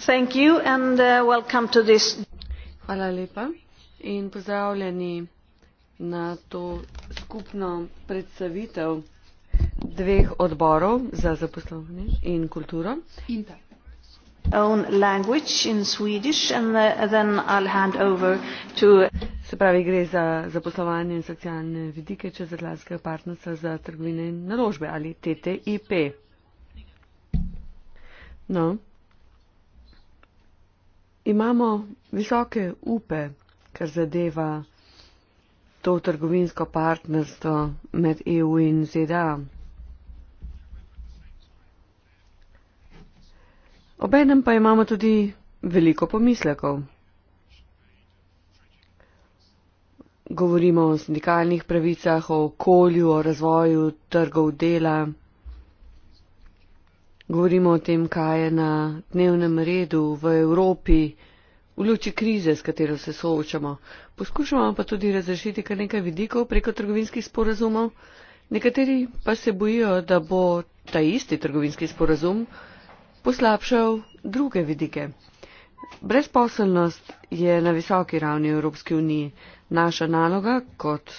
Uh, hvala lepa in pozdravljeni na to skupno predstavitev dveh odborov za zaposlovanje in kulturo own language in Swedish and uh, then I'll hand over to Se pravi, gre za zaposlovanje in socialne vidike čez Atlantske partnerstva za trgovine in naložbe ali TTIP. No, imamo visoke upe, kar zadeva to trgovinsko partnerstvo med EU in ZDA. Obenem pa imamo tudi veliko pomislekov. Govorimo o sindikalnih pravicah, o okolju, o razvoju trgov dela. Govorimo o tem, kaj je na dnevnem redu v Evropi v luči krize, s katero se soočamo. Poskušamo pa tudi razrešiti kar nekaj vidikov preko trgovinskih sporazumov. Nekateri pa se bojijo, da bo ta isti trgovinski sporazum poslabšal druge vidike. Brezposelnost je na visoki ravni Evropske unije. Naša naloga kot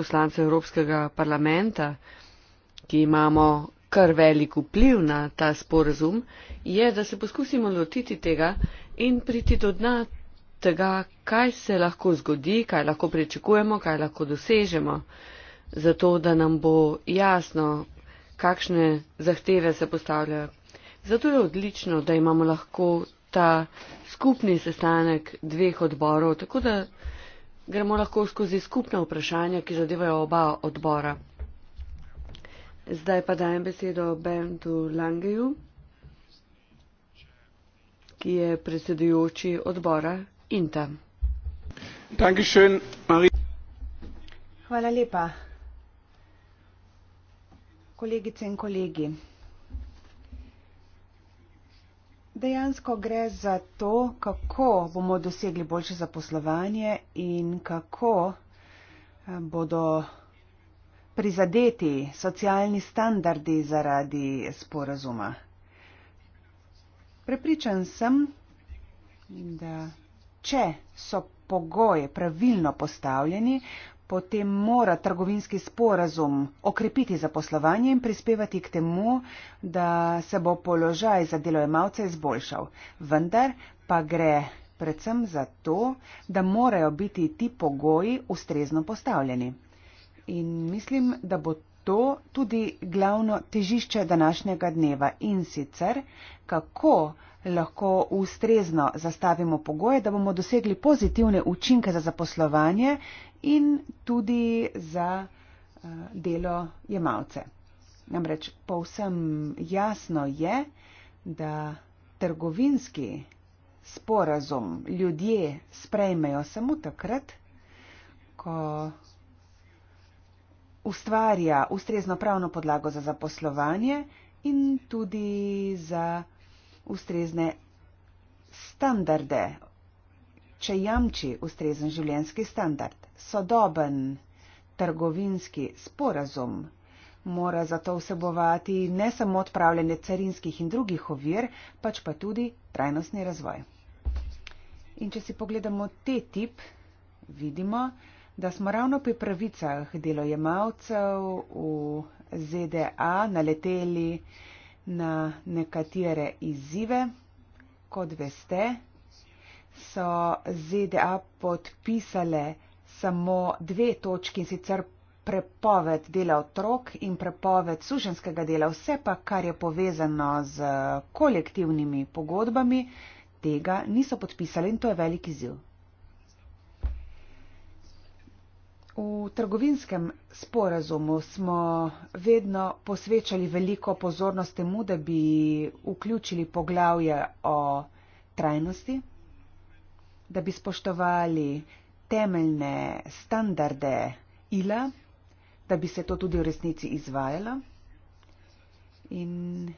poslance Evropskega parlamenta, ki imamo kar velik vpliv na ta sporazum, je, da se poskusimo lotiti tega in priti do dna tega, kaj se lahko zgodi, kaj lahko pričakujemo, kaj lahko dosežemo, zato da nam bo jasno, kakšne zahteve se postavljajo. Zato je odlično, da imamo lahko ta skupni sestanek dveh odborov, tako da gremo lahko skozi skupne vprašanja, ki zadevajo oba odbora. Zdaj pa dajem besedo Bernu Langeju, ki je predsedujoči odbora INTA. Dankeschön, Hvala lepa, kolegice in kolegi. Dejansko gre za to, kako bomo dosegli boljše zaposlovanje in kako eh, bodo prizadeti socialni standardi zaradi sporazuma. Prepričan sem, da če so pogoje pravilno postavljeni, potem mora trgovinski sporazum okrepiti zaposlovanje in prispevati k temu, da se bo položaj za delojemalce izboljšal. Vendar pa gre predvsem za to, da morajo biti ti pogoji ustrezno postavljeni. In mislim, da bo to tudi glavno težišče današnjega dneva in sicer, kako lahko ustrezno zastavimo pogoje, da bomo dosegli pozitivne učinke za zaposlovanje in tudi za eh, delo jemalce. Namreč povsem jasno je, da trgovinski sporazum ljudje sprejmejo samo takrat, ko ustvarja ustrezno pravno podlago za zaposlovanje in tudi za ustrezne standarde, če jamči ustrezen življenski standard. Sodoben trgovinski sporazum mora zato vsebovati ne samo odpravljanje carinskih in drugih ovir, pač pa tudi trajnostni razvoj. In če si pogledamo te tip, vidimo, da smo ravno pri pravicah delojemalcev v ZDA naleteli na nekatere izzive. Kot veste, so ZDA podpisale samo dve točki in sicer prepoved dela otrok in prepoved suženskega dela. Vse pa, kar je povezano z kolektivnimi pogodbami, tega niso podpisali in to je velik izziv. V trgovinskem sporazumu smo vedno posvečali veliko pozornosti temu, da bi vključili poglavje o trajnosti, da bi spoštovali temeljne standarde ila, da bi se to tudi v resnici izvajalo in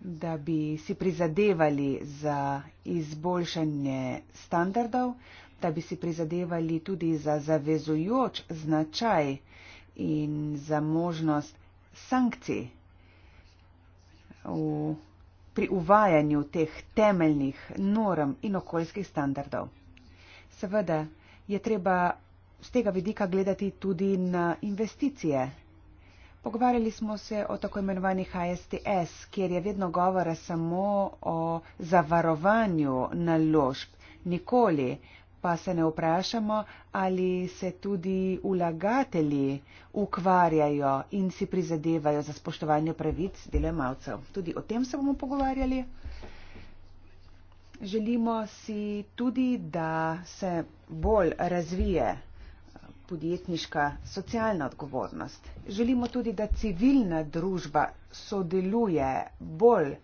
da bi si prizadevali za izboljšanje standardov, da bi si prizadevali tudi za zavezujoč značaj in za možnost sankcij v, pri uvajanju teh temeljnih norm in okoljskih standardov. Seveda je treba z tega vidika gledati tudi na investicije. Pogovarjali smo se o tako imenovanih ASTS, kjer je vedno govora samo o zavarovanju naložb, nikoli pa se ne vprašamo, ali se tudi vlagatelji ukvarjajo in si prizadevajo za spoštovanje pravic delojemalcev. Tudi o tem se bomo pogovarjali. Želimo si tudi, da se bolj razvije podjetniška socialna odgovornost. Želimo tudi, da civilna družba sodeluje bolj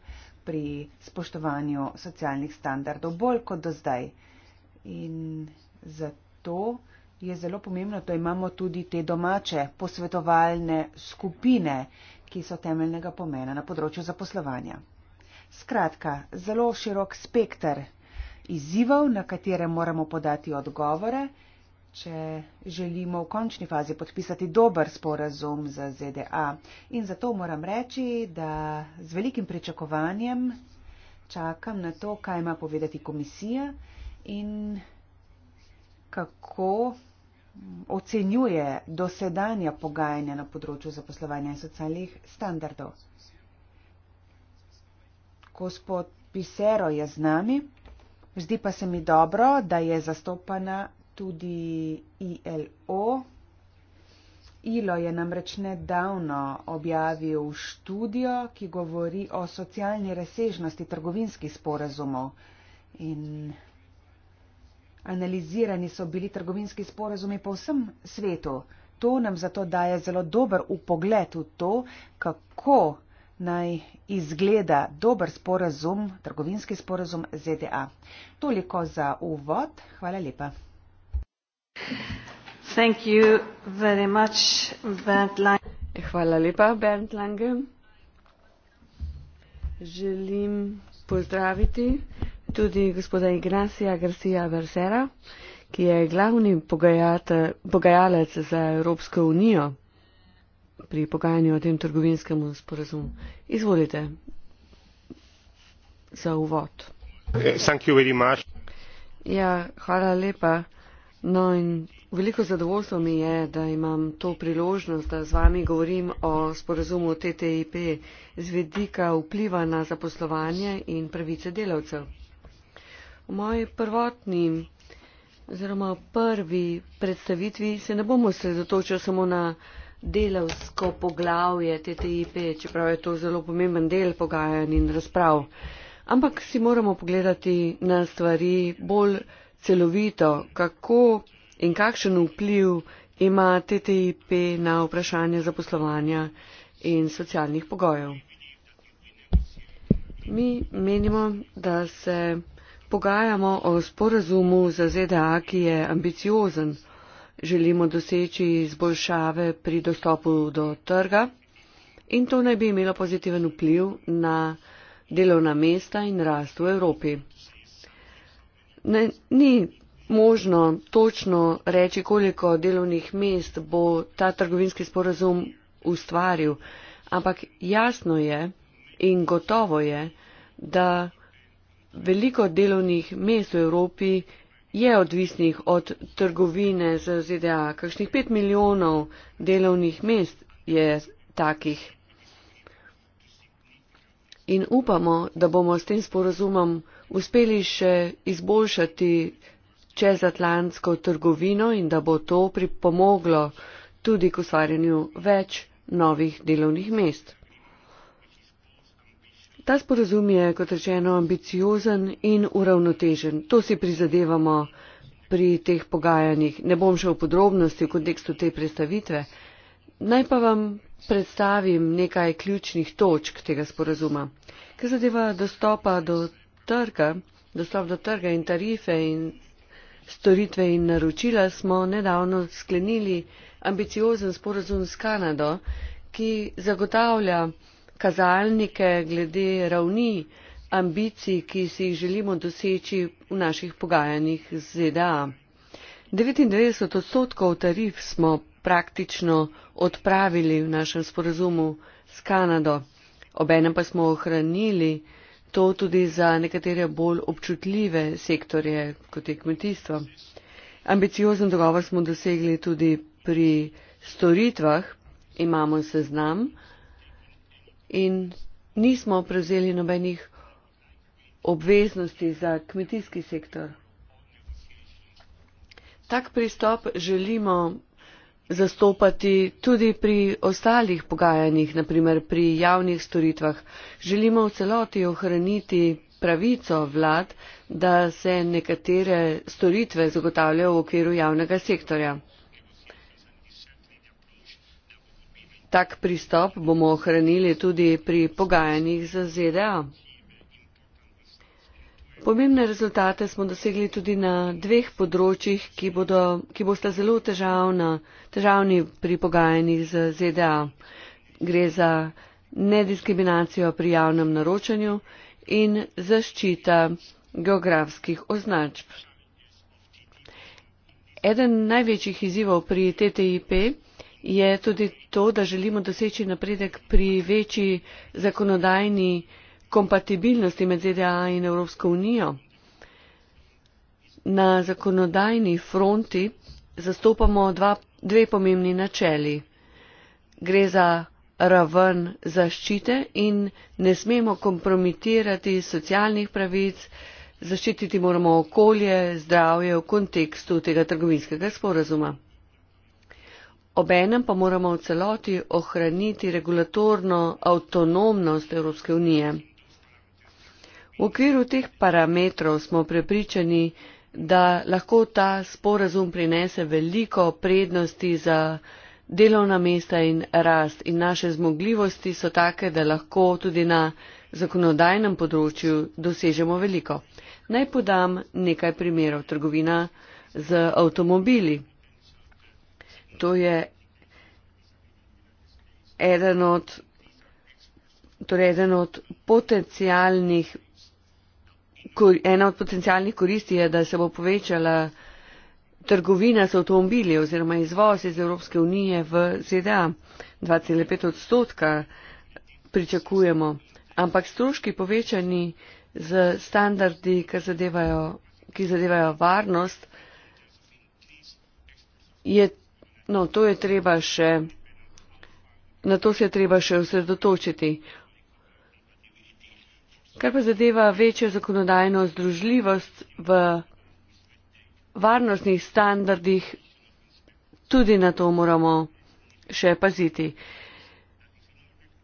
pri spoštovanju socialnih standardov, bolj kot do zdaj. In zato je zelo pomembno, da imamo tudi te domače posvetovalne skupine, ki so temeljnega pomena na področju zaposlovanja. Skratka, zelo širok spektr izzivov, na katere moramo podati odgovore, če želimo v končni fazi podpisati dober sporazum z ZDA. In zato moram reči, da z velikim pričakovanjem čakam na to, kaj ima povedati komisija in kako ocenjuje dosedanja pogajanja na področju zaposlovanja in socialnih standardov. Gospod Pisero je z nami, zdi pa se mi dobro, da je zastopana tudi ILO. ILO je namreč nedavno objavil študijo, ki govori o socialni razsežnosti trgovinskih sporazumov. In analizirani so bili trgovinski sporazumi po vsem svetu. To nam zato daje zelo dober upogled v to, kako naj izgleda dober sporazum, trgovinski sporazum ZDA. Toliko za uvod. Hvala lepa. Hvala lepa, Bernd Lange. Želim pozdraviti tudi gospoda Ignacija Garcia Bersera, ki je glavni pogajalec za Evropsko unijo pri pogajanju o tem trgovinskem sporazumu. Izvolite za uvod. Eh, ja, hvala lepa. No in veliko zadovoljstvo mi je, da imam to priložnost, da z vami govorim o sporazumu TTIP z vedika vpliva na zaposlovanje in pravice delavcev moji prvotni oziroma prvi predstavitvi se ne bomo sredotočili samo na delavsko poglavje TTIP, čeprav je to zelo pomemben del pogajanj in razprav. Ampak si moramo pogledati na stvari bolj celovito, kako in kakšen vpliv ima TTIP na vprašanje zaposlovanja in socialnih pogojev. Mi menimo, da se pogajamo o sporazumu za ZDA, ki je ambiciozen. Želimo doseči izboljšave pri dostopu do trga in to naj bi imelo pozitiven vpliv na delovna mesta in rast v Evropi. Ne, ni možno točno reči, koliko delovnih mest bo ta trgovinski sporazum ustvaril, ampak jasno je in gotovo je, da veliko delovnih mest v Evropi je odvisnih od trgovine z ZDA. Kakšnih pet milijonov delovnih mest je takih. In upamo, da bomo s tem sporozumom uspeli še izboljšati čezatlantsko trgovino in da bo to pripomoglo tudi k ustvarjanju več novih delovnih mest. Ta sporozum je, kot rečeno, ambiciozen in uravnotežen. To si prizadevamo pri teh pogajanjih. Ne bom šel v podrobnosti v kontekstu te predstavitve. Naj pa vam predstavim nekaj ključnih točk tega sporozuma. Kar zadeva dostopa do trga, dostop do trga in tarife in storitve in naročila, smo nedavno sklenili ambiciozen sporozum s Kanado, ki zagotavlja kazalnike glede ravni ambicij, ki si jih želimo doseči v naših pogajanjih z ZDA. 99 odstotkov tarif smo praktično odpravili v našem sporazumu s Kanado. Obenem pa smo ohranili to tudi za nekatere bolj občutljive sektorje, kot je kmetijstvo. Ambiciozen dogovor smo dosegli tudi pri storitvah. Imamo seznam in nismo prevzeli nobenih obveznosti za kmetijski sektor. Tak pristop želimo zastopati tudi pri ostalih pogajanjih, naprimer pri javnih storitvah. Želimo v celoti ohraniti pravico vlad, da se nekatere storitve zagotavljajo v okviru javnega sektorja. Tak pristop bomo ohranili tudi pri pogajanjih z ZDA. Pomembne rezultate smo dosegli tudi na dveh področjih, ki, bodo, ki bosta zelo težavna, težavni pri pogajanjih z ZDA. Gre za nediskriminacijo pri javnem naročanju in zaščita geografskih označb. Eden največjih izzivov pri TTIP je tudi to da želimo doseči napredek pri večji zakonodajni kompatibilnosti med zda in evropsko unijo. na zakonodajni fronti zastopamo dva, dve pomembni načeli gre za raven zaščite in ne smemo kompromitirati socialnih pravic zaščititi moramo okolje zdravje v kontekstu tega trgovinskega sporazuma. Obenem pa moramo v celoti ohraniti regulatorno avtonomnost Evropske unije. V okviru teh parametrov smo prepričani, da lahko ta sporazum prinese veliko prednosti za delovna mesta in rast. In naše zmogljivosti so take, da lahko tudi na zakonodajnem področju dosežemo veliko. Naj podam nekaj primerov. Trgovina z avtomobili to je eden od, torej eden od potencijalnih, ena od potencijalnih koristi je, da se bo povečala trgovina z avtomobili oziroma izvoz iz Evropske unije v ZDA. 2,5 odstotka pričakujemo, ampak stroški povečani z standardi, zadevajo, ki zadevajo varnost, je No, to je treba še, na to se je treba še osredotočiti. Kar pa zadeva večjo zakonodajno združljivost v varnostnih standardih, tudi na to moramo še paziti.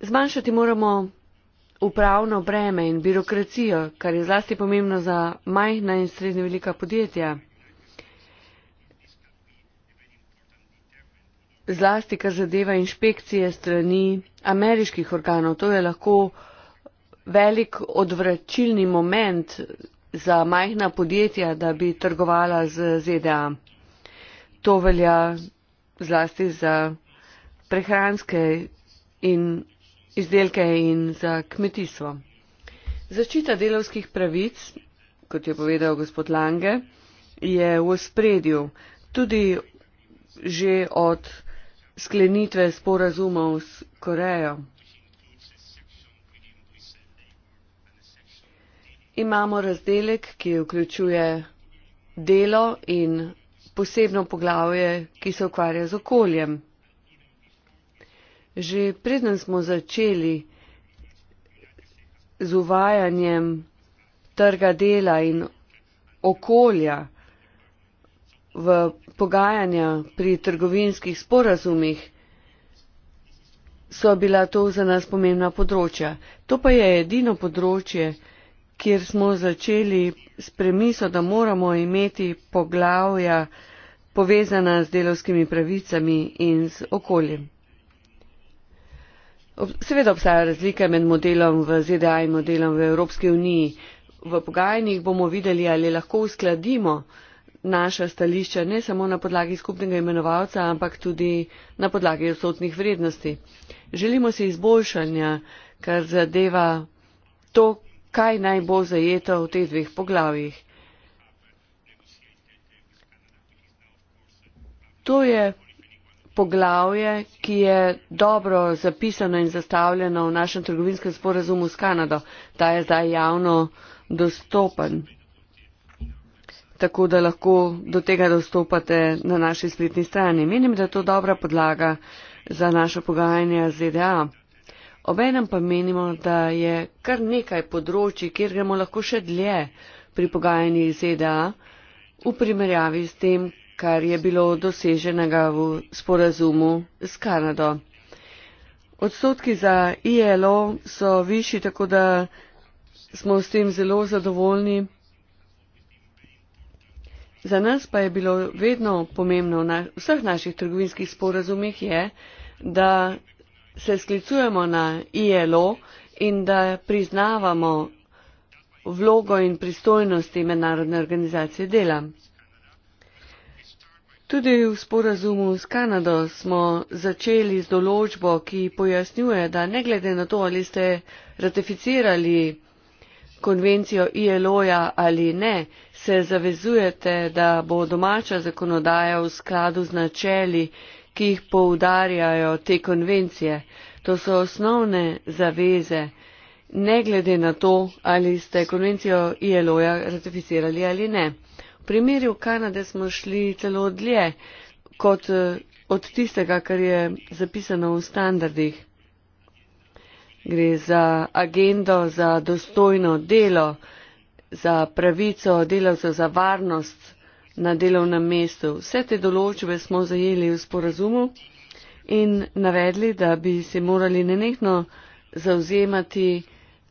Zmanjšati moramo upravno breme in birokracijo, kar je zlasti pomembno za majhna in srednje velika podjetja. zlasti kar zadeva inšpekcije strani ameriških organov. To je lahko velik odvračilni moment za majhna podjetja, da bi trgovala z ZDA. To velja zlasti za prehranske in izdelke in za kmetijstvo. Začita delovskih pravic, kot je povedal gospod Lange, je v spredju tudi že od sklenitve sporazumov s Korejo. Imamo razdelek, ki vključuje delo in posebno poglavje, ki se ukvarja z okoljem. Že preden smo začeli z uvajanjem trga dela in okolja, v pogajanja pri trgovinskih sporazumih, so bila to za nas pomembna področja. To pa je edino področje, kjer smo začeli s premiso, da moramo imeti poglavja povezana z delovskimi pravicami in z okoljem. Seveda obstaja razlika med modelom v ZDA in modelom v Evropski uniji. V pogajanjih bomo videli, ali lahko uskladimo naša stališča ne samo na podlagi skupnega imenovalca, ampak tudi na podlagi odsotnih vrednosti. Želimo si izboljšanja, kar zadeva to, kaj naj bo zajeto v teh dveh poglavjih. To je poglavje, ki je dobro zapisano in zastavljeno v našem trgovinskem sporazumu s Kanado. Ta je zdaj javno dostopen tako da lahko do tega dostopate na naši spletni strani. Menim, da je to dobra podlaga za naše pogajanja z EDA. Obenem pa menimo, da je kar nekaj področji, kjer gremo lahko še dlje pri pogajanjih z EDA v primerjavi s tem, kar je bilo doseženega v sporazumu s Kanado. Odstotki za ILO so višji, tako da smo s tem zelo zadovoljni. Za nas pa je bilo vedno pomembno v na, vseh naših trgovinskih sporazumih, je, da se sklicujemo na ILO in da priznavamo vlogo in pristojnosti mednarodne organizacije dela. Tudi v sporazumu s Kanado smo začeli z določbo, ki pojasnjuje, da ne glede na to, ali ste ratificirali konvencijo ILO-ja ali ne, se zavezujete, da bo domača zakonodaja v skladu z načeli, ki jih poudarjajo te konvencije. To so osnovne zaveze, ne glede na to, ali ste konvencijo ILO-ja ratificirali ali ne. V primeru Kanade smo šli celo dlje kot eh, od tistega, kar je zapisano v standardih. Gre za agendo za dostojno delo za pravico delavcev za varnost na delovnem mestu. Vse te določbe smo zajeli v sporazumu in navedli, da bi se morali nenehno zauzemati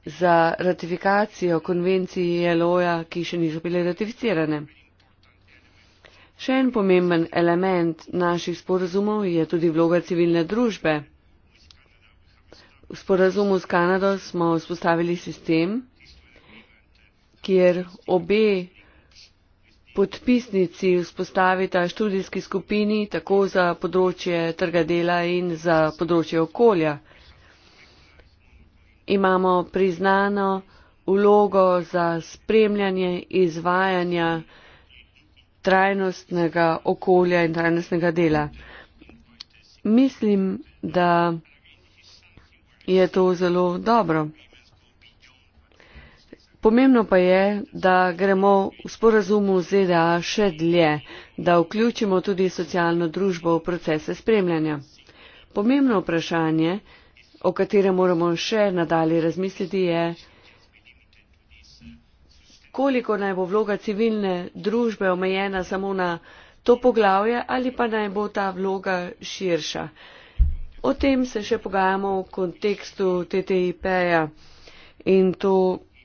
za ratifikacijo konvencije ILO-ja, ki še niso bile ratificirane. Še en pomemben element naših sporazumov je tudi vloga civilne družbe. V sporazumu s Kanado smo vzpostavili sistem, kjer obe podpisnici vzpostavita študijski skupini tako za področje trga dela in za področje okolja. Imamo priznano ulogo za spremljanje izvajanja trajnostnega okolja in trajnostnega dela. Mislim, da je to zelo dobro pomembno pa je, da gremo v sporazumu z ZDA še dlje, da vključimo tudi socialno družbo v procese spremljanja. Pomembno vprašanje, o katerem moramo še nadalje razmisliti, je, koliko naj bo vloga civilne družbe omejena samo na to poglavje ali pa naj bo ta vloga širša. O tem se še pogajamo v kontekstu TTIP-ja in to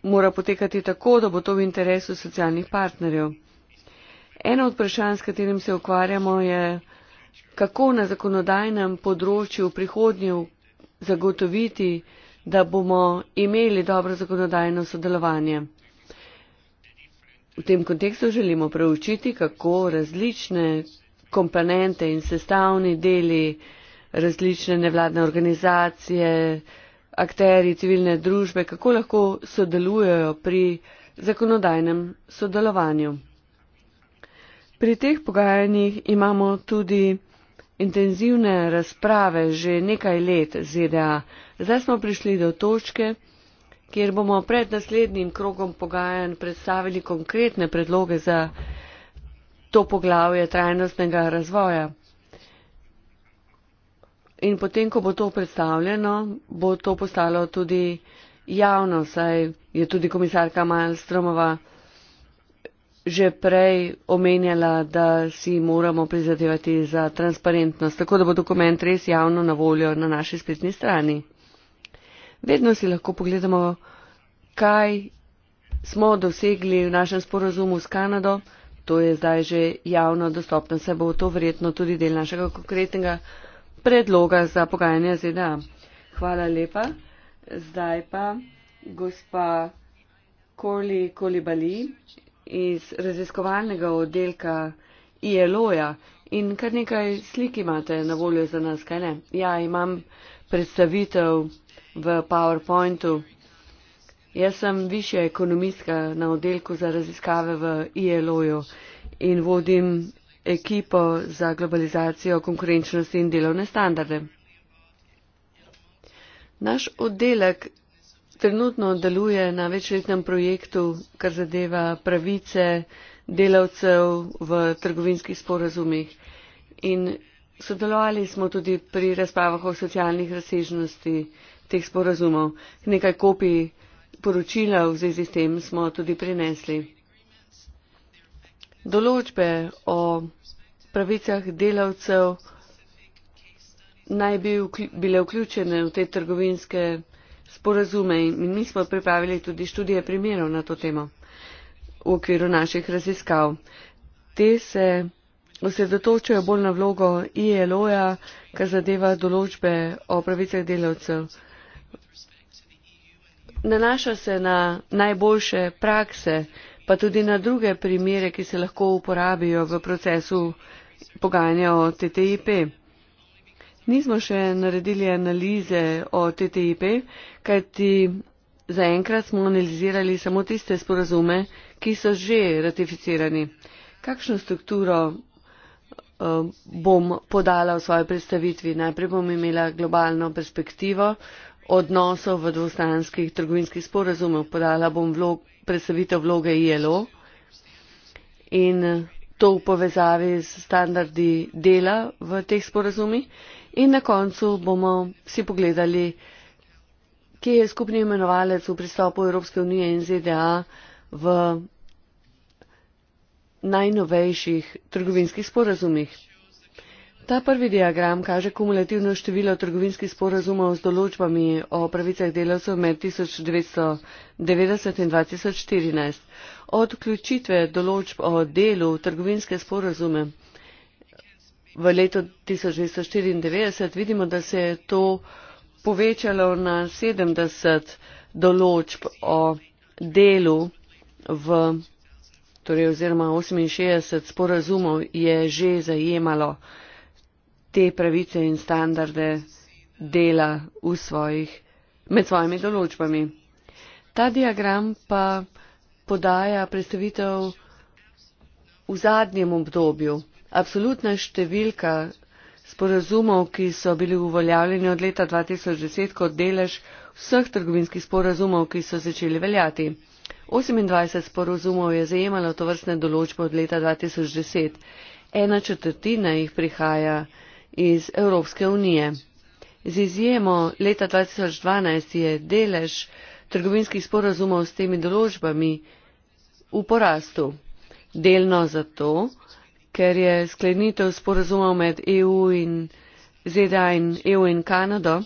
mora potekati tako, da bo to v interesu socialnih partnerjev. Eno od vprašanj, s katerim se ukvarjamo, je, kako na zakonodajnem področju v prihodnju zagotoviti, da bomo imeli dobro zakonodajno sodelovanje. V tem kontekstu želimo preučiti, kako različne komponente in sestavni deli, različne nevladne organizacije, akteri civilne družbe, kako lahko sodelujejo pri zakonodajnem sodelovanju. Pri teh pogajanjih imamo tudi intenzivne razprave že nekaj let ZDA. Zdaj smo prišli do točke, kjer bomo pred naslednjim krogom pogajanj predstavili konkretne predloge za to poglavje trajnostnega razvoja in potem, ko bo to predstavljeno, bo to postalo tudi javno, saj je tudi komisarka Malstromova že prej omenjala, da si moramo prizadevati za transparentnost, tako da bo dokument res javno na voljo na naši spletni strani. Vedno si lahko pogledamo, kaj smo dosegli v našem sporazumu s Kanado, to je zdaj že javno dostopno, se bo to verjetno tudi del našega konkretnega predloga za pogajanja ZDA. Hvala lepa. Zdaj pa gospa Korli Kolibali iz raziskovalnega oddelka ILO-ja in kar nekaj slik imate na voljo za nas, kaj ne? Ja, imam predstavitev v PowerPointu. Jaz sem višja ekonomistka na oddelku za raziskave v ILO-ju in vodim ekipo za globalizacijo, konkurenčnost in delovne standarde. Naš oddelek trenutno deluje na večletnem projektu, kar zadeva pravice delavcev v trgovinskih sporazumih. In sodelovali smo tudi pri razpravah o socialnih razsežnosti teh sporazumov. Nekaj kopij poročila v zvezi s tem smo tudi prinesli. Določbe o pravicah delavcev naj bi bile vključene v te trgovinske sporazume in mi smo pripravili tudi študije primerov na to temo v okviru naših raziskav. Te se osredotočajo bolj na vlogo ILO-ja, kar zadeva določbe o pravicah delavcev. Nanaša se na najboljše prakse pa tudi na druge primere, ki se lahko uporabijo v procesu pogajanja o TTIP. Nismo še naredili analize o TTIP, kajti zaenkrat smo analizirali samo tiste sporazume, ki so že ratificirani. Kakšno strukturo eh, bom podala v svoji predstavitvi. Najprej bom imela globalno perspektivo odnosov v dvostranskih trgovinskih sporazumih. Podala bom vlog, predstavitev vloge ILO in eh, to v povezavi z standardi dela v teh sporazumi. In na koncu bomo si pogledali, kje je skupni imenovalec v pristopu Evropske unije in ZDA v najnovejših trgovinskih sporazumih. Ta prvi diagram kaže kumulativno število trgovinskih sporazumov z določbami o pravicah delavcev med 1990 in 2014. Od vključitve določb o delu trgovinske sporazume v letu 1994 vidimo, da se je to povečalo na 70 določb o delu v, torej oziroma 68 sporazumov je že zajemalo te pravice in standarde dela v svojih, med svojimi določbami. Ta diagram pa podaja predstavitev v zadnjem obdobju. Absolutna številka sporazumov, ki so bili uvoljavljeni od leta 2010 kot delež vseh trgovinskih sporazumov, ki so začeli veljati. 28 sporazumov je zajemalo to vrstne določbe od leta 2010. Ena četrtina jih prihaja iz Evropske unije. Z izjemo leta 2012 je delež trgovinskih sporazumov s temi določbami v porastu. Delno zato, ker je sklenitev sporazumov med EU in ZDA in EU in Kanado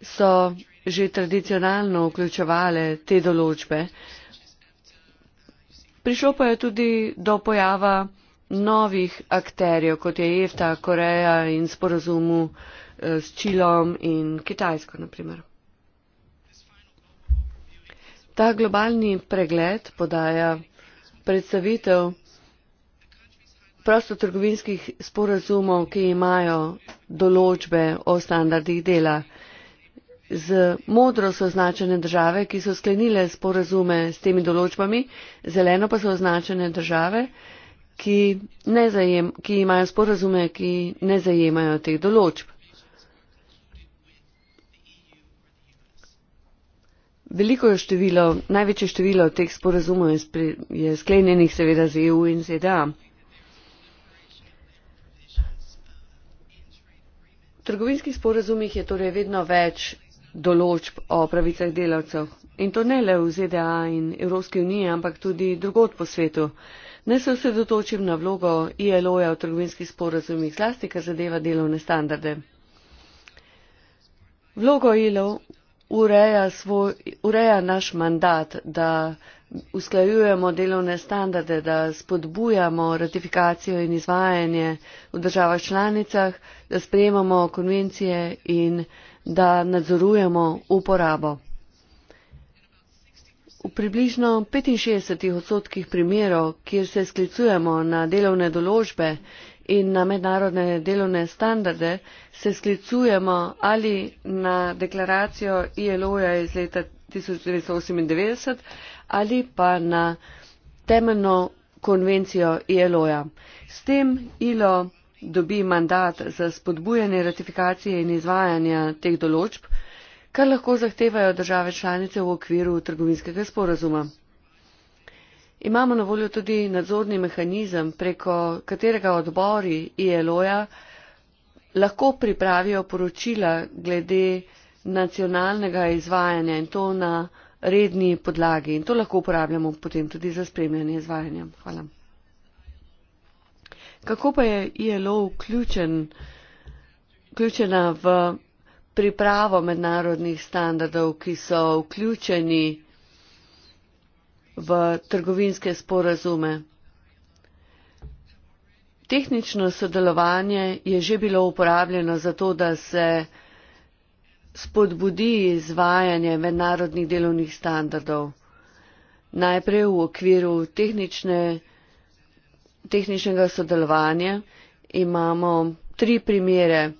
so že tradicionalno vključevale te določbe. Prišlo pa je tudi do pojava novih akterjev, kot je EFTA, Koreja in sporozumu eh, s Čilom in Kitajsko, naprimer. Ta globalni pregled podaja predstavitev prostotrgovinskih sporazumov, ki imajo določbe o standardih dela. Z modro so označene države, ki so sklenile sporazume s temi določbami, zeleno pa so označene države, ki, zajem, ki imajo sporazume, ki ne zajemajo teh določb. Veliko je število, največje število teh sporazumov je sklenjenih seveda z EU in ZDA. V trgovinskih sporazumih je torej vedno več določb o pravicah delavcev. In to ne le v ZDA in Evropski uniji, ampak tudi drugot po svetu. Ne se osredotočim na vlogo ILO-ja v trgovinskih sporazumih, zlasti kar zadeva delovne standarde. Vlogo ILO ureja, svoj, ureja naš mandat, da usklajujemo delovne standarde, da spodbujamo ratifikacijo in izvajanje v državah članicah, da sprejemamo konvencije in da nadzorujemo uporabo. V približno 65 odstotkih primerov, kjer se sklicujemo na delovne določbe in na mednarodne delovne standarde, se sklicujemo ali na deklaracijo ILO-ja iz leta 1998 ali pa na temeljno konvencijo ILO-ja. S tem ILO dobi mandat za spodbujanje ratifikacije in izvajanja teh določb kar lahko zahtevajo države članice v okviru trgovinskega sporazuma. Imamo na voljo tudi nadzorni mehanizem, preko katerega odbori ILO-ja lahko pripravijo poročila glede nacionalnega izvajanja in to na redni podlagi in to lahko uporabljamo potem tudi za spremljanje izvajanja. Hvala. Kako pa je ILO vključen, vključena v pripravo mednarodnih standardov, ki so vključeni v trgovinske sporazume. Tehnično sodelovanje je že bilo uporabljeno zato, da se spodbudi izvajanje mednarodnih delovnih standardov. Najprej v okviru tehnične, tehničnega sodelovanja imamo tri primere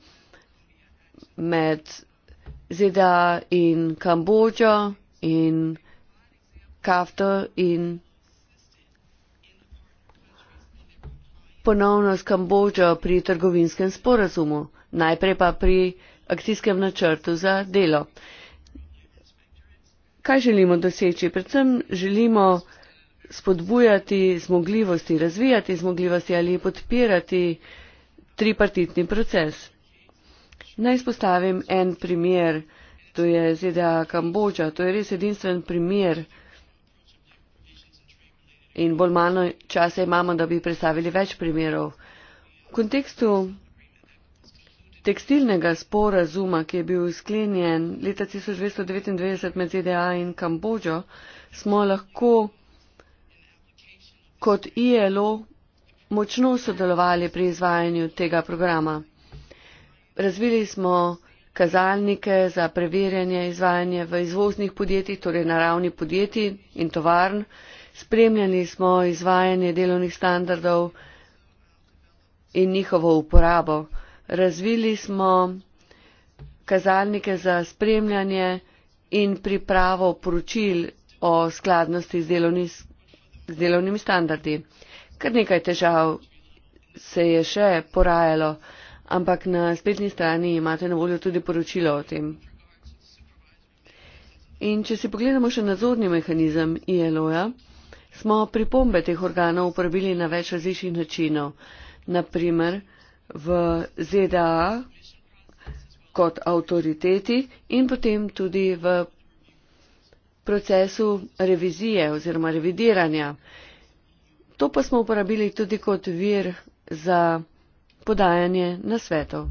med ZDA in Kambodžo in Kafto in ponovno s Kambodžo pri trgovinskem sporazumu, najprej pa pri akcijskem načrtu za delo. Kaj želimo doseči? Predvsem želimo spodbujati zmogljivosti, razvijati zmogljivosti ali podpirati tripartitni proces. Naj spostavim en primer, to je ZDA Kambodža, to je res edinstven primer in bolj malo časa imamo, da bi predstavili več primerov. V kontekstu tekstilnega sporazuma, ki je bil sklenjen leta 1999 med ZDA in Kambodžo, smo lahko kot ILO močno sodelovali pri izvajanju tega programa razvili smo kazalnike za preverjanje izvajanja v izvoznih podjetjih, torej na ravni podjetij in tovarn. Spremljali smo izvajanje delovnih standardov in njihovo uporabo. Razvili smo kazalnike za spremljanje in pripravo poročil o skladnosti z, delovni, z delovnimi standardi. Kar nekaj težav se je še porajalo ampak na spletni strani imate na voljo tudi poročilo o tem. In če si pogledamo še nadzorni mehanizem ILO-ja, smo pripombe teh organov uporabili na več različnih načinov. Naprimer v ZDA kot avtoriteti in potem tudi v procesu revizije oziroma revidiranja. To pa smo uporabili tudi kot vir za podajanje nasvetov.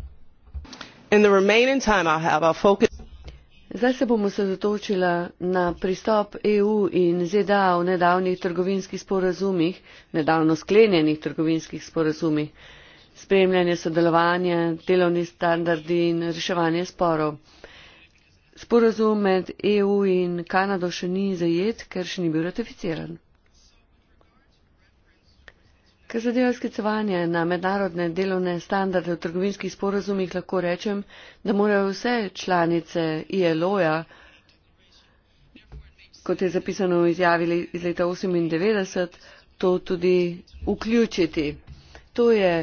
Zdaj se bom osredotočila na pristop EU in ZDA v nedavnih trgovinskih sporazumih, nedavno sklenjenih trgovinskih sporazumih, spremljanje sodelovanja, delovni standardi in reševanje sporov. Sporazum med EU in Kanado še ni zajet, ker še ni bil ratificiran. Kar zadeva sklicevanje na mednarodne delovne standarde v trgovinskih sporozumih, lahko rečem, da morajo vse članice ILO-ja, kot je zapisano v izjavi iz leta 1998, to tudi vključiti. To je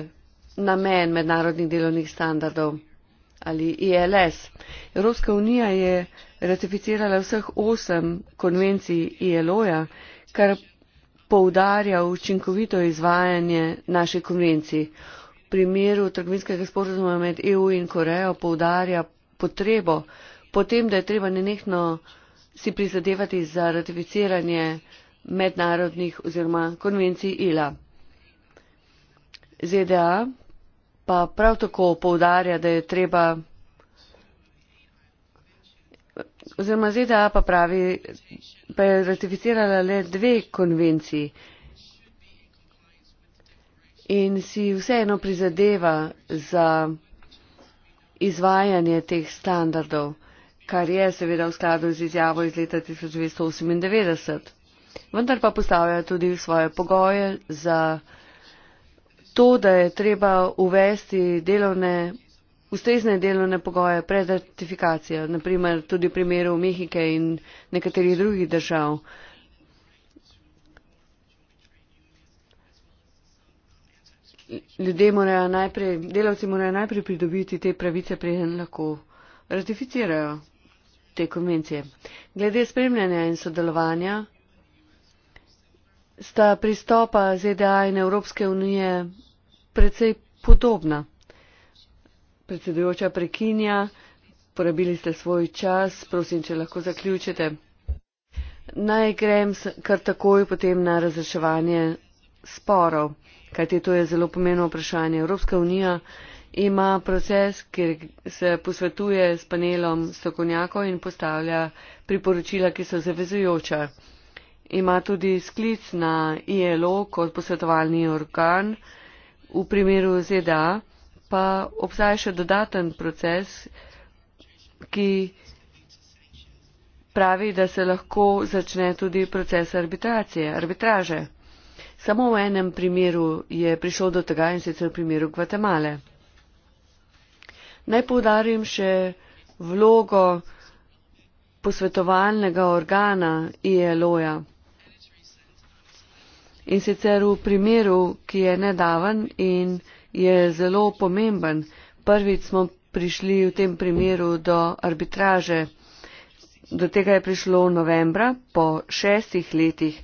namen mednarodnih delovnih standardov ali ILS. Evropska unija je ratificirala vseh osem konvencij ILO-ja, kar poudarja učinkovito izvajanje naše konvencije. V primeru trgovinskega sporozuma med EU in Korejo poudarja potrebo potem, da je treba nenehno si prizadevati za ratificiranje mednarodnih oziroma konvencij ILA. E e ZDA pa prav tako poudarja, da je treba oziroma ZDA pa pravi, pa je ratificirala le dve konvenciji in si vseeno prizadeva za izvajanje teh standardov, kar je seveda v skladu z izjavo iz leta 1998. Vendar pa postavlja tudi svoje pogoje za to, da je treba uvesti delovne ustrezne delovne pogoje pred ratifikacijo, naprimer tudi v primeru Mehike in nekaterih drugih držav. Ljudje morajo najprej, delavci morajo najprej pridobiti te pravice, preden lahko ratificirajo te konvencije. Glede spremljanja in sodelovanja sta pristopa ZDA in Evropske unije precej podobna predsedujoča prekinja. Porabili ste svoj čas, prosim, če lahko zaključite. Naj grem kar takoj potem na razreševanje sporov, kajte to je zelo pomeno vprašanje. Evropska unija ima proces, kjer se posvetuje s panelom strokovnjakov in postavlja priporočila, ki so zavezujoča. Ima tudi sklic na ILO kot posvetovalni organ v primeru ZDA pa obstaja še dodaten proces, ki pravi, da se lahko začne tudi proces arbitracije, arbitraže. Samo v enem primeru je prišlo do tega in sicer v primeru Gvatemale. Naj poudarim še vlogo posvetovalnega organa ILO-ja. In sicer v primeru, ki je nedaven in je zelo pomemben. Prvič smo prišli v tem primeru do arbitraže. Do tega je prišlo novembra, po šestih letih.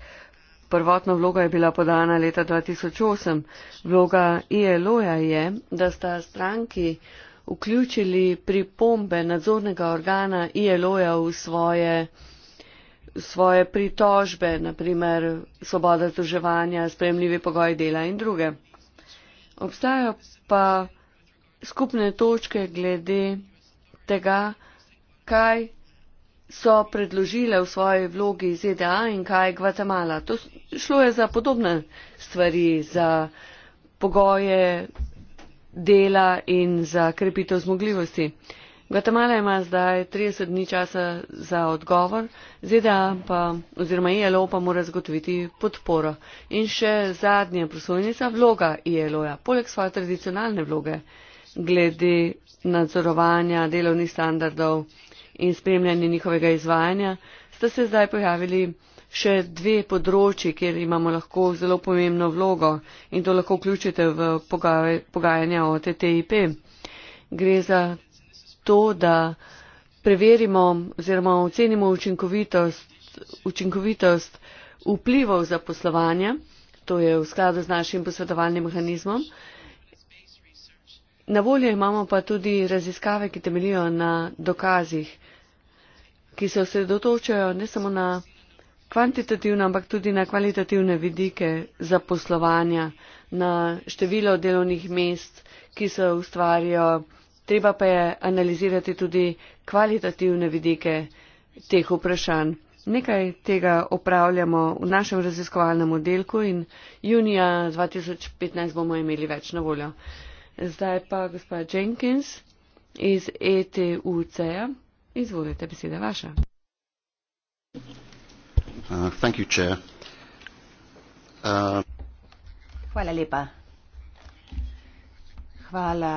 Prvotna vloga je bila podana leta 2008. Vloga ILO-ja je, da sta stranki vključili pripombe nadzornega organa ILO-ja v svoje, svoje pritožbe, naprimer svoboda združevanja, spremljivi pogoji dela in druge. Obstajajo pa skupne točke glede tega, kaj so predložile v svoji vlogi ZDA in kaj Gvatemala. To šlo je za podobne stvari, za pogoje dela in za krepitev zmogljivosti. Gvatemala ima zdaj 30 dni časa za odgovor, ZDA pa oziroma ILO pa mora zagotoviti podporo. In še zadnja prosojnica vloga ILO-ja, poleg svoje tradicionalne vloge glede nadzorovanja delovnih standardov in spremljanja njihovega izvajanja, sta se zdaj pojavili še dve področji, kjer imamo lahko zelo pomembno vlogo in to lahko vključite v pogajanja o TTIP. Gre za to, da preverimo oziroma ocenimo učinkovitost, učinkovitost vplivov za poslovanje, to je v skladu z našim posvetovalnim mehanizmom. Na voljo imamo pa tudi raziskave, ki temeljijo na dokazih, ki se osredotočajo ne samo na kvantitativne, ampak tudi na kvalitativne vidike zaposlovanja, na število delovnih mest, ki se ustvarjajo treba pa je analizirati tudi kvalitativne vidike teh vprašanj. Nekaj tega opravljamo v našem raziskovalnem oddelku in junija 2015 bomo imeli več na voljo. Zdaj pa gospa Jenkins iz ETUC-a. Izvolite, beseda vaša. Uh, thank you, chair. Uh, Hvala lepa. Hvala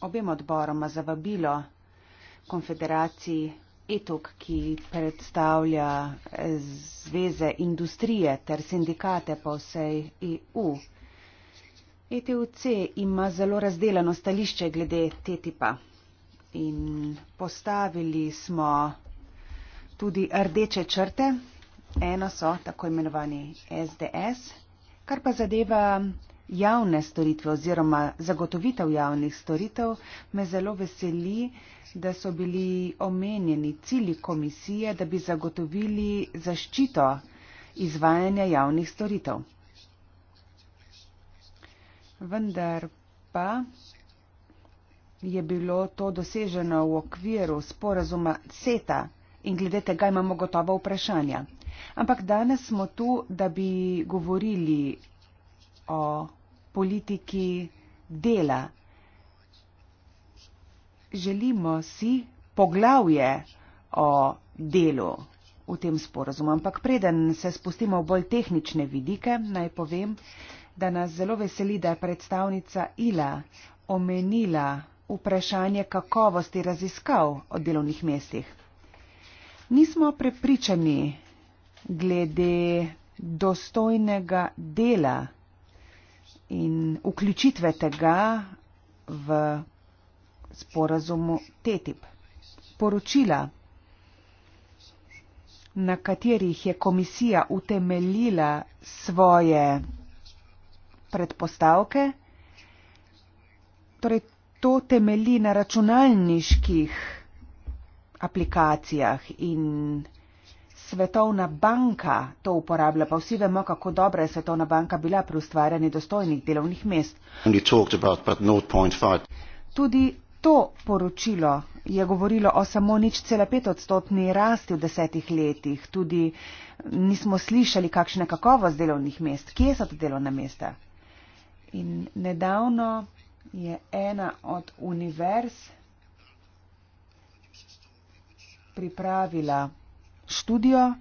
obim odboroma za vabilo konfederaciji ETOK, ki predstavlja eh, zveze industrije ter sindikate po vsej EU. ETUC ima zelo razdeljeno stališče glede TTIP-a in postavili smo tudi rdeče črte. Eno so tako imenovani SDS, kar pa zadeva javne storitve oziroma zagotovitev javnih storitev, me zelo veseli, da so bili omenjeni cili komisije, da bi zagotovili zaščito izvajanja javnih storitev. Vendar pa je bilo to doseženo v okviru sporazuma CETA in glede tega imamo gotovo vprašanja. Ampak danes smo tu, da bi govorili o politiki dela. Želimo si poglavje o delu v tem sporozumu, ampak preden se spustimo v bolj tehnične vidike, naj povem, da nas zelo veseli, da je predstavnica ILA omenila vprašanje kakovosti raziskav o delovnih mestih. Nismo prepričani glede dostojnega dela in vključitve tega v sporazumu TTIP. Poročila, na katerih je komisija utemeljila svoje predpostavke, torej to temelji na računalniških aplikacijah in Svetovna banka to uporablja, pa vsi vemo, kako dobra je Svetovna banka bila pri ustvarjanju dostojnih delovnih mest. About, Tudi to poročilo je govorilo o samo nič cela pet odstotni rasti v desetih letih. Tudi nismo slišali, kakšna je kakovost delovnih mest, kje so ta delovna mesta. In nedavno je ena od univerz pripravila študijo,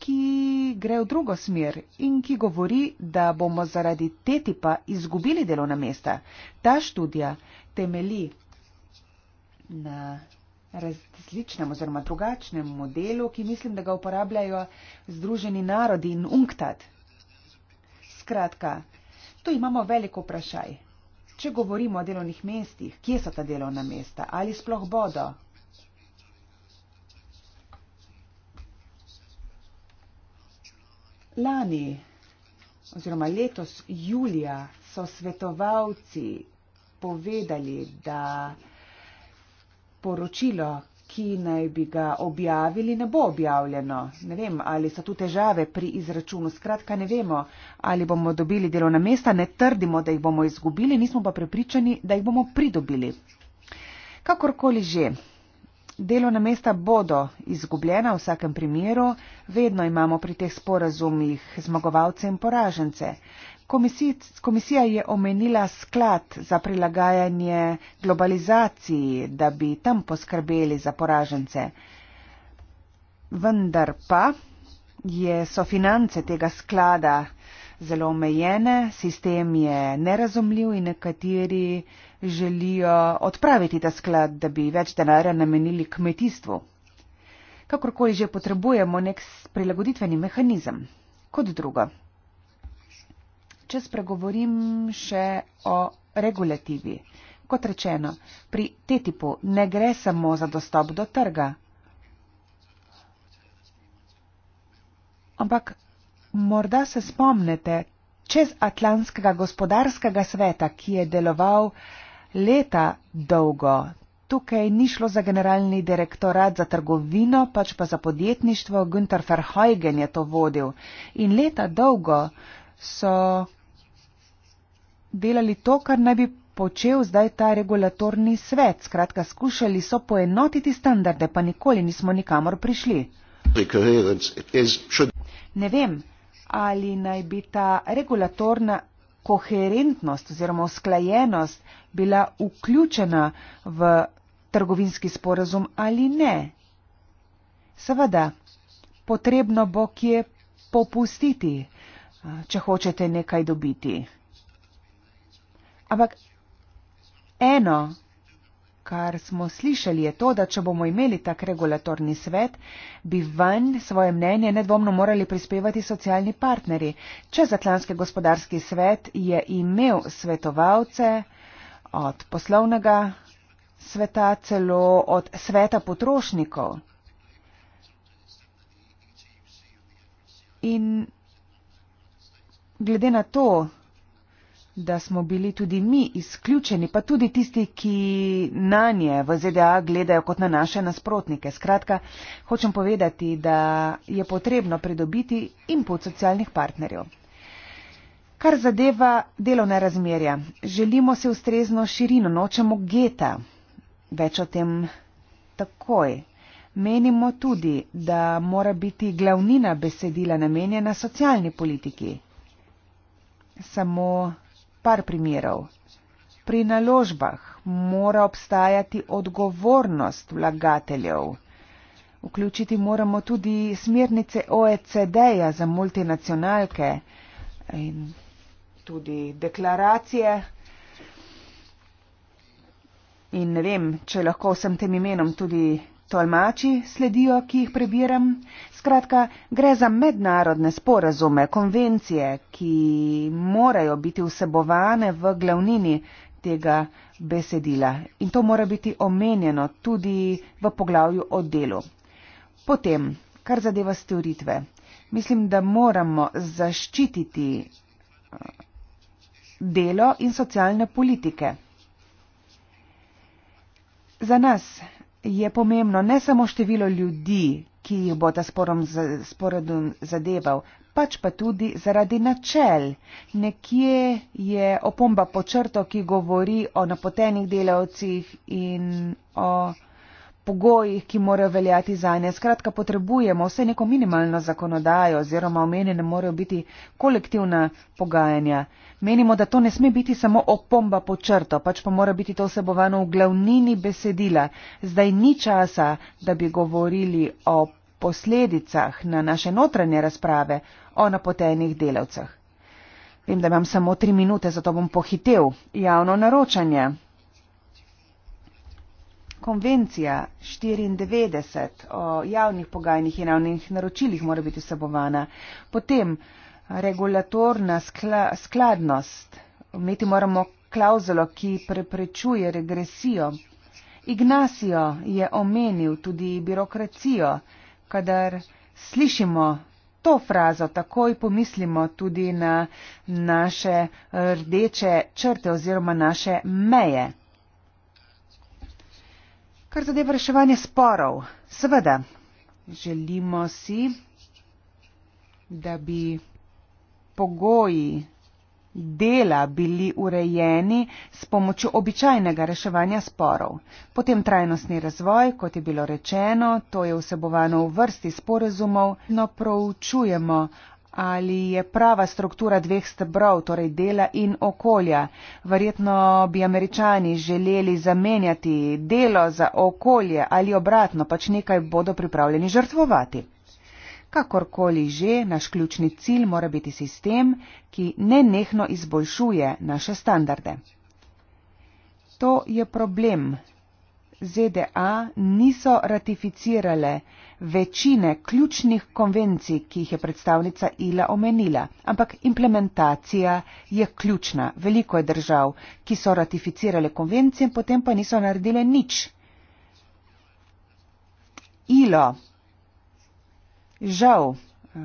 ki gre v drugo smer in ki govori, da bomo zaradi te tipa izgubili delovna mesta. Ta študija temeli na različnem oziroma drugačnem modelu, ki mislim, da ga uporabljajo Združeni narodi in UNCTAD. Skratka, tu imamo veliko vprašaj. Če govorimo o delovnih mestih, kje so ta delovna mesta, ali sploh bodo, Lani oziroma letos julija so svetovalci povedali, da poročilo, ki naj bi ga objavili, ne bo objavljeno. Ne vem, ali so tu težave pri izračunu. Skratka, ne vemo, ali bomo dobili delovna mesta, ne trdimo, da jih bomo izgubili, nismo pa prepričani, da jih bomo pridobili. Kakorkoli že. Delovna mesta bodo izgubljena v vsakem primeru, vedno imamo pri teh sporazumih zmagovalce in poražence. Komisij, komisija je omenila sklad za prilagajanje globalizaciji, da bi tam poskrbeli za poražence. Vendar pa je, so finance tega sklada zelo omejene, sistem je nerazumljiv in nekateri želijo odpraviti ta sklad, da bi več denarja namenili kmetijstvu. Kakorkoli že potrebujemo nek prilagoditveni mehanizem. Kot drugo. Če spregovorim še o regulativi. Kot rečeno, pri TTIP-u ne gre samo za dostop do trga, ampak morda se spomnite čez Atlantskega gospodarskega sveta, ki je deloval leta dolgo. Tukaj ni šlo za generalni direktorat za trgovino, pač pa za podjetništvo. Günter Verheugen je to vodil. In leta dolgo so delali to, kar naj bi počel zdaj ta regulatorni svet. Skratka, skušali so poenotiti standarde, pa nikoli nismo nikamor prišli. Ne vem, ali naj bi ta regulatorna koherentnost oziroma usklajenost bila vključena v trgovinski sporazum ali ne. Seveda, potrebno bo kje popustiti, če hočete nekaj dobiti. Ampak eno Kar smo slišali je to, da če bomo imeli tak regulatorni svet, bi vanj svoje mnenje nedvomno morali prispevati socialni partneri. Čez Atlantski gospodarski svet je imel svetovalce od poslovnega sveta, celo od sveta potrošnikov. In glede na to, da smo bili tudi mi izključeni, pa tudi tisti, ki na nje v ZDA gledajo kot na naše nasprotnike. Skratka, hočem povedati, da je potrebno pridobiti input socialnih partnerjev. Kar zadeva delovne razmerja, želimo se ustrezno širino, nočemo geta, več o tem takoj. Menimo tudi, da mora biti glavnina besedila namenjena socialni politiki. Samo par primerov. Pri naložbah mora obstajati odgovornost vlagateljev. Vključiti moramo tudi smernice OECD-ja za multinacionalke in tudi deklaracije. In ne vem, če lahko vsem tem imenom tudi tolmači sledijo, ki jih prebiram. Skratka, gre za mednarodne sporazume, konvencije, ki morajo biti vsebovane v glavnini tega besedila. In to mora biti omenjeno tudi v poglavju o delu. Potem, kar zadeva storitve. Mislim, da moramo zaščititi eh, delo in socialne politike. Za nas, je pomembno ne samo število ljudi, ki jih bo ta sporadum zadeval, pač pa tudi zaradi načel. Nekje je opomba počrto, ki govori o napotenih delavcih in o pogojih, ki morajo veljati za nje. Skratka, potrebujemo vse neko minimalno zakonodajo oziroma omenjene morajo biti kolektivna pogajanja. Menimo, da to ne sme biti samo opomba po črto, pač pa mora biti to vsebovano v glavnini besedila. Zdaj ni časa, da bi govorili o posledicah na naše notranje razprave o napotenih delavcah. Vem, da imam samo tri minute, zato bom pohitev javno naročanje. Konvencija 94 o javnih pogajnih in javnih naročilih mora biti vsebovana. Potem regulatorna skla, skladnost. Imeti moramo klauzulo, ki preprečuje regresijo. Ignacio je omenil tudi birokracijo. Kadar slišimo to frazo, takoj pomislimo tudi na naše rdeče črte oziroma naše meje. Kar zadeva reševanje sporov, seveda, želimo si, da bi pogoji dela bili urejeni s pomočjo običajnega reševanja sporov. Potem trajnostni razvoj, kot je bilo rečeno, to je vsebovano v vrsti sporazumov, no proučujemo, ali je prava struktura dveh stebrov, torej dela in okolja. Verjetno bi američani želeli zamenjati delo za okolje ali obratno, pač nekaj bodo pripravljeni žrtvovati. Kakorkoli že, naš ključni cilj mora biti sistem, ki ne nehno izboljšuje naše standarde. To je problem. ZDA niso ratificirale večine ključnih konvencij, ki jih je predstavnica Ila omenila, ampak implementacija je ključna. Veliko je držav, ki so ratificirale konvencije, potem pa niso naredile nič. Ilo žal eh,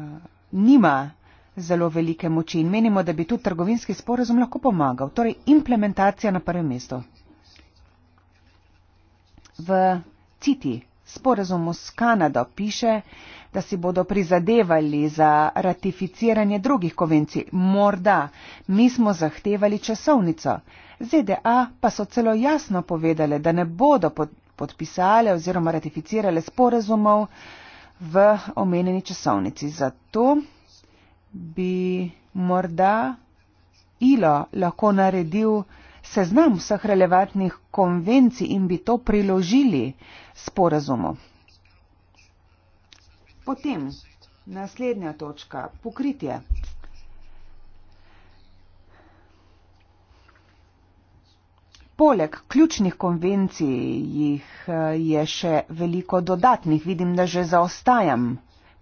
nima zelo velike moči in menimo, da bi tudi trgovinski sporozum lahko pomagal. Torej, implementacija na prvem mestu. V citi sporazumu s Kanado piše, da si bodo prizadevali za ratificiranje drugih konvencij. Morda mi smo zahtevali časovnico. ZDA pa so celo jasno povedali, da ne bodo podpisale oziroma ratificirale sporazumov v omenjeni časovnici. Zato bi morda ILO lahko naredil seznam vseh relevantnih konvencij in bi to priložili sporazumu. Potem naslednja točka - pokritje. Poleg ključnih konvencij jih eh, je še veliko dodatnih, vidim, da že zaostajam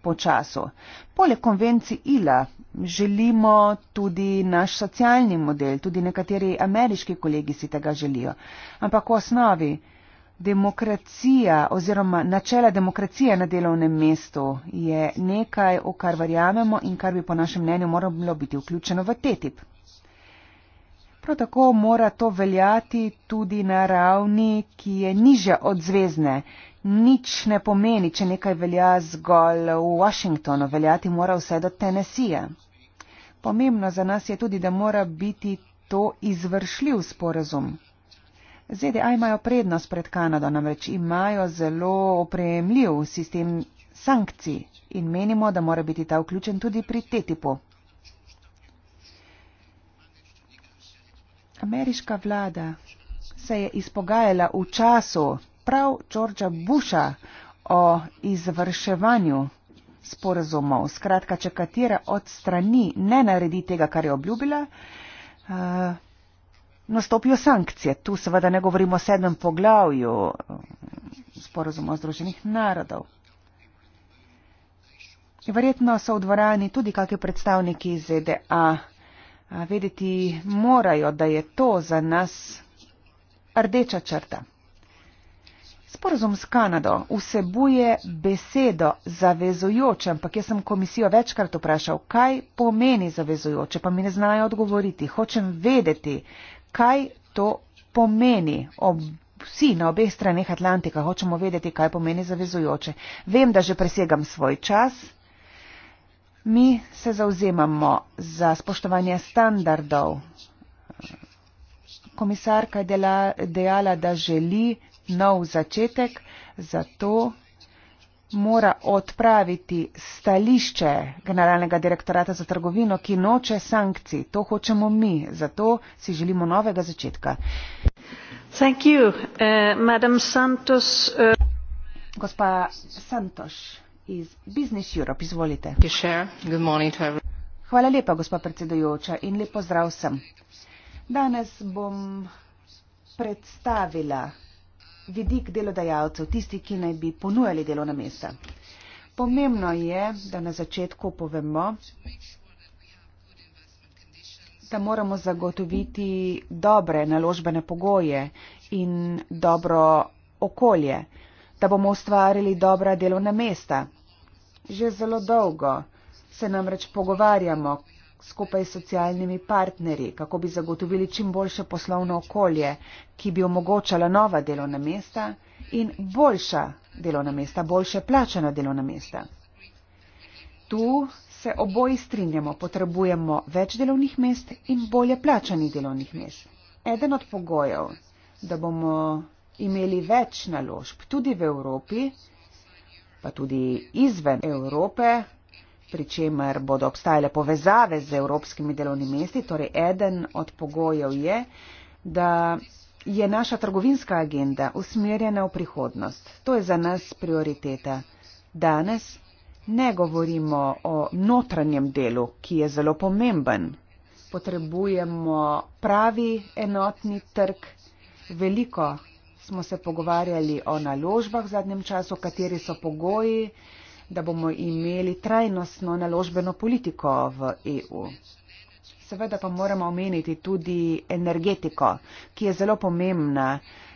po času. Poleg konvencij ILA želimo tudi naš socialni model, tudi nekateri ameriški kolegi si tega želijo. Ampak v osnovi demokracija oziroma načela demokracije na delovnem mestu je nekaj, o kar verjamemo in kar bi po našem mnenju moralo biti vključeno v TTIP. Prav tako mora to veljati tudi na ravni, ki je nižja od zvezne, nič ne pomeni, če nekaj velja zgolj v Washingtonu, veljati mora vse do Tennessee. Pomembno za nas je tudi, da mora biti to izvršljiv sporazum. ZDA imajo prednost pred Kanado, namreč imajo zelo oprejemljiv sistem sankcij in menimo, da mora biti ta vključen tudi pri TTIP-u. Ameriška vlada se je izpogajala v času prav Čorča Buša o izvrševanju sporazumov. Skratka, če katera od strani ne naredi tega, kar je obljubila, uh, nastopijo sankcije. Tu seveda ne govorimo o sedmem poglavju eh, sporazuma Združenih narodov. Verjetno so v dvorani tudi kakšni predstavniki ZDA. Eh, vedeti morajo, da je to za nas rdeča črta. Sporazum s Kanado vsebuje besedo zavezojoče, ampak jaz sem komisijo večkrat vprašal, kaj pomeni zavezojoče, pa mi ne znajo odgovoriti. Hočem vedeti, kaj to pomeni. Ob, vsi na obeh straneh Atlantika hočemo vedeti, kaj pomeni zavezojoče. Vem, da že presegam svoj čas. Mi se zauzemamo za spoštovanje standardov. Komisarka je dejala, da želi nov začetek, zato mora odpraviti stališče generalnega direktorata za trgovino, ki noče sankcij. To hočemo mi, zato si želimo novega začetka. You, uh, Santos, uh... Gospa Santoš iz Business Europe, izvolite. Hvala lepa, gospa predsedujoča, in lepo zdrav sem. Danes bom predstavila vidik delodajalcev, tisti, ki naj bi ponujali delovna mesta. Pomembno je, da na začetku povemo, da moramo zagotoviti dobre naložbene pogoje in dobro okolje, da bomo ustvarili dobra delovna mesta. Že zelo dolgo se namreč pogovarjamo, skupaj s socialnimi partnerji, kako bi zagotovili čim boljše poslovno okolje, ki bi omogočala nova delovna mesta in boljša delovna mesta, boljše plačana delovna mesta. Tu se oboji strinjamo, potrebujemo več delovnih mest in bolje plačanih delovnih mest. Eden od pogojev, da bomo imeli več naložb tudi v Evropi, pa tudi izven Evrope, pri čemer bodo obstajale povezave z evropskimi delovnimi mesti. Torej, eden od pogojev je, da je naša trgovinska agenda usmerjena v prihodnost. To je za nas prioriteta. Danes ne govorimo o notranjem delu, ki je zelo pomemben. Potrebujemo pravi enotni trg. Veliko smo se pogovarjali o naložbah v zadnjem času, kateri so pogoji da bomo imeli trajnostno naložbeno politiko v EU. Seveda pa moramo omeniti tudi energetiko, ki je zelo pomembna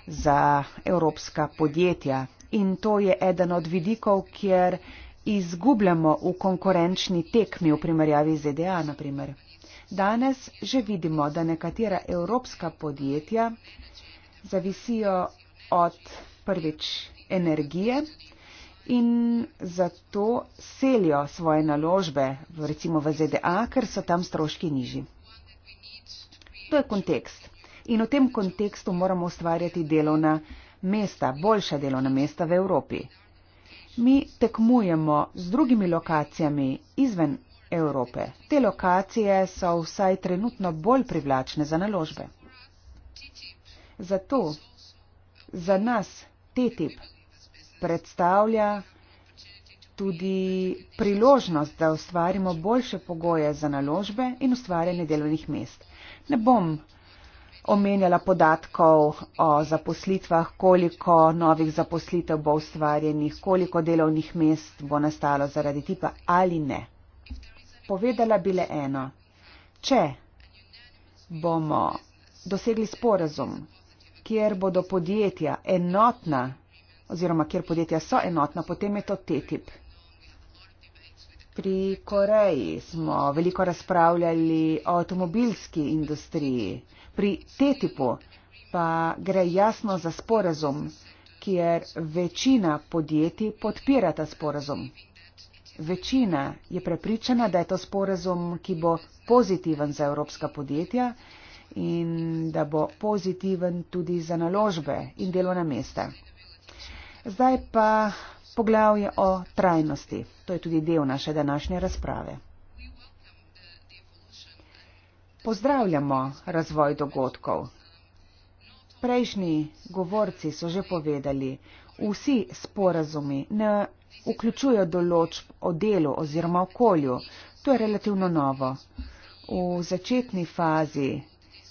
za evropska podjetja. In to je eden od vidikov, kjer izgubljamo v konkurenčni tekmi v primerjavi z EDA. Naprimer. Danes že vidimo, da nekatera evropska podjetja zavisijo od prvič energije, in zato selijo svoje naložbe recimo v ZDA, ker so tam stroški nižji. To je kontekst. In v tem kontekstu moramo ustvarjati delovna mesta, boljša delovna mesta v Evropi. Mi tekmujemo z drugimi lokacijami izven Evrope. Te lokacije so vsaj trenutno bolj privlačne za naložbe. Zato za nas TTIP predstavlja tudi priložnost, da ustvarimo boljše pogoje za naložbe in ustvarjanje delovnih mest. Ne bom omenjala podatkov o zaposlitvah, koliko novih zaposlitev bo ustvarjenih, koliko delovnih mest bo nastalo zaradi tipa ali ne. Povedala bi le eno. Če bomo dosegli sporazum, kjer bodo podjetja enotna oziroma kjer podjetja so enotna, potem je to TTIP. Pri Koreji smo veliko razpravljali o avtomobilski industriji. Pri TTIP-u pa gre jasno za sporazum, kjer večina podjetij podpira ta sporazum. Večina je prepričana, da je to sporazum, ki bo pozitiven za evropska podjetja in da bo pozitiven tudi za naložbe in delovna mesta. Zdaj pa poglavje o trajnosti. To je tudi del naše današnje razprave. Pozdravljamo razvoj dogodkov. Prejšnji govorci so že povedali, vsi sporazumi ne vključujejo določb o delu oziroma okolju. To je relativno novo. V začetni fazi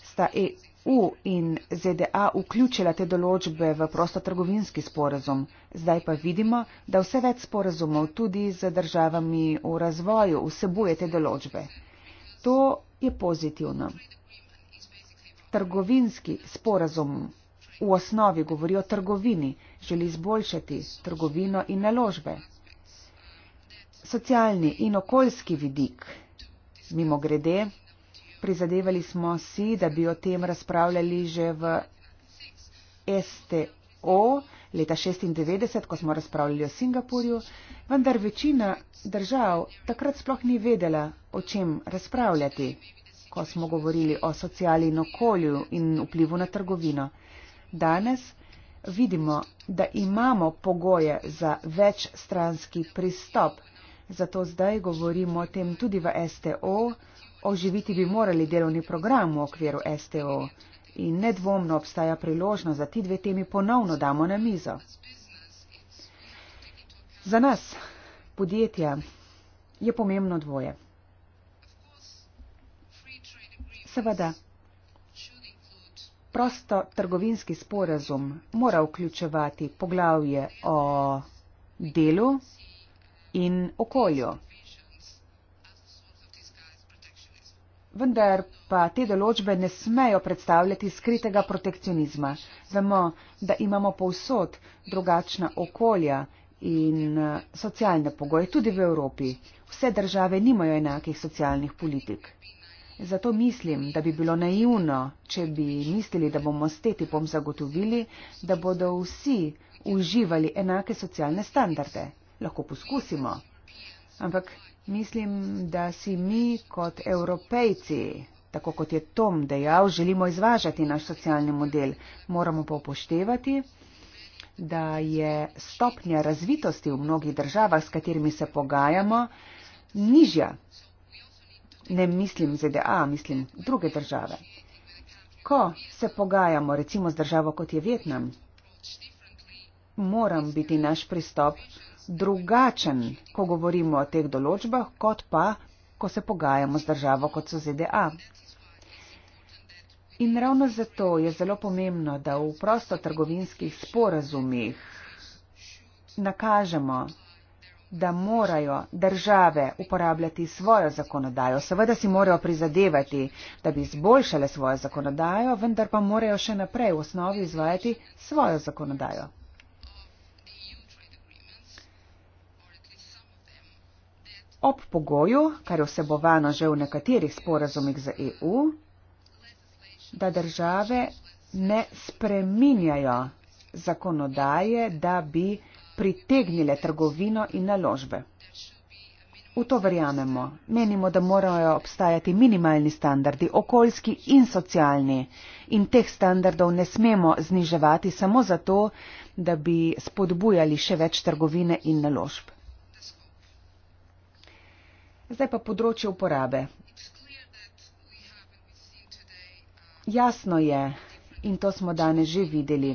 sta e- EU in ZDA vključila te določbe v prostotrgovinski sporazum. Zdaj pa vidimo, da vse več sporazumov tudi z državami v razvoju vsebuje te določbe. To je pozitivno. Trgovinski sporazum v osnovi govori o trgovini, želi izboljšati trgovino in naložbe. Socialni in okoljski vidik, mimo grede, Prizadevali smo si, da bi o tem razpravljali že v STO leta 96, ko smo razpravljali o Singapurju, vendar večina držav takrat sploh ni vedela, o čem razpravljati, ko smo govorili o socialni in okolju in vplivu na trgovino. Danes vidimo, da imamo pogoje za večstranski pristop, zato zdaj govorimo o tem tudi v STO. Oživiti bi morali delovni program v okviru STO in nedvomno obstaja priložnost, da ti dve temi ponovno damo na mizo. Za nas, podjetja, je pomembno dvoje. Seveda, prosto trgovinski sporazum mora vključevati poglavje o delu in okolju. Vendar pa te določbe ne smejo predstavljati skritega protekcionizma. Vemo, da imamo povsod drugačna okolja in eh, socialne pogoje, tudi v Evropi. Vse države nimajo enakih socialnih politik. Zato mislim, da bi bilo naivno, če bi mislili, da bomo s tetipom zagotovili, da bodo vsi uživali enake socialne standarde. Lahko poskusimo. Ampak Mislim, da si mi kot evropejci, tako kot je Tom dejal, želimo izvažati naš socialni model. Moramo pa upoštevati, da je stopnja razvitosti v mnogih državah, s katerimi se pogajamo, nižja. Ne mislim ZDA, mislim druge države. Ko se pogajamo recimo z državo kot je Vietnam, moram biti naš pristop drugačen, ko govorimo o teh določbah, kot pa, ko se pogajamo z državo, kot so ZDA. In ravno zato je zelo pomembno, da v prostotrgovinskih sporazumih nakažemo, da morajo države uporabljati svojo zakonodajo. Seveda si morajo prizadevati, da bi izboljšale svojo zakonodajo, vendar pa morajo še naprej v osnovi izvajati svojo zakonodajo. ob pogoju, kar je osebovano že v nekaterih sporazumih za EU, da države ne spreminjajo zakonodaje, da bi pritegnile trgovino in naložbe. V to verjamemo. Menimo, da morajo obstajati minimalni standardi, okoljski in socialni. In teh standardov ne smemo zniževati samo zato, da bi spodbujali še več trgovine in naložb. Zdaj pa področje uporabe. Jasno je, in to smo danes že videli,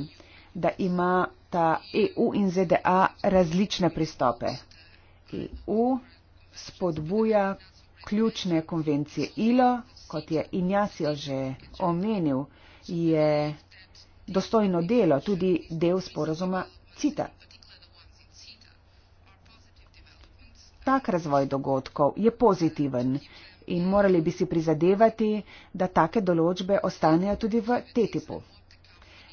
da ima ta EU in ZDA različne pristope. EU spodbuja ključne konvencije ILO, kot je Injasijo že omenil, je dostojno delo, tudi del sporozuma CITAT. tak razvoj dogodkov je pozitiven in morali bi si prizadevati, da take določbe ostanejo tudi v TTIP-u.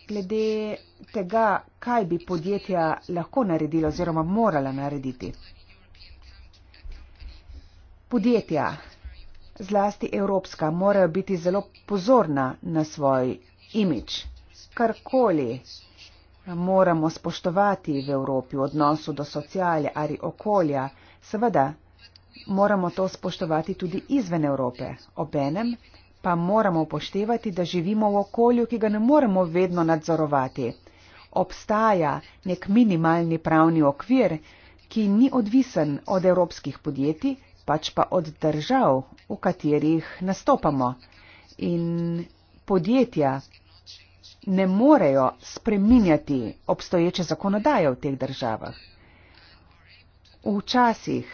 Glede tega, kaj bi podjetja lahko naredila oziroma morala narediti. Podjetja, zlasti evropska, morajo biti zelo pozorna na svoj imič. Karkoli moramo spoštovati v Evropi v odnosu do socialja ali okolja, Seveda moramo to spoštovati tudi izven Evrope. Obenem pa moramo upoštevati, da živimo v okolju, ki ga ne moremo vedno nadzorovati. Obstaja nek minimalni pravni okvir, ki ni odvisen od evropskih podjetij, pač pa od držav, v katerih nastopamo. In podjetja ne morejo spreminjati obstoječe zakonodaje v teh državah. Včasih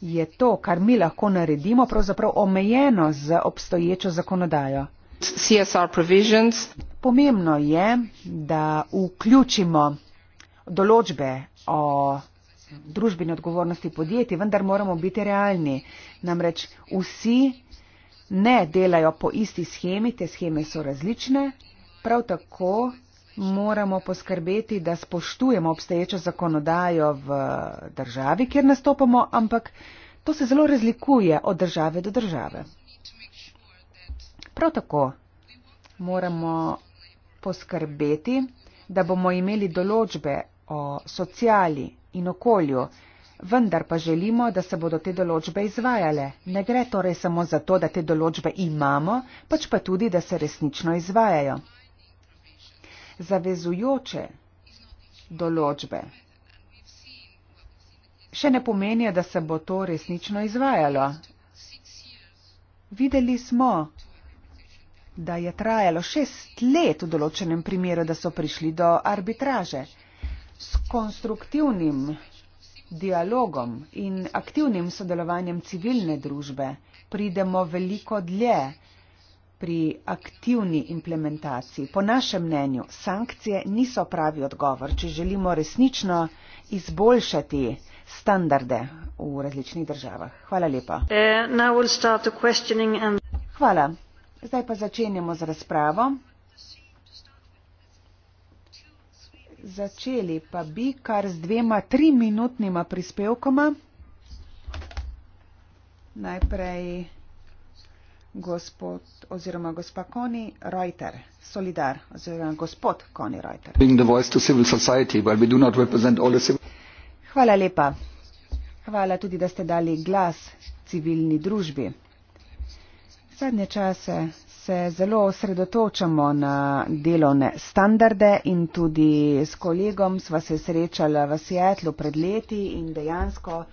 je to, kar mi lahko naredimo, pravzaprav omejeno z obstoječo zakonodajo. Pomembno je, da vključimo določbe o družbeni odgovornosti podjetij, vendar moramo biti realni. Namreč vsi ne delajo po isti schemi, te scheme so različne, prav tako moramo poskrbeti, da spoštujemo obstoječo zakonodajo v državi, kjer nastopamo, ampak to se zelo razlikuje od države do države. Prav tako moramo poskrbeti, da bomo imeli določbe o sociali in okolju, vendar pa želimo, da se bodo te določbe izvajale. Ne gre torej samo za to, da te določbe imamo, pač pa tudi, da se resnično izvajajo zavezujoče določbe. Še ne pomeni, da se bo to resnično izvajalo. Videli smo, da je trajalo šest let v določenem primeru, da so prišli do arbitraže. S konstruktivnim dialogom in aktivnim sodelovanjem civilne družbe pridemo veliko dlje pri aktivni implementaciji. Po našem mnenju sankcije niso pravi odgovor, če želimo resnično izboljšati standarde v različnih državah. Hvala lepa. Uh, Hvala. Zdaj pa začenjamo z razpravo. Začeli pa bi kar z dvema triminutnima prispevkoma. Najprej gospod oziroma gospa Koni Reuter, solidar oziroma gospod Koni Reuter. Hvala lepa. Hvala tudi, da ste dali glas civilni družbi. Zadnje čase se zelo osredotočamo na delovne standarde in tudi s kolegom sva se srečala v Sietlu pred leti in dejansko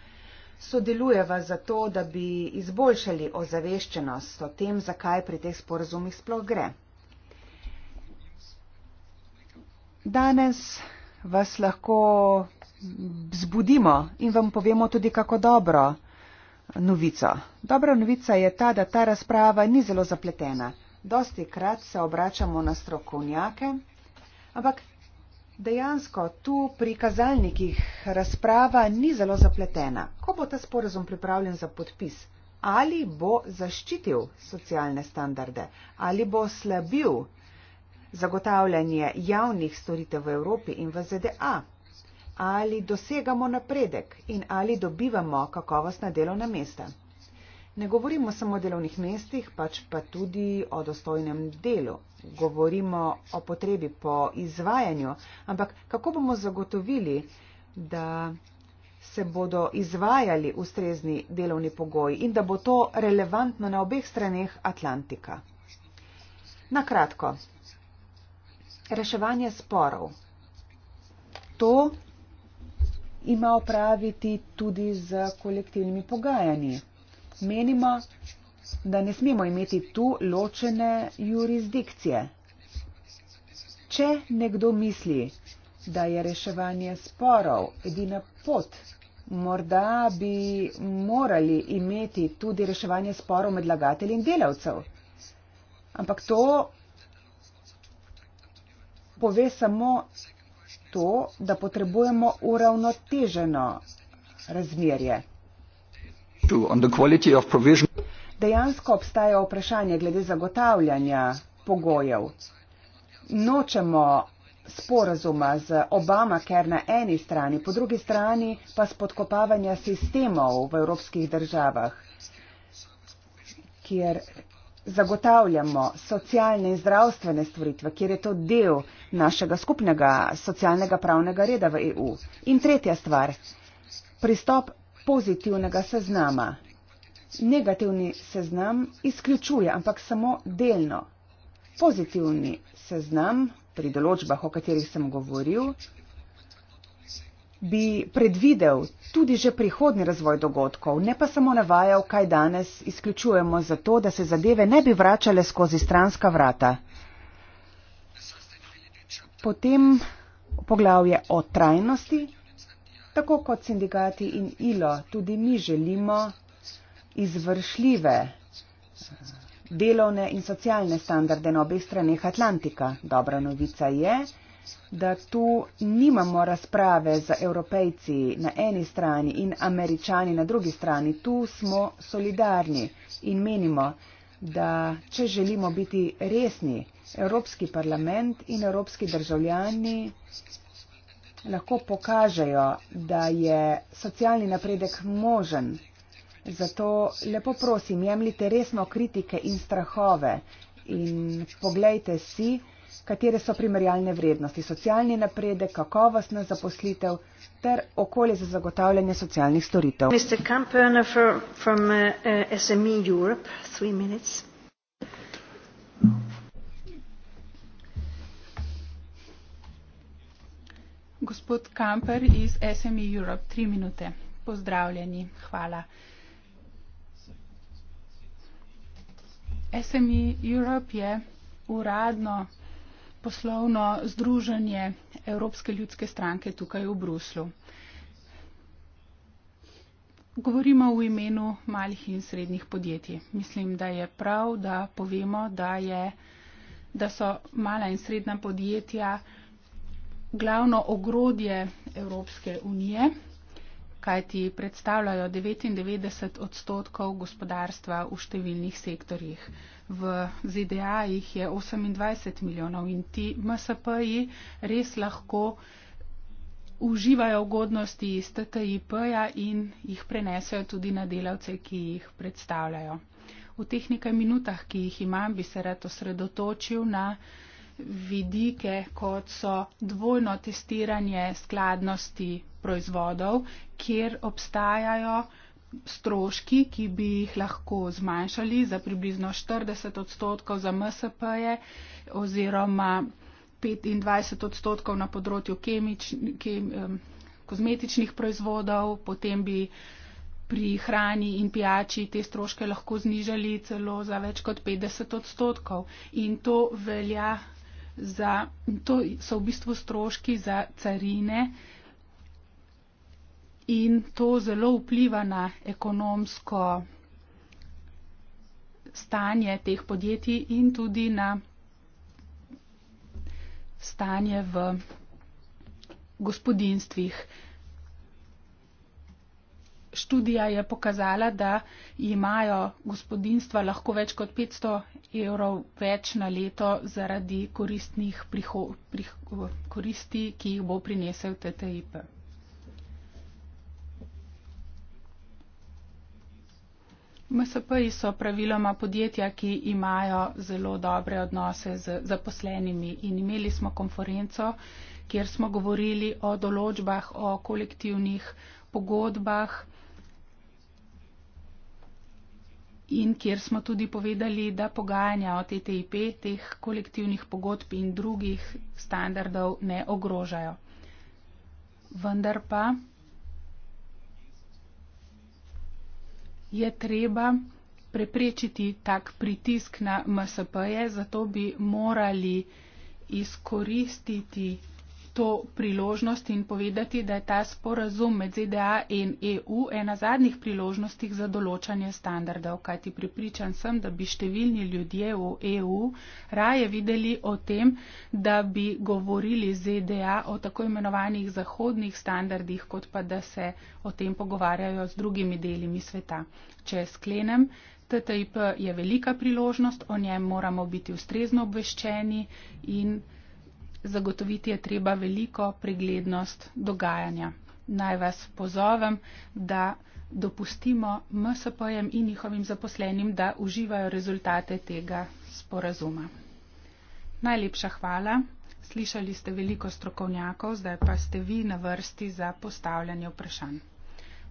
sodelujeva zato, da bi izboljšali ozaveščenost o tem, zakaj pri teh sporazumih sploh gre. Danes vas lahko zbudimo in vam povemo tudi kako dobro novico. Dobra novica je ta, da ta razprava ni zelo zapletena. Dosti krat se obračamo na strokovnjake, ampak Dejansko tu pri kazalnikih razprava ni zelo zapletena. Ko bo ta sporazum pripravljen za podpis? Ali bo zaščitil socialne standarde? Ali bo slabil zagotavljanje javnih storitev v Evropi in v ZDA? Ali dosegamo napredek in ali dobivamo kakovostna delovna mesta? Ne govorimo samo o delovnih mestih, pač pa tudi o dostojnem delu. Govorimo o potrebi po izvajanju, ampak kako bomo zagotovili, da se bodo izvajali ustrezni delovni pogoji in da bo to relevantno na obeh straneh Atlantika. Na kratko, reševanje sporov. To ima opraviti tudi z kolektivnimi pogajanji menimo, da ne smemo imeti tu ločene jurisdikcije. Če nekdo misli, da je reševanje sporov edina pot, morda bi morali imeti tudi reševanje sporov med lagatelji in delavcev. Ampak to pove samo to, da potrebujemo uravnoteženo razmerje. Dejansko obstaja vprašanje glede zagotavljanja pogojev. Nočemo sporazuma z Obama, ker na eni strani, po drugi strani pa spodkopavanja sistemov v evropskih državah, kjer zagotavljamo socialne in zdravstvene stvaritve, kjer je to del našega skupnega socialnega pravnega reda v EU. In tretja stvar, pristop pozitivnega seznama. Negativni seznam izključuje, ampak samo delno. Pozitivni seznam pri določbah, o katerih sem govoril, bi predvidel tudi že prihodni razvoj dogodkov, ne pa samo navajal, kaj danes izključujemo za to, da se zadeve ne bi vračale skozi stranska vrata. Potem poglavje o trajnosti, Tako kot sindikati in ILO, tudi mi želimo izvršljive eh, delovne in socialne standarde na obeh straneh Atlantika. Dobra novica je, da tu nimamo razprave z evropejci na eni strani in američani na drugi strani. Tu smo solidarni in menimo, da če želimo biti resni, Evropski parlament in evropski državljani lahko pokažejo, da je socialni napredek možen. Zato lepo prosim, jemljite resno kritike in strahove in poglejte si, katere so primerjalne vrednosti. Socialni napredek, kakovostna zaposlitev ter okolje za zagotavljanje socialnih storitev. Mr. Kampen from uh, uh, SME Europe, three minutes. Gospod Kamper iz SME Europe, tri minute. Pozdravljeni, hvala. SME Europe je uradno poslovno združenje Evropske ljudske stranke tukaj v Bruslu. Govorimo v imenu malih in srednjih podjetij. Mislim, da je prav, da povemo, da, je, da so mala in srednja podjetja glavno ogrodje Evropske unije, kajti predstavljajo 99 odstotkov gospodarstva v številnih sektorjih. V ZDA jih je 28 milijonov in ti MSP-ji res lahko uživajo ugodnosti iz TTIP-ja in jih prenesejo tudi na delavce, ki jih predstavljajo. V teh nekaj minutah, ki jih imam, bi se rad osredotočil na vidike, kot so dvojno testiranje skladnosti proizvodov, kjer obstajajo stroški, ki bi jih lahko zmanjšali za približno 40 odstotkov za MSP-je oziroma 25 odstotkov na področju kozmetičnih proizvodov, potem bi pri hrani in pijači te stroške lahko znižali celo za več kot 50 odstotkov. In to velja za, to so v bistvu stroški za carine in to zelo vpliva na ekonomsko stanje teh podjetij in tudi na stanje v gospodinstvih študija je pokazala, da imajo gospodinstva lahko več kot 500 evrov več na leto zaradi koristnih priho, priho, koristi, ki jih bo prinesel TTIP. MSP-ji so praviloma podjetja, ki imajo zelo dobre odnose z zaposlenimi in imeli smo konferenco, kjer smo govorili o določbah, o kolektivnih pogodbah, in kjer smo tudi povedali, da pogajanja o TTIP teh kolektivnih pogodb in drugih standardov ne ogrožajo. Vendar pa je treba preprečiti tak pritisk na MSP-je, zato bi morali izkoristiti to priložnost in povedati, da je ta sporazum med ZDA in EU ena zadnjih priložnosti za določanje standardov, kajti pripričan sem, da bi številni ljudje v EU raje videli o tem, da bi govorili ZDA o tako imenovanih zahodnih standardih, kot pa da se o tem pogovarjajo z drugimi delimi sveta. Če sklenem. TTIP je velika priložnost, o njem moramo biti ustrezno obveščeni in zagotoviti je treba veliko preglednost dogajanja. Naj vas pozovem, da dopustimo MSP-jem in njihovim zaposlenim, da uživajo rezultate tega sporazuma. Najlepša hvala. Slišali ste veliko strokovnjakov, zdaj pa ste vi na vrsti za postavljanje vprašanj.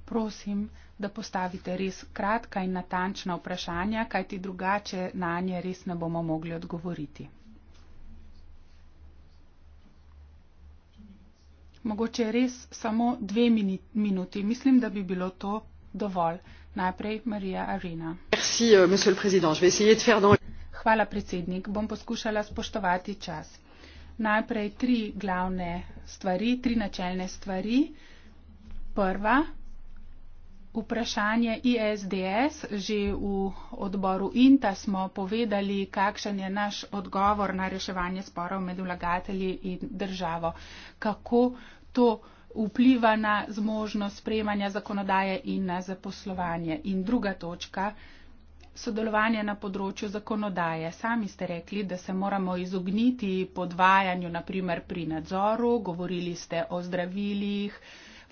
Prosim, da postavite res kratka in natančna vprašanja, kajti drugače na nje res ne bomo mogli odgovoriti. mogoče res samo dve minuti. Mislim, da bi bilo to dovolj. Najprej Marija Arena. Euh, Hvala, predsednik. Bom poskušala spoštovati čas. Najprej tri glavne stvari, tri načelne stvari. Prva, vprašanje ISDS. Že v odboru INTA smo povedali, kakšen je naš odgovor na reševanje sporov med vlagatelji in državo. Kako to vpliva na zmožnost sprejemanja zakonodaje in na zaposlovanje. In druga točka, sodelovanje na področju zakonodaje. Sami ste rekli, da se moramo izogniti podvajanju, naprimer pri nadzoru, govorili ste o zdravilih,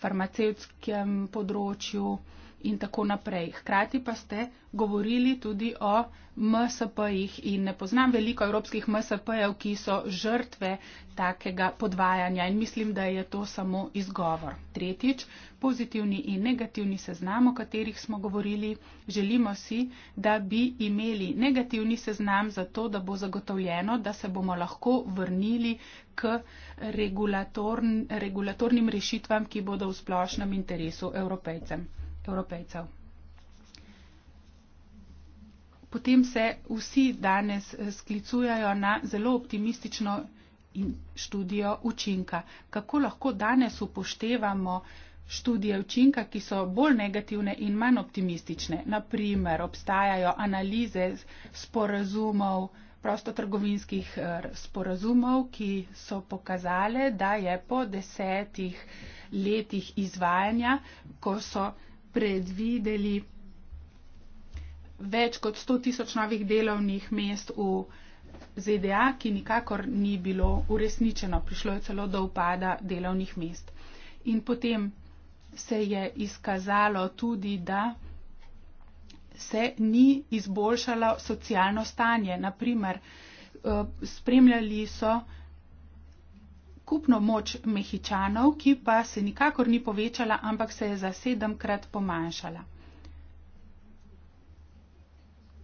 farmacevskem področju in tako naprej. Hkrati pa ste govorili tudi o MSP-jih in ne poznam veliko evropskih MSP-jev, ki so žrtve takega podvajanja in mislim, da je to samo izgovor. Tretjič, pozitivni in negativni seznam, o katerih smo govorili, želimo si, da bi imeli negativni seznam za to, da bo zagotovljeno, da se bomo lahko vrnili k regulatorn, regulatornim rešitvam, ki bodo v splošnem interesu evropejcem evropejcev. Potem se vsi danes eh, sklicujajo na zelo optimistično študijo učinka. Kako lahko danes upoštevamo študije učinka, ki so bolj negativne in manj optimistične? Naprimer, obstajajo analize sporazumov, prostotrgovinskih eh, sporazumov, ki so pokazale, da je po desetih letih izvajanja, ko so predvideli več kot 100 tisoč novih delovnih mest v ZDA, ki nikakor ni bilo uresničeno. Prišlo je celo do upada delovnih mest. In potem se je izkazalo tudi, da se ni izboljšalo socialno stanje. Naprimer, eh, spremljali so kupno moč mehičanov, ki pa se nikakor ni povečala, ampak se je za sedemkrat pomanjšala.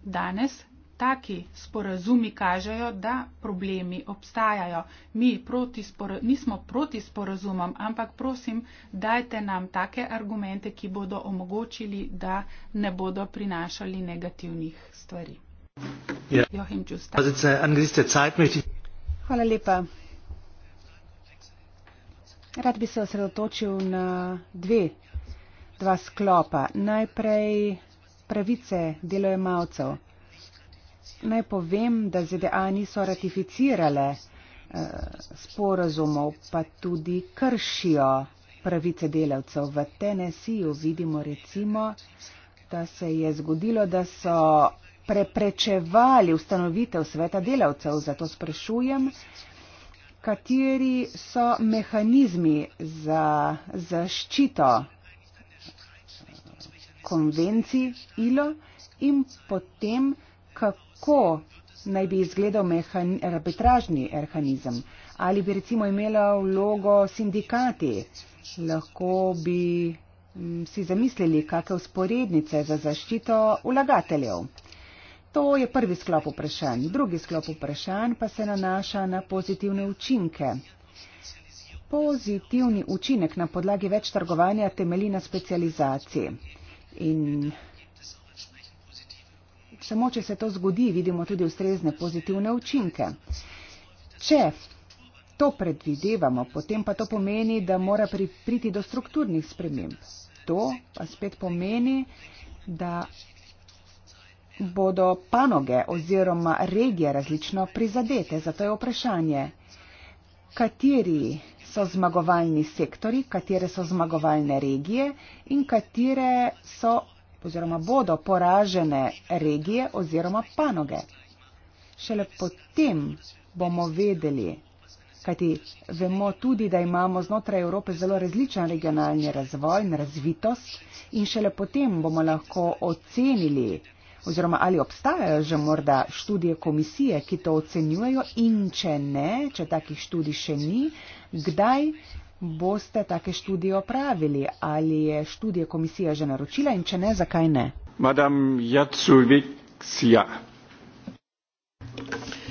Danes taki sporazumi kažejo, da problemi obstajajo. Mi proti nismo proti sporazumom, ampak prosim, dajte nam take argumente, ki bodo omogočili, da ne bodo prinašali negativnih stvari. Ja. Hvala lepa. Rad bi se osredotočil na dve, dva sklopa. Najprej pravice delojemalcev. Naj povem, da ZDA niso ratificirale eh, sporozumov, pa tudi kršijo pravice delavcev. V Tennesseeju vidimo recimo, da se je zgodilo, da so preprečevali ustanovitev sveta delavcev. Zato sprašujem, kateri so mehanizmi za zaščito konvencij ILO in potem, kako naj bi izgledal arbitražni mehanizem. Ali bi recimo imela vlogo sindikati, lahko bi mm, si zamislili, kakšne usporednice za zaščito vlagateljev. To je prvi sklop vprašanj. Drugi sklop vprašanj pa se nanaša na pozitivne učinke. Pozitivni učinek na podlagi več trgovanja temelji na specializaciji. In samo, če se to zgodi, vidimo tudi ustrezne pozitivne učinke. Če to predvidevamo, potem pa to pomeni, da mora priti do strukturnih sprememb. To pa spet pomeni, da bodo panoge oziroma regije različno prizadete. Zato je vprašanje, kateri so zmagovalni sektori, katere so zmagovalne regije in katere so oziroma bodo poražene regije oziroma panoge. Šele potem bomo vedeli, kajti vemo tudi, da imamo znotraj Evrope zelo različen regionalni razvoj in razvitost in šele potem bomo lahko ocenili oziroma ali obstajajo že morda študije komisije, ki to ocenjujejo in če ne, če takih študij še ni, kdaj boste take študije opravili? Ali je študije komisija že naročila in če ne, zakaj ne? Madam Jacoviksija.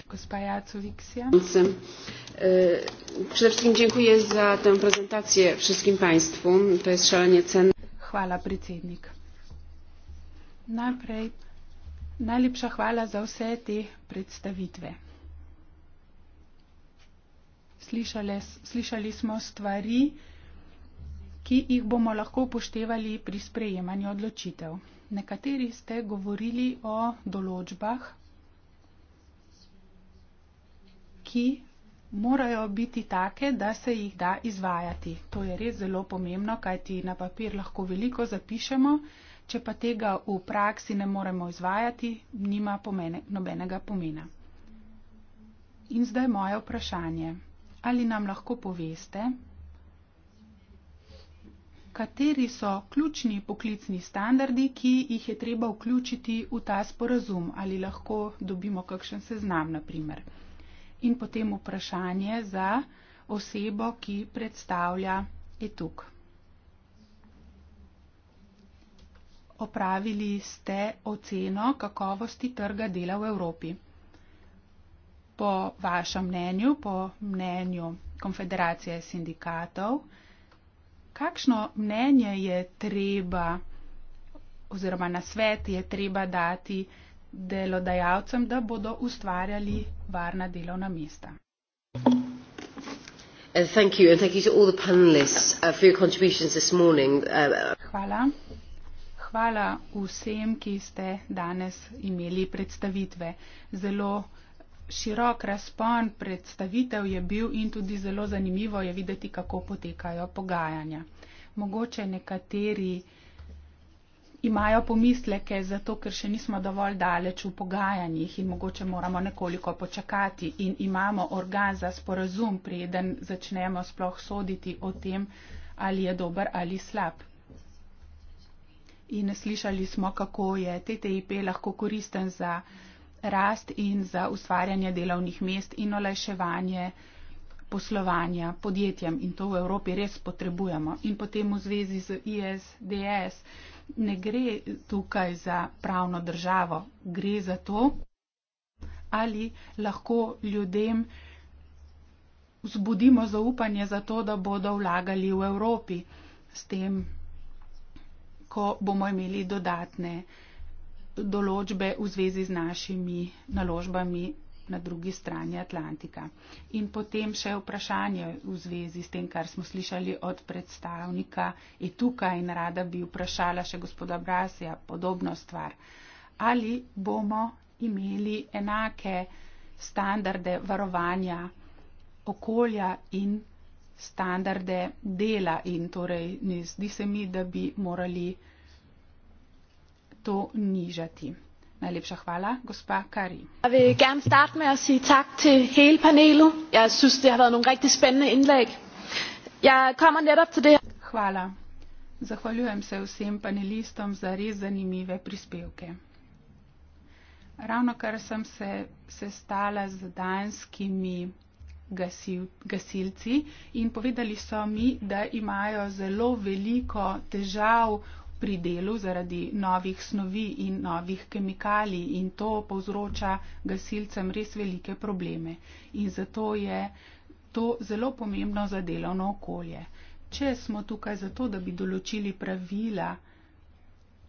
Gospa Jacoviksija. E, przede wszystkim dziękuję za tę prezentację wszystkim Państwu. To jest szalenie cenne. Chwala, przewodnik. Najpierw. Najlepša hvala za vse te predstavitve. Slišale, slišali smo stvari, ki jih bomo lahko upoštevali pri sprejemanju odločitev. Nekateri ste govorili o določbah, ki morajo biti take, da se jih da izvajati. To je res zelo pomembno, kajti na papir lahko veliko zapišemo. Če pa tega v praksi ne moremo izvajati, nima pomene, nobenega pomena. In zdaj moje vprašanje. Ali nam lahko poveste, kateri so ključni poklicni standardi, ki jih je treba vključiti v ta sporazum? Ali lahko dobimo kakšen seznam, na primer? In potem vprašanje za osebo, ki predstavlja etuk. popravili ste oceno kakovosti trga dela v Evropi. Po vašem mnenju, po mnenju Konfederacije sindikatov, kakšno mnenje je treba oziroma na svet je treba dati delodajalcem, da bodo ustvarjali varna delovna mesta? Uh, uh, Hvala. Hvala hvala vsem, ki ste danes imeli predstavitve. Zelo širok razpon predstavitev je bil in tudi zelo zanimivo je videti, kako potekajo pogajanja. Mogoče nekateri imajo pomisleke zato, ker še nismo dovolj daleč v pogajanjih in mogoče moramo nekoliko počakati in imamo organ za sporazum, preden začnemo sploh soditi o tem, ali je dober ali slab in slišali smo, kako je TTIP lahko koristen za rast in za ustvarjanje delovnih mest in olajševanje poslovanja podjetjem in to v Evropi res potrebujemo. In potem v zvezi z ISDS ne gre tukaj za pravno državo, gre za to, ali lahko ljudem zbudimo zaupanje za to, da bodo vlagali v Evropi s tem ko bomo imeli dodatne določbe v zvezi z našimi naložbami na drugi strani Atlantika. In potem še vprašanje v zvezi s tem, kar smo slišali od predstavnika je tukaj in rada bi vprašala še gospoda Brasija podobno stvar. Ali bomo imeli enake standarde varovanja okolja in standarde dela in torej ne zdi se mi, da bi morali to nižati. Najlepša hvala, gospa Kari. Jaz bi rad začel med reči tak til hele panelu. Jaz mislim, da je bilo nekaj res spennih inleg. Jaz kommer netop til det. Hvala. Zahvaljujem se vsem panelistom za res zanimive prispevke. Ravno kar sem se sestala z danskimi gasil, gasilci in povedali so mi, da imajo zelo veliko težav pri delu zaradi novih snovi in novih kemikalij in to povzroča gasilcem res velike probleme. In zato je to zelo pomembno za delovno okolje. Če smo tukaj zato, da bi določili pravila,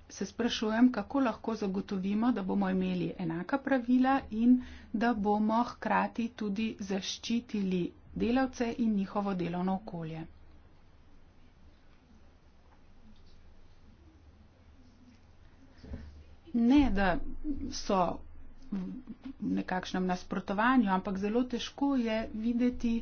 se sprašujem, kako lahko zagotovimo, da bomo imeli enaka pravila in da bomo hkrati tudi zaščitili delavce in njihovo delovno okolje. Ne, da so v nekakšnem nasprotovanju, ampak zelo težko je videti,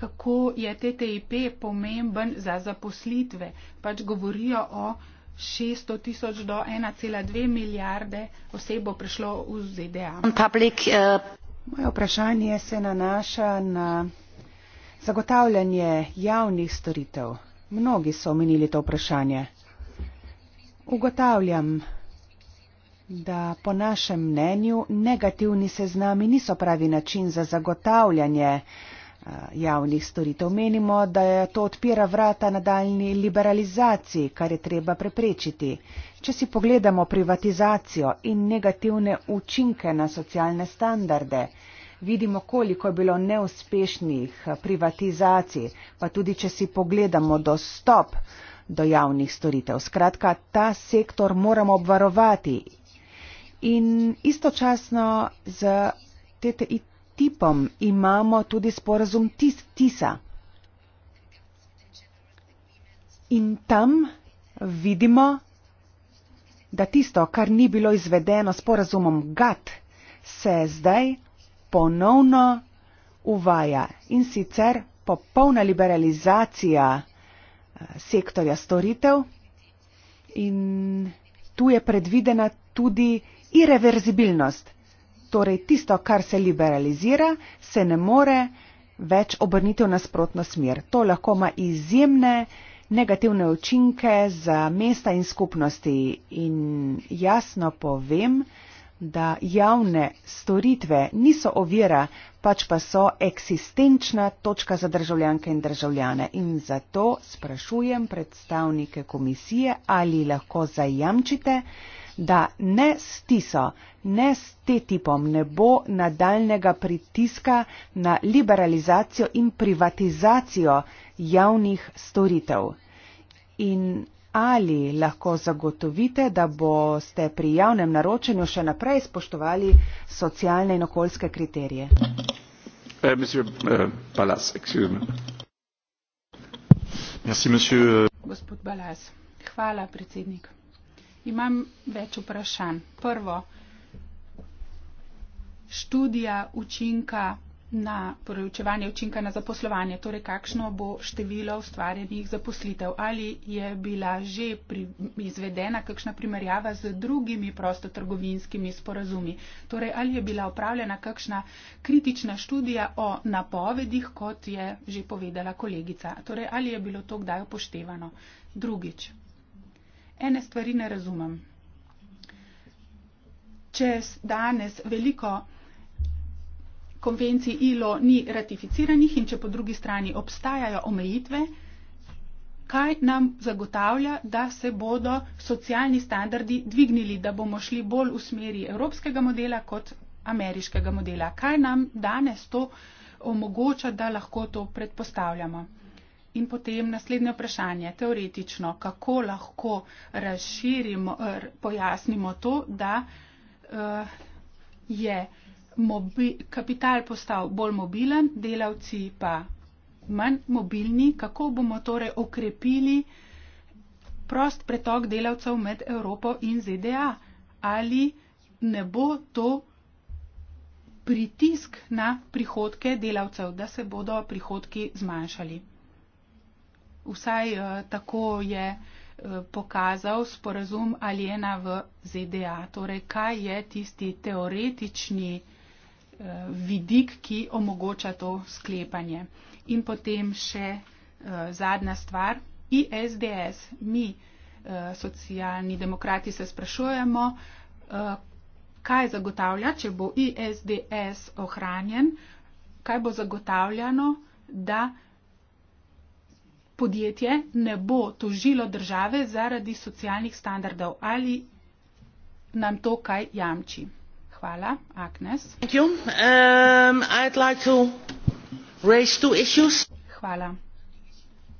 kako je TTIP pomemben za zaposlitve. Pač govorijo o 600 tisoč do 1,2 milijarde oseb bo prišlo v ZDA. Public, uh... Moje vprašanje se nanaša na zagotavljanje javnih storitev. Mnogi so omenili to vprašanje. Ugotavljam, da po našem mnenju negativni seznami niso pravi način za zagotavljanje Eh, javnih storitev. Menimo, da je to odpira vrata nadaljni liberalizaciji, kar je treba preprečiti. Če si pogledamo privatizacijo in negativne učinke na socialne standarde, vidimo, koliko je bilo neuspešnih eh, privatizacij, pa tudi, če si pogledamo dostop do javnih storitev. Skratka, ta sektor moramo obvarovati in istočasno z TTIT tipom imamo tudi sporazum TIS, TISA. In tam vidimo, da tisto, kar ni bilo izvedeno sporazumom GATT, se zdaj ponovno uvaja in sicer popolna liberalizacija eh, sektorja storitev in tu je predvidena tudi irreverzibilnost torej tisto, kar se liberalizira, se ne more več obrniti v nasprotno smer. To lahko ima izjemne negativne učinke za mesta in skupnosti in jasno povem, da javne storitve niso ovira, pač pa so eksistenčna točka za državljanke in državljane. In zato sprašujem predstavnike komisije, ali lahko zajamčite, da ne s tiso, ne s TTIP-om ne bo nadaljnega pritiska na liberalizacijo in privatizacijo javnih storitev. In ali lahko zagotovite, da boste pri javnem naročanju še naprej spoštovali socialne in okoljske kriterije? Eh, eh, Gospod Balas, hvala predsednik imam več vprašanj. Prvo, študija učinka na preučevanje torej učinka na zaposlovanje, torej kakšno bo število ustvarjenih zaposlitev. Ali je bila že pri, izvedena kakšna primerjava z drugimi prostotrgovinskimi sporazumi? Torej, ali je bila opravljena kakšna kritična študija o napovedih, kot je že povedala kolegica? Torej, ali je bilo to kdaj upoštevano? Drugič, ene stvari ne razumem. Če danes veliko konvencij ILO ni ratificiranih in če po drugi strani obstajajo omejitve, kaj nam zagotavlja, da se bodo socialni standardi dvignili, da bomo šli bolj v smeri evropskega modela kot ameriškega modela. Kaj nam danes to omogoča, da lahko to predpostavljamo? In potem naslednje vprašanje, teoretično, kako lahko razširimo, pojasnimo to, da eh, je mobi, kapital postal bolj mobilen, delavci pa manj mobilni, kako bomo torej okrepili prost pretok delavcev med Evropo in ZDA. Ali ne bo to pritisk na prihodke delavcev, da se bodo prihodki zmanjšali? vsaj uh, tako je uh, pokazal sporazum Aljena v ZDA. Torej, kaj je tisti teoretični uh, vidik, ki omogoča to sklepanje. In potem še uh, zadnja stvar. ISDS, mi, uh, socialni demokrati, se sprašujemo, uh, kaj zagotavlja, če bo ISDS ohranjen, kaj bo zagotavljano, da podjetje ne bo tožilo države zaradi socialnih standardov ali nam to kaj jamči. Hvala, Agnes. Um, Hvala.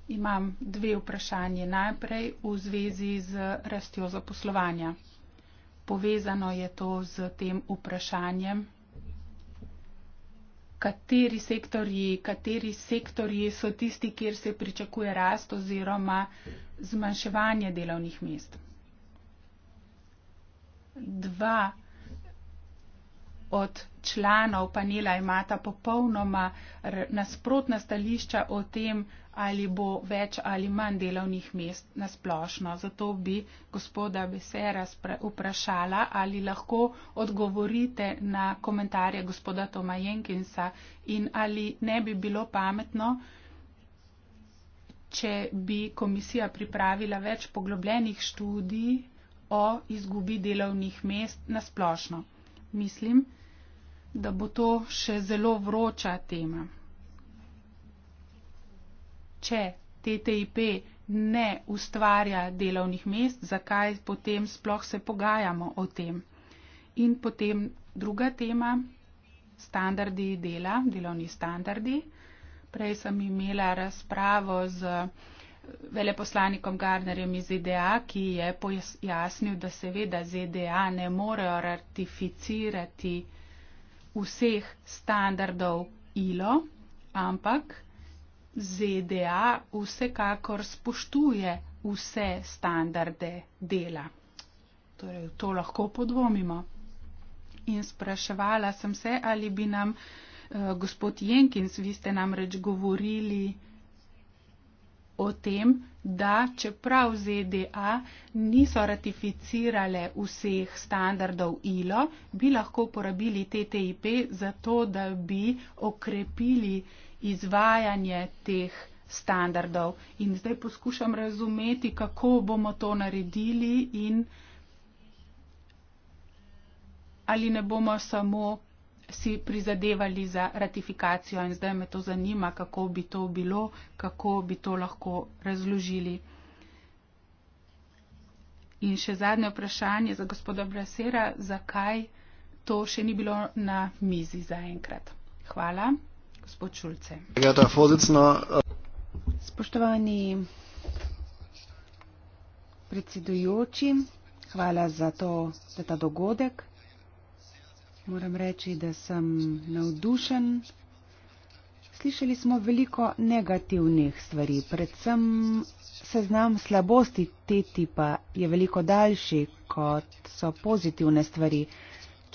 Imam dve vprašanje. Najprej v zvezi z rastjo zaposlovanja. Povezano je to z tem vprašanjem kateri sektorji, kateri sektorji so tisti, kjer se pričakuje rast oziroma zmanjševanje delovnih mest. Dva od članov panela imata popolnoma nasprotna stališča o tem, ali bo več ali manj delovnih mest na splošno. Zato bi gospoda Besera vprašala, ali lahko odgovorite na komentarje gospoda Toma Jenkinsa in ali ne bi bilo pametno, če bi komisija pripravila več poglobljenih študij o izgubi delovnih mest na splošno. Mislim, da bo to še zelo vroča tema če TTIP ne ustvarja delovnih mest, zakaj potem sploh se pogajamo o tem. In potem druga tema, standardi dela, delovni standardi. Prej sem imela razpravo z veleposlanikom Gardnerjem iz ZDA, ki je pojasnil, da seveda ZDA ne morejo ratificirati vseh standardov ILO, ampak ZDA vsekakor spoštuje vse standarde dela. Torej, to lahko podvomimo. In spraševala sem se, ali bi nam eh, gospod Jenkins, vi ste nam reč govorili o tem, da čeprav ZDA niso ratificirale vseh standardov ILO, bi lahko uporabili TTIP za to, da bi okrepili eh, izvajanje teh standardov. In zdaj poskušam razumeti, kako bomo to naredili in ali ne bomo samo si prizadevali za ratifikacijo. In zdaj me to zanima, kako bi to bilo, kako bi to lahko razložili. In še zadnje vprašanje za gospoda Brasera, zakaj to še ni bilo na mizi zaenkrat. Hvala gospod Šulce. Ja, Spoštovani predsedujoči, hvala za, to, za ta dogodek. Moram reči, da sem navdušen. Slišali smo veliko negativnih stvari, predvsem seznam slabosti te tipa je veliko daljši, kot so pozitivne stvari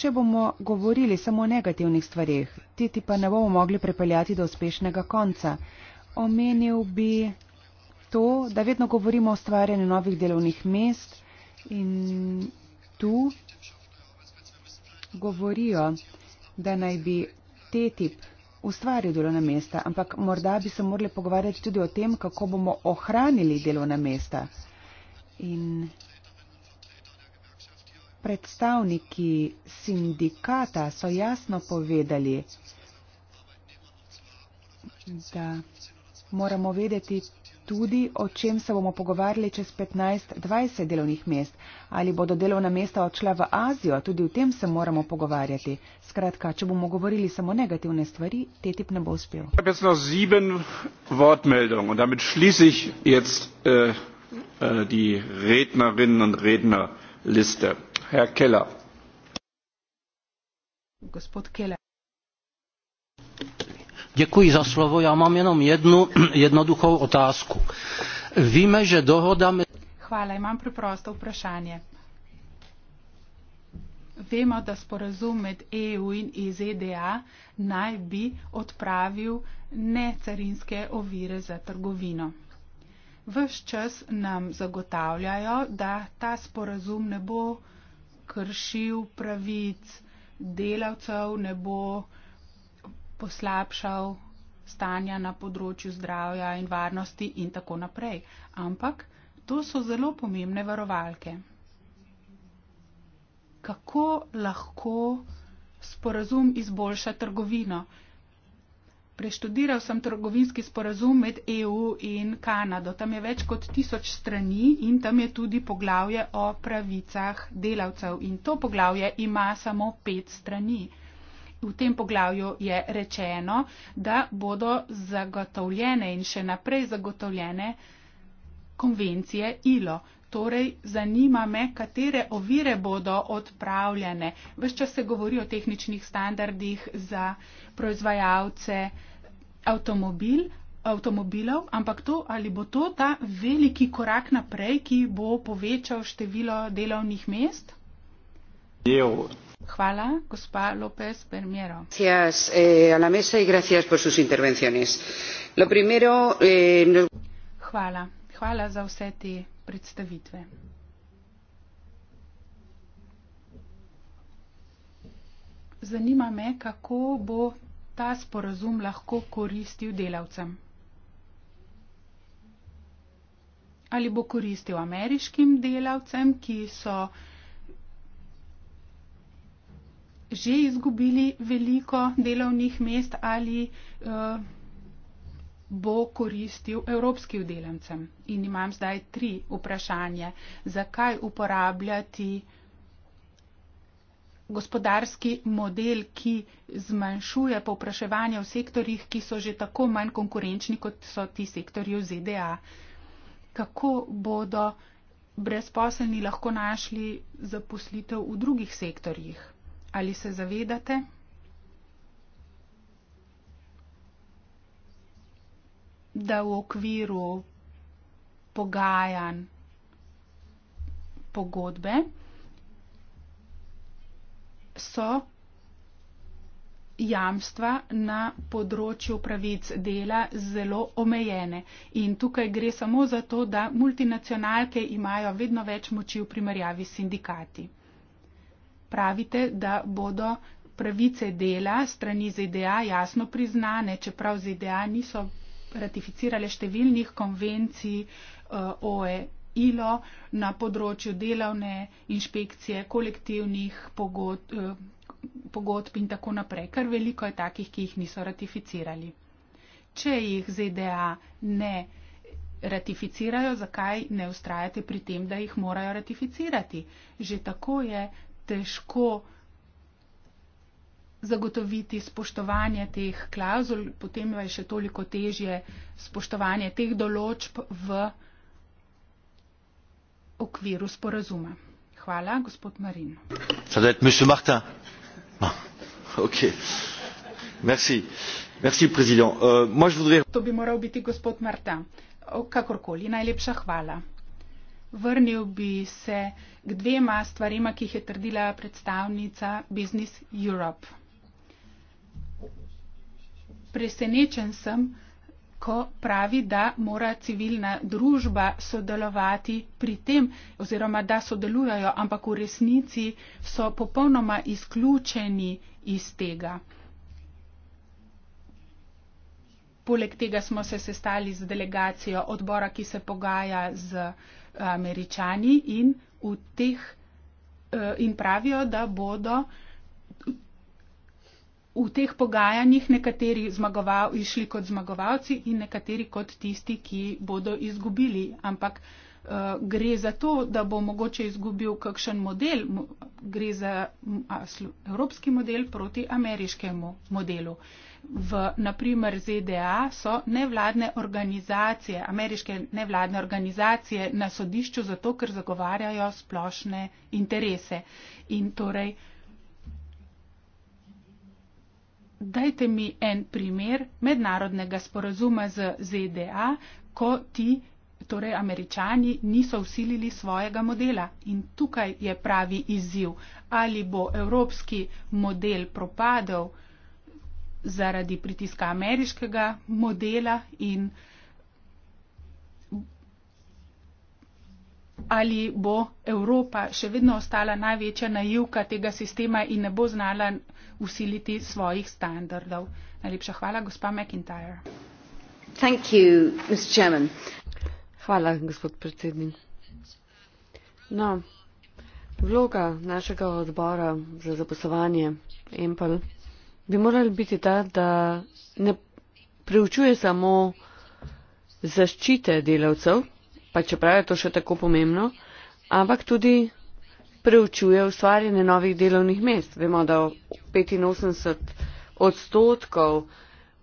če bomo govorili samo o negativnih stvarih. Titi pa ne bomo mogli prepeljati do uspešnega konca. Omenil bi to, da vedno govorimo o stvarjanju novih delovnih mest in tu govorijo, da naj bi TTIP ustvaril delovna mesta, ampak morda bi se morali pogovarjati tudi o tem, kako bomo ohranili delovna mesta. In predstavniki sindikata so jasno povedali, da moramo vedeti tudi, o čem se bomo pogovarjali čez 15-20 delovnih mest. Ali bodo delovna mesta odšla v Azijo, tudi o tem se moramo pogovarjati. Skratka, če bomo govorili samo negativne stvari, te tip ne bo uspel. Äh, äh, Redner gospod Keller. Děkuji za slovo. Já mám jenom jednu jednoduchou otázku. Víme, že dohoda mezi... Chvále, mám proprosto uprašanie. Vemo, da sporazum med EU in e ZDA naj bi odpravil necarinske ovire za trgovino. Ves čas nam zagotavljajo, da ta sporazum ne bo kršil pravic delavcev, ne bo poslabšal stanja na področju zdravja in varnosti in tako naprej. Ampak to so zelo pomembne varovalke. Kako lahko sporazum izboljša trgovino? Preštudiral sem trgovinski sporazum med EU in Kanado. Tam je več kot tisoč strani in tam je tudi poglavje o pravicah delavcev. In to poglavje ima samo pet strani. V tem poglavju je rečeno, da bodo zagotovljene in še naprej zagotovljene konvencije ILO. Torej, zanima me, katere ovire bodo odpravljene. Ves čas se govori o tehničnih standardih za proizvajalce avtomobil, avtomobilov, ampak to, ali bo to ta veliki korak naprej, ki bo povečal število delovnih mest? Jev. Hvala, gospa López Permiero. Gracias, eh, Lo primero, eh, no... Hvala. Hvala za vse te predstavitve. Zanima me, kako bo ta sporazum lahko koristil delavcem. Ali bo koristil ameriškim delavcem, ki so že izgubili veliko delovnih mest ali uh, bo koristil evropskim delavcem. In imam zdaj tri vprašanje. Zakaj uporabljati gospodarski model, ki zmanjšuje povpraševanje v sektorjih, ki so že tako manj konkurenčni, kot so ti sektorji v ZDA? Kako bodo brezposelni lahko našli zaposlitev v drugih sektorjih? Ali se zavedate? da v okviru pogajanj pogodbe so jamstva na področju pravic dela zelo omejene. In tukaj gre samo za to, da multinacionalke imajo vedno več moči v primerjavi s sindikati. Pravite, da bodo pravice dela strani ZDA jasno priznane, čeprav ZDA niso ratificirale številnih konvencij uh, eh, OE ILO na področju delovne inšpekcije, kolektivnih pogod, uh, eh, pogodb in tako naprej, ker veliko je takih, ki jih niso ratificirali. Če jih ZDA ne ratificirajo, zakaj ne ustrajate pri tem, da jih morajo ratificirati? Že tako je težko zagotoviti spoštovanje teh klauzul, potem je še toliko težje spoštovanje teh določb v okviru sporazuma. Hvala, gospod Marin. Euh, to bi moral biti gospod Marta. Kakorkoli, najlepša hvala. Vrnil bi se k dvema stvarima, ki jih je trdila predstavnica Business Europe presenečen sem, ko pravi, da mora civilna družba sodelovati pri tem oziroma da sodelujajo, ampak v resnici so popolnoma izključeni iz tega. Poleg tega smo se sestali z delegacijo odbora, ki se pogaja z eh, američani in, teh, eh, in pravijo, da bodo v teh pogajanjih nekateri zmagoval, išli kot zmagovalci in nekateri kot tisti, ki bodo izgubili. Ampak uh, gre za to, da bo mogoče izgubil kakšen model, gre za a, slu, evropski model proti ameriškemu modelu. V, naprimer, ZDA so nevladne organizacije, ameriške nevladne organizacije na sodišču zato, ker zagovarjajo splošne interese. In torej, uh, dajte mi en primer mednarodnega sporazuma z ZDA, ko ti, torej američani, niso usilili svojega modela. In tukaj je pravi izziv, ali bo evropski model propadel zaradi pritiska ameriškega modela in ali bo Evropa še vedno ostala največja naivka tega sistema in ne bo znala usiliti svojih standardov. Najlepša hvala, gospa McIntyre. You, hvala, gospod predsednik. No, vloga našega odbora za zaposlovanje EMPL bi morala biti ta, da ne preučuje samo zaščite delavcev, pa čeprav je to še tako pomembno, ampak tudi preučuje ustvarjanje novih delovnih mest. Vemo, da 85 odstotkov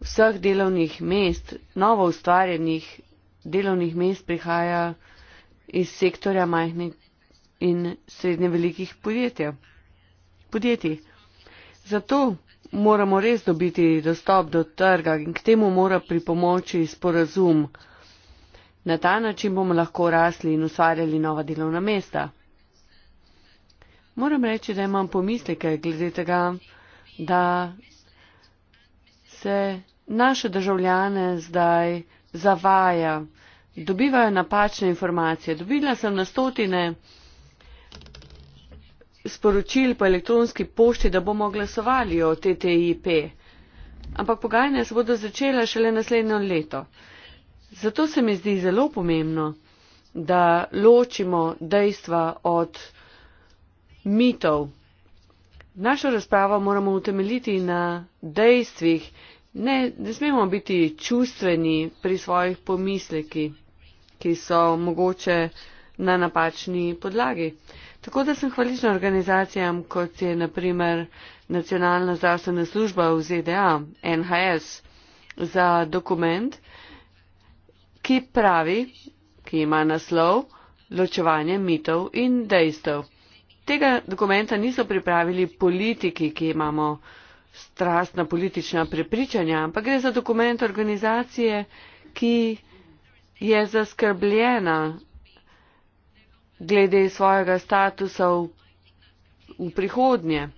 vseh delovnih mest, novo ustvarjenih delovnih mest prihaja iz sektorja majhnih in srednje velikih podjetja. podjetij. Zato moramo res dobiti dostop do trga in k temu mora pripomoči sporazum. Na ta način bomo lahko rasli in ustvarjali nova delovna mesta. Moram reči, da imam pomisleke glede tega, da se naše državljane zdaj zavaja, dobivajo napačne informacije. Dobila sem na stotine sporočil po elektronski pošti, da bomo glasovali o TTIP, ampak pogajanja se bodo začela šele naslednjo leto. Zato se mi zdi zelo pomembno, da ločimo dejstva od mitov. Našo razpravo moramo utemeljiti na dejstvih. Ne, ne smemo biti čustveni pri svojih pomisleki, ki so mogoče na napačni podlagi. Tako da sem hvaležna organizacijam, kot je naprimer Nacionalna zdravstvena služba v ZDA, NHS, za dokument, ki pravi, ki ima naslov Ločevanje mitov in dejstev. Tega dokumenta niso pripravili politiki, ki imamo strastna politična prepričanja, ampak gre za dokument organizacije, ki je zaskrbljena glede svojega statusa v, v prihodnje.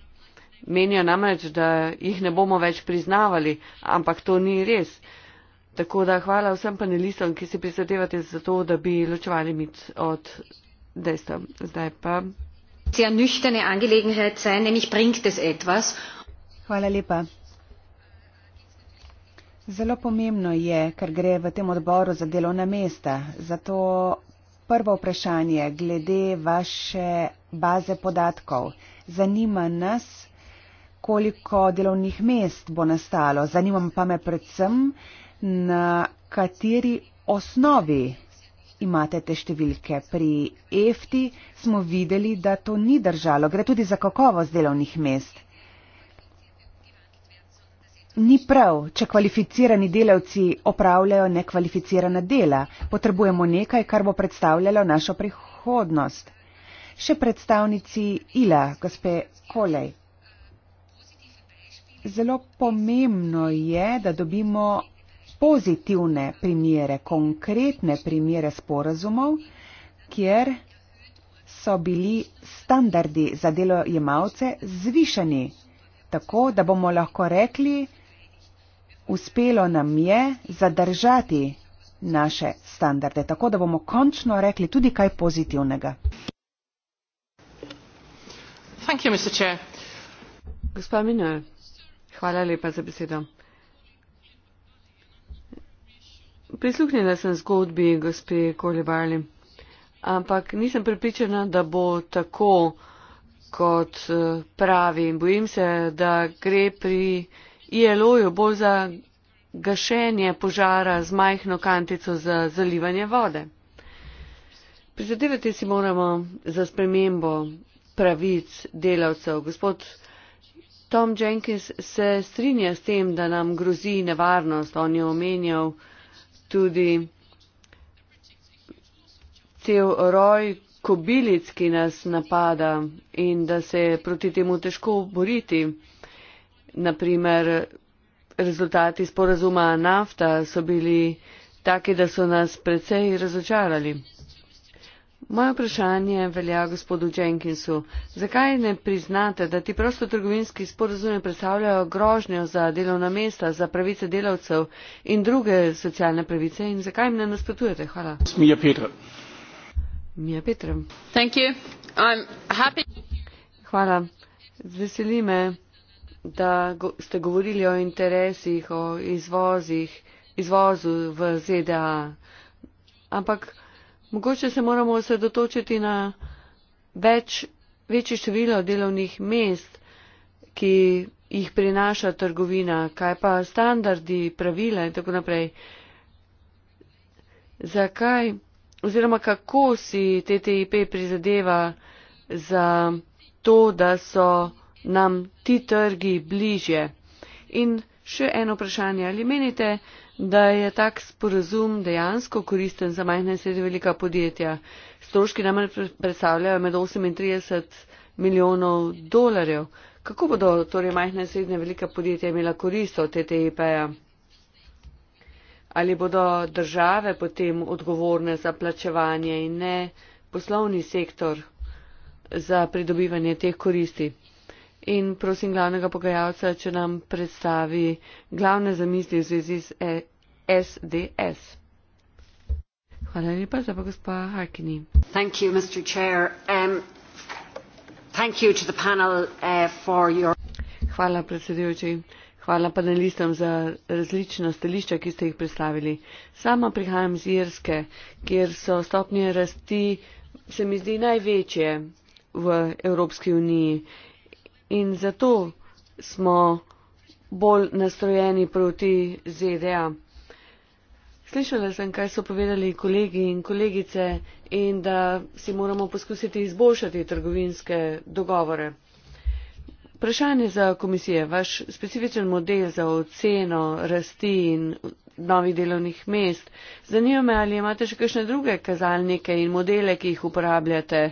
Menijo namreč, da jih ne bomo več priznavali, ampak to ni res. Tako da hvala vsem panelistom, ki si prizadevate za to, da bi ločevali mit od dejstva. Zdaj pa. Hvala lepa. Zelo pomembno je, ker gre v tem odboru za delovna mesta. Zato prvo vprašanje glede vaše baze podatkov. Zanima nas, koliko delovnih mest bo nastalo. Zanima pa me predvsem, na kateri osnovi imate te številke. Pri EFTI smo videli, da to ni držalo. Gre tudi za kakovost delovnih mest. Ni prav, če kvalificirani delavci opravljajo nekvalificirana dela. Potrebujemo nekaj, kar bo predstavljalo našo prihodnost. Še predstavnici ILA, gospe Kolej. Zelo pomembno je, da dobimo pozitivne primere, konkretne primere sporazumov, kjer so bili standardi za delojemalce zvišeni, tako da bomo lahko rekli, uspelo nam je zadržati naše standarde, tako da bomo končno rekli tudi kaj pozitivnega. Hvala lepa za besedo. prisluhnila sem zgodbi gospe Kolibarli, ampak nisem pripričana, da bo tako, kot eh, pravi. Bojim se, da gre pri ILO-ju bolj za gašenje požara z majhno kantico za zalivanje vode. Prizadevati si moramo za spremembo pravic delavcev. Gospod Tom Jenkins se strinja s tem, da nam grozi nevarnost. On je omenjal, tudi cel roj kobilic, ki nas napada in da se je proti temu težko boriti. Naprimer, rezultati sporazuma nafta so bili take, da so nas precej razočarali. Moje vprašanje velja gospodu Jenkinsu. Zakaj ne priznate, da ti prostotrgovinski sporozumi predstavljajo grožnjo za delovna mesta, za pravice delavcev in druge socialne pravice in zakaj jim ne nasprotujete? Hvala. Mija Petra. Mija Petra. Thank you. I'm happy. Hvala. Veseli me, da ste govorili o interesih, o izvozih, izvozu v ZDA. Ampak Mogoče se moramo osredotočiti na več, večje število delovnih mest, ki jih prinaša trgovina, kaj pa standardi, pravila in tako naprej. Zakaj oziroma kako si TTIP prizadeva za to, da so nam ti trgi bližje? In še eno vprašanje, ali menite, da je tak sporazum dejansko koristen za majhne in srednje velika podjetja. Stroški namreč predstavljajo med 38 milijonov dolarjev. Kako bodo torej majhne in srednje velika podjetja imela korist od TTIP-ja? E Ali bodo države potem odgovorne za plačevanje in ne poslovni sektor za pridobivanje teh koristi? in prosim glavnega pogajalca, če nam predstavi glavne zamisli v zvezi z SDS. E- Hvala lepa za pa gospa Harkini. Um, uh, Hvala predsedujoči. Hvala panelistom za različna stališča, ki ste jih predstavili. Sama prihajam iz Irske, kjer so stopnje rasti, se mi zdi, največje v Evropski uniji in zato smo bolj nastrojeni proti ZDA. Slišala sem, kaj so povedali kolegi in kolegice in da si moramo poskusiti izboljšati trgovinske dogovore. Vprašanje za komisije. Vaš specifičen model za oceno rasti in novih delovnih mest. Zanima me, ali imate še kakšne druge kazalnike in modele, ki jih uporabljate.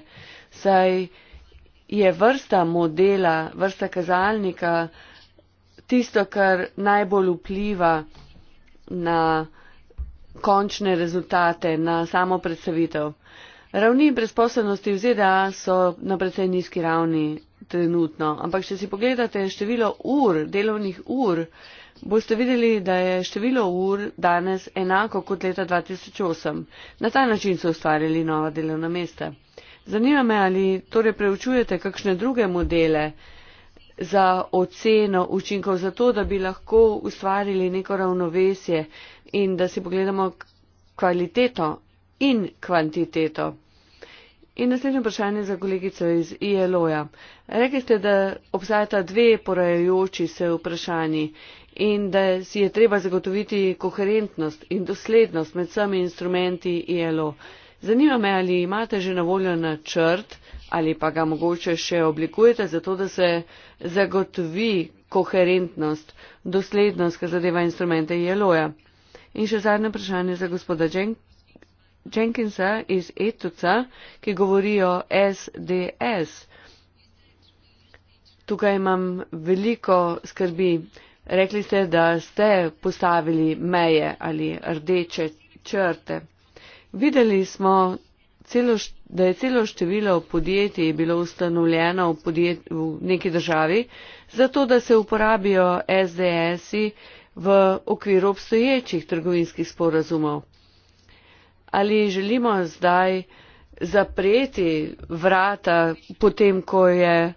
Saj je vrsta modela, vrsta kazalnika tisto, kar najbolj vpliva na končne rezultate, na samo predstavitev. Ravni brezposobnosti v ZDA so na precej nizki ravni trenutno, ampak če si pogledate število ur, delovnih ur, boste videli, da je število ur danes enako kot leta 2008. Na ta način so ustvarjali nova delovna mesta. Zanima me, ali torej preučujete kakšne druge modele za oceno učinkov, zato da bi lahko ustvarili neko ravnovesje in da si pogledamo kvaliteto in kvantiteto. In naslednje vprašanje za kolegico iz ILO-ja. Rekli ste, da obstajata dve porajajoči se vprašanji in da si je treba zagotoviti koherentnost in doslednost med vsemi instrumenti ILO. Zanima me, ali imate že na voljo načrt ali pa ga mogoče še oblikujete, zato da se zagotovi koherentnost, doslednost, kar zadeva instrumente JLO-ja. In še zadnje vprašanje za gospoda Jenkinsa iz Etuca, ki govorijo SDS. Tukaj imam veliko skrbi. Rekli ste, da ste postavili meje ali rdeče črte. Videli smo, celo, da je celo število podjetij bilo ustanovljeno v, podjet, v neki državi, zato da se uporabijo SDS-i v okviru obstoječih trgovinskih sporazumov. Ali želimo zdaj zapreti vrata potem, ko je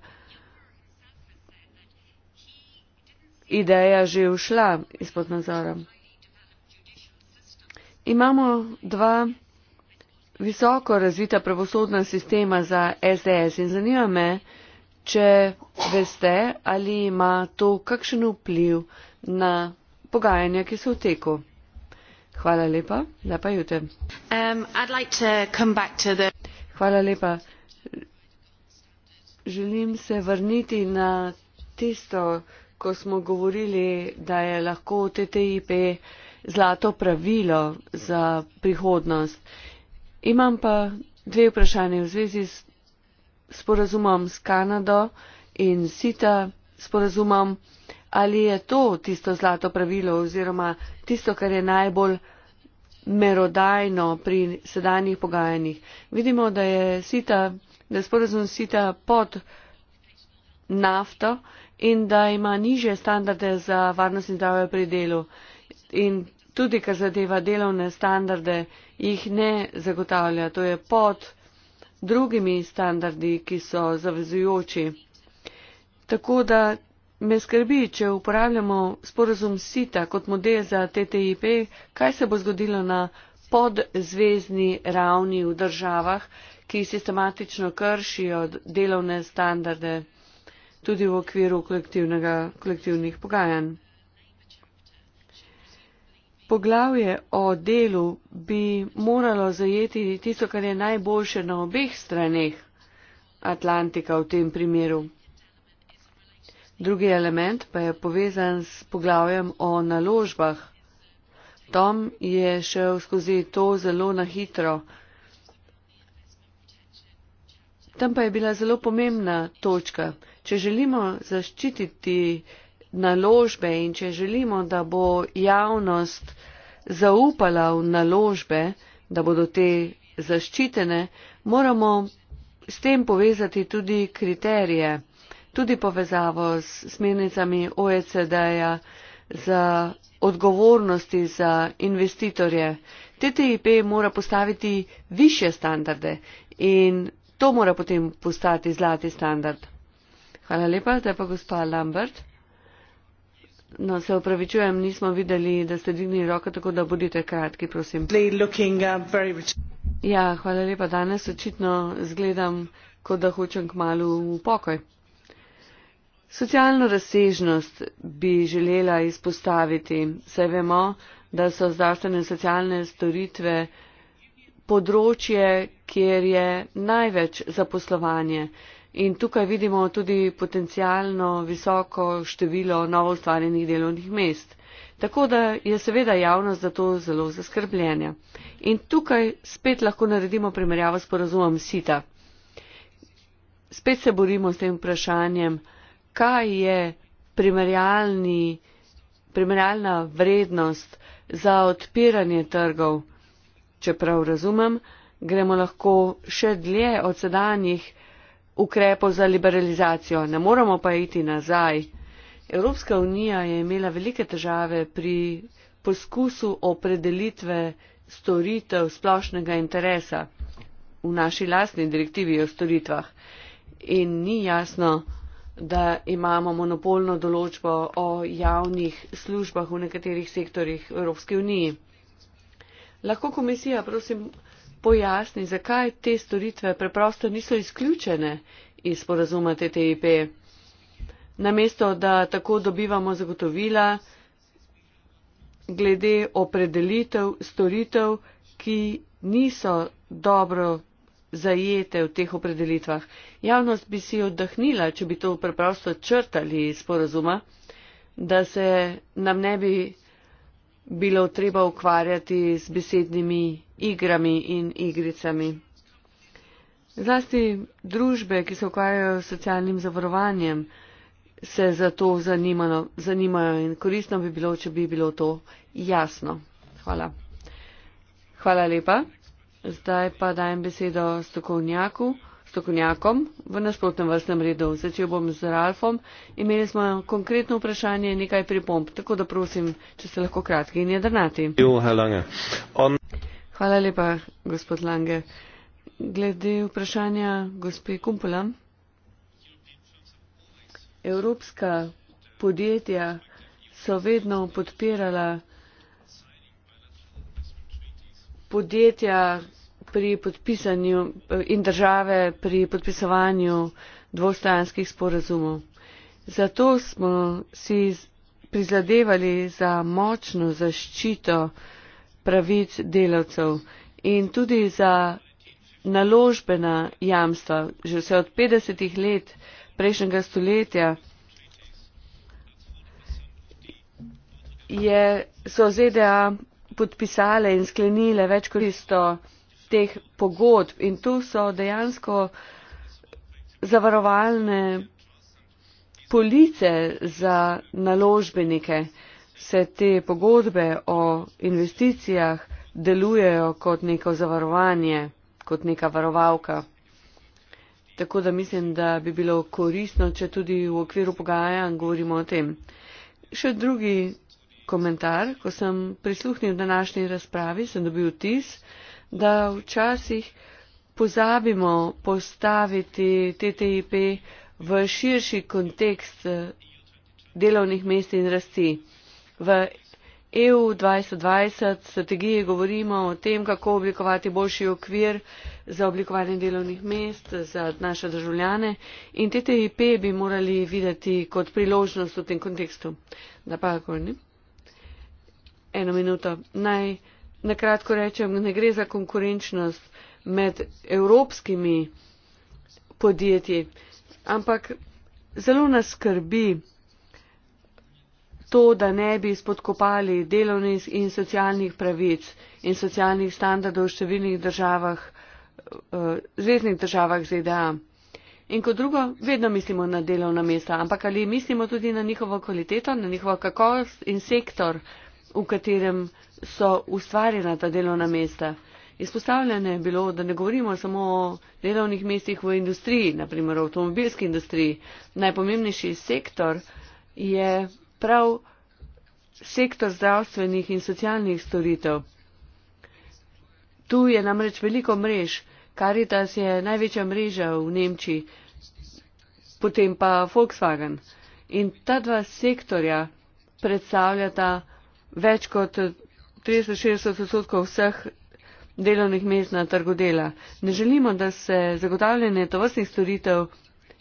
ideja že ušla izpod nazora? Imamo dva visoko razvita pravosodna sistema za SDS in zanima me, če veste ali ima to kakšen vpliv na pogajanja, ki so v teku. Hvala lepa, lepa jutra. Um, like the... Hvala lepa. Želim se vrniti na tisto, ko smo govorili, da je lahko TTIP zlato pravilo za prihodnost. Imam pa dve vprašanje v zvezi s sporazumom s Kanado in Sita sporazumom. Ali je to tisto zlato pravilo oziroma tisto, kar je najbolj merodajno pri sedanjih pogajanjih? Vidimo, da je, sita, da je sporazum Sita pod nafto in da ima niže standarde za varnost in zdravje pri delu. In tudi, kar zadeva delovne standarde, jih ne zagotavlja. To je pod drugimi standardi, ki so zavezujoči. Tako da me skrbi, če uporabljamo sporozum SITA kot model za TTIP, kaj se bo zgodilo na podzvezdni ravni v državah, ki sistematično kršijo delovne standarde tudi v okviru kolektivnih pogajanj. Poglavje o delu bi moralo zajeti tisto, kar je najboljše na obeh straneh Atlantika v tem primeru. Drugi element pa je povezan s poglavjem o naložbah. Tom je šel skozi to zelo na hitro. Tam pa je bila zelo pomembna točka. Če želimo zaščititi naložbe in če želimo, da bo javnost zaupala v naložbe, da bodo te zaščitene, moramo s tem povezati tudi kriterije, tudi povezavo s smernicami OECD-ja za odgovornosti za investitorje. TTIP mora postaviti više standarde in to mora potem postati zlati standard. Hvala lepa, zdaj pa gospa Lambert. No, se upravičujem, nismo videli, da ste dvignili roko, tako da bodite kratki, prosim. Uh, ja, hvala lepa. Danes očitno zgledam, kot da hočem k malu v pokoj. Socialno razsežnost bi želela izpostaviti. Se vemo, da so zdravstvene in socialne storitve področje, kjer je največ zaposlovanje. In tukaj vidimo tudi potencijalno visoko število novo ustvarjenih delovnih mest. Tako da je seveda javnost za to zelo zaskrbljena. In tukaj spet lahko naredimo primerjavo s porazumom sita. Spet se borimo s tem vprašanjem, kaj je primerjalna vrednost za odpiranje trgov. Čeprav razumem, gremo lahko še dlje od sedanjih ukrepov za liberalizacijo, ne moramo pa iti nazaj. Evropska unija je imela velike težave pri poskusu opredelitve storitev splošnega interesa v naši lastni direktivi o storitvah in ni jasno, da imamo monopolno določbo o javnih službah v nekaterih sektorjih Evropske unije. Lahko komisija, prosim, pojasni zakaj te storitve preprosto niso izključene iz sporazuma TTIP. Namesto, da tako dobivamo zagotovila glede opredelitev storitev, ki niso dobro zajete v teh opredelitvah. Javnost bi si oddahnila, če bi to preprosto črtali iz sporazuma, da se nam ne bi bilo treba ukvarjati z besednimi igrami in igricami. Zlasti družbe, ki se ukvarjajo s socialnim zavarovanjem, se za to zanimajo in koristno bi bilo, če bi bilo to jasno. Hvala. Hvala lepa. Zdaj pa dajem besedo strokovnjaku strokovnjakom v nasprotnem vrstnem redu. Začel bom z Ralfom. Imeli smo konkretno vprašanje, nekaj pripomp, tako da prosim, če ste lahko kratki in jedrnati. Hvala lepa, gospod Lange. Glede vprašanja gospe Kumpula, evropska podjetja so vedno podpirala podjetja, pri podpisanju eh, in države pri podpisovanju dvostranskih sporazumov. Zato smo si prizadevali za močno zaščito pravic delavcev in tudi za naložbena jamstva. Že vse od 50. let prejšnjega stoletja je, so ZDA podpisale in sklenile več kot 100 teh pogodb in tu so dejansko zavarovalne police za naložbenike. Se te pogodbe o investicijah delujejo kot neko zavarovanje, kot neka varovalka. Tako da mislim, da bi bilo korisno, če tudi v okviru pogajanj govorimo o tem. Še drugi komentar, ko sem prisluhnil današnji razpravi, sem dobil tis, da včasih pozabimo postaviti TTIP v širši kontekst eh, delovnih mest in rasti. V EU 2020 strategiji govorimo o tem, kako oblikovati boljši okvir za oblikovanje delovnih mest za naše državljane in TTIP bi morali videti kot priložnost v tem kontekstu. Napako, ne? Eno minuto. Naj na kratko rečem, ne gre za konkurenčnost med evropskimi podjetji, ampak zelo nas skrbi to, da ne bi spodkopali delovnih in socialnih pravic in socialnih standardov v številnih državah, eh, zvezdnih državah ZDA. In kot drugo, vedno mislimo na delovna mesta, ampak ali mislimo tudi na njihovo kvaliteto, na njihovo kakovost in sektor, v katerem so ustvarjena ta delovna mesta. Izpostavljeno je bilo, da ne govorimo samo o delovnih mestih v industriji, naprimer v avtomobilski industriji. Najpomembnejši sektor je prav sektor zdravstvenih in socialnih storitev. Tu je namreč veliko mrež. Karitas je največja mreža v Nemčiji, potem pa Volkswagen. In ta dva sektorja predstavljata več kot 360 odstotkov vseh delovnih mest na trgu dela. Ne želimo, da se zagotavljanje tovrstnih storitev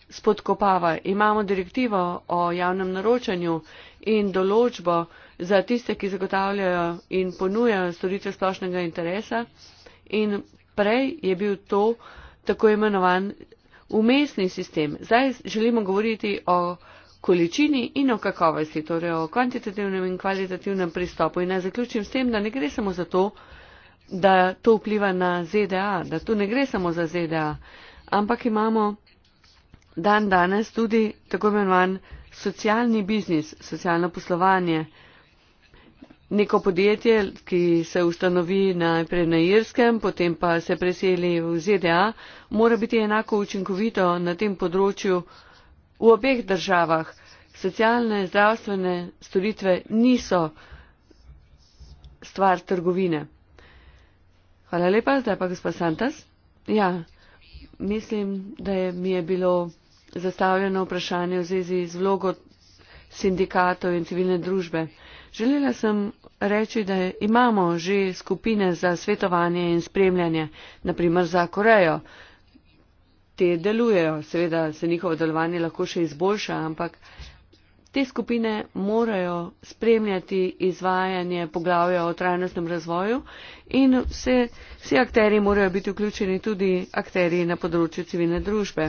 spodkopava. Imamo direktivo o javnem naročanju in določbo za tiste, ki zagotavljajo in ponujajo storitve splošnega interesa. In prej je bil to tako imenovan umestni sistem. Zdaj želimo govoriti o količini in o kakovosti, torej o kvantitativnem in kvalitativnem pristopu. In naj zaključim s tem, da ne gre samo za to, da to vpliva na ZDA, da tu ne gre samo za ZDA, ampak imamo dan danes tudi tako imenovan socialni biznis, socialno poslovanje. Neko podjetje, ki se ustanovi najprej na Irskem, potem pa se preseli v ZDA, mora biti enako učinkovito na tem področju, v obeh državah socialne zdravstvene storitve niso stvar trgovine. Hvala lepa, zdaj pa gospod Santas. Ja, mislim, da je, mi je bilo zastavljeno vprašanje v zvezi z vlogo sindikatov in civilne družbe. Želela sem reči, da imamo že skupine za svetovanje in spremljanje, naprimer za Korejo te delujejo. Seveda se njihovo delovanje lahko še izboljša, ampak te skupine morajo spremljati izvajanje poglavja o trajnostnem razvoju in vse, vsi akteri morajo biti vključeni, tudi akteri na področju civilne družbe.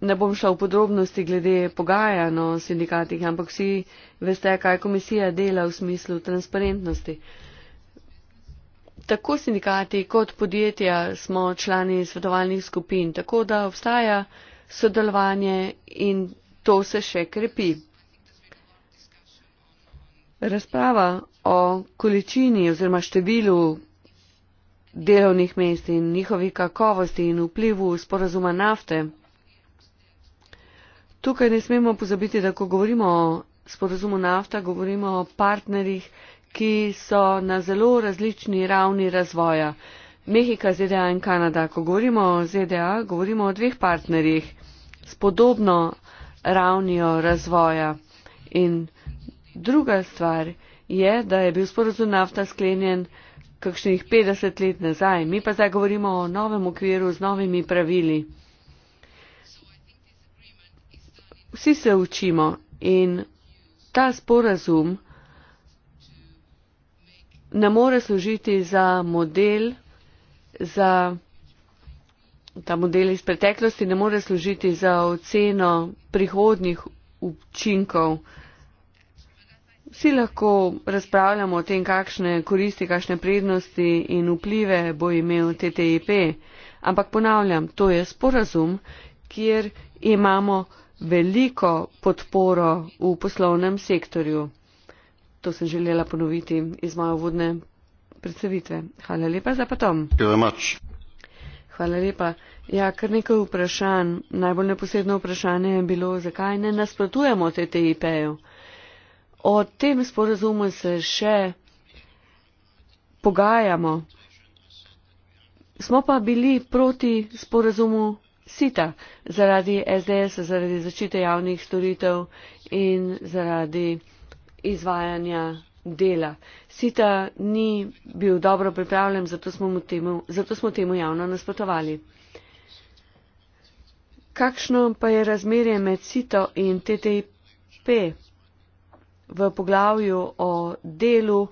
Ne bom šla v podrobnosti glede pogajanj o sindikatih, ampak vsi veste, kaj komisija dela v smislu transparentnosti. Tako sindikati kot podjetja smo člani svetovalnih skupin, tako da obstaja sodelovanje in to se še krepi. Razprava o količini oziroma številu delovnih mest in njihovi kakovosti in vplivu sporazuma nafte. Tukaj ne smemo pozabiti, da ko govorimo o sporazumu nafta, govorimo o partnerjih, ki so na zelo različni ravni razvoja. Mehika, ZDA in Kanada. Ko govorimo o ZDA, govorimo o dveh partnerjih s podobno ravnjo razvoja. In druga stvar je, da je bil sporozum nafta sklenjen kakšnih 50 let nazaj. Mi pa zdaj govorimo o novem okviru z novimi pravili. Vsi se učimo in ta sporazum ne more služiti za model, za ta model iz preteklosti, ne more služiti za oceno prihodnih učinkov. Vsi lahko razpravljamo o tem, kakšne koristi, kakšne prednosti in vplive bo imel TTIP, ampak ponavljam, to je sporazum, kjer imamo veliko podporo v poslovnem sektorju. To sem želela ponoviti iz moje uvodne predstavitve. Hvala lepa za potom. Hvala lepa. Ja, kar nekaj vprašanj. Najbolj neposredno vprašanje je bilo, zakaj ne nasprotujemo TTIP-ju. O tem sporazumu se še pogajamo. Smo pa bili proti sporazumu SITA zaradi SDS, zaradi zaščite javnih storitev in zaradi izvajanja dela. Sita ni bil dobro pripravljen, zato smo, temu, zato smo temu javno nasprotovali. Kakšno pa je razmerje med Sito in TTIP? V poglavju o delu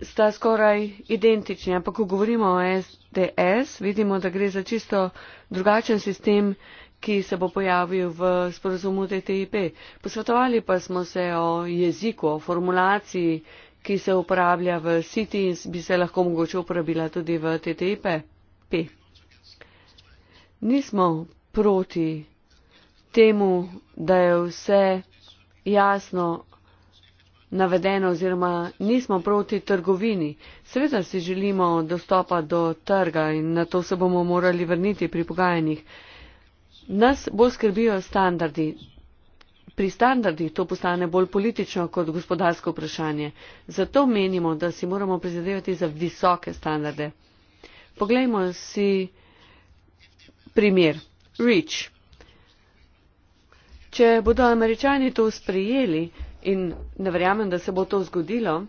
sta skoraj identični, ampak ko govorimo o SDS, vidimo, da gre za čisto drugačen sistem ki se bo pojavil v sporozumu TTIP. Posvetovali pa smo se o jeziku, o formulaciji, ki se uporablja v City in bi se lahko mogoče uporabila tudi v TTIP. P. Nismo proti temu, da je vse jasno navedeno oziroma nismo proti trgovini. Seveda si želimo dostopa do trga in na to se bomo morali vrniti pri pogajanjih. Nas bolj skrbijo standardi. Pri standardih to postane bolj politično kot gospodarsko vprašanje. Zato menimo, da si moramo prizadevati za visoke standarde. Poglejmo si primer. REACH. Če bodo američani to sprejeli in ne verjamem, da se bo to zgodilo,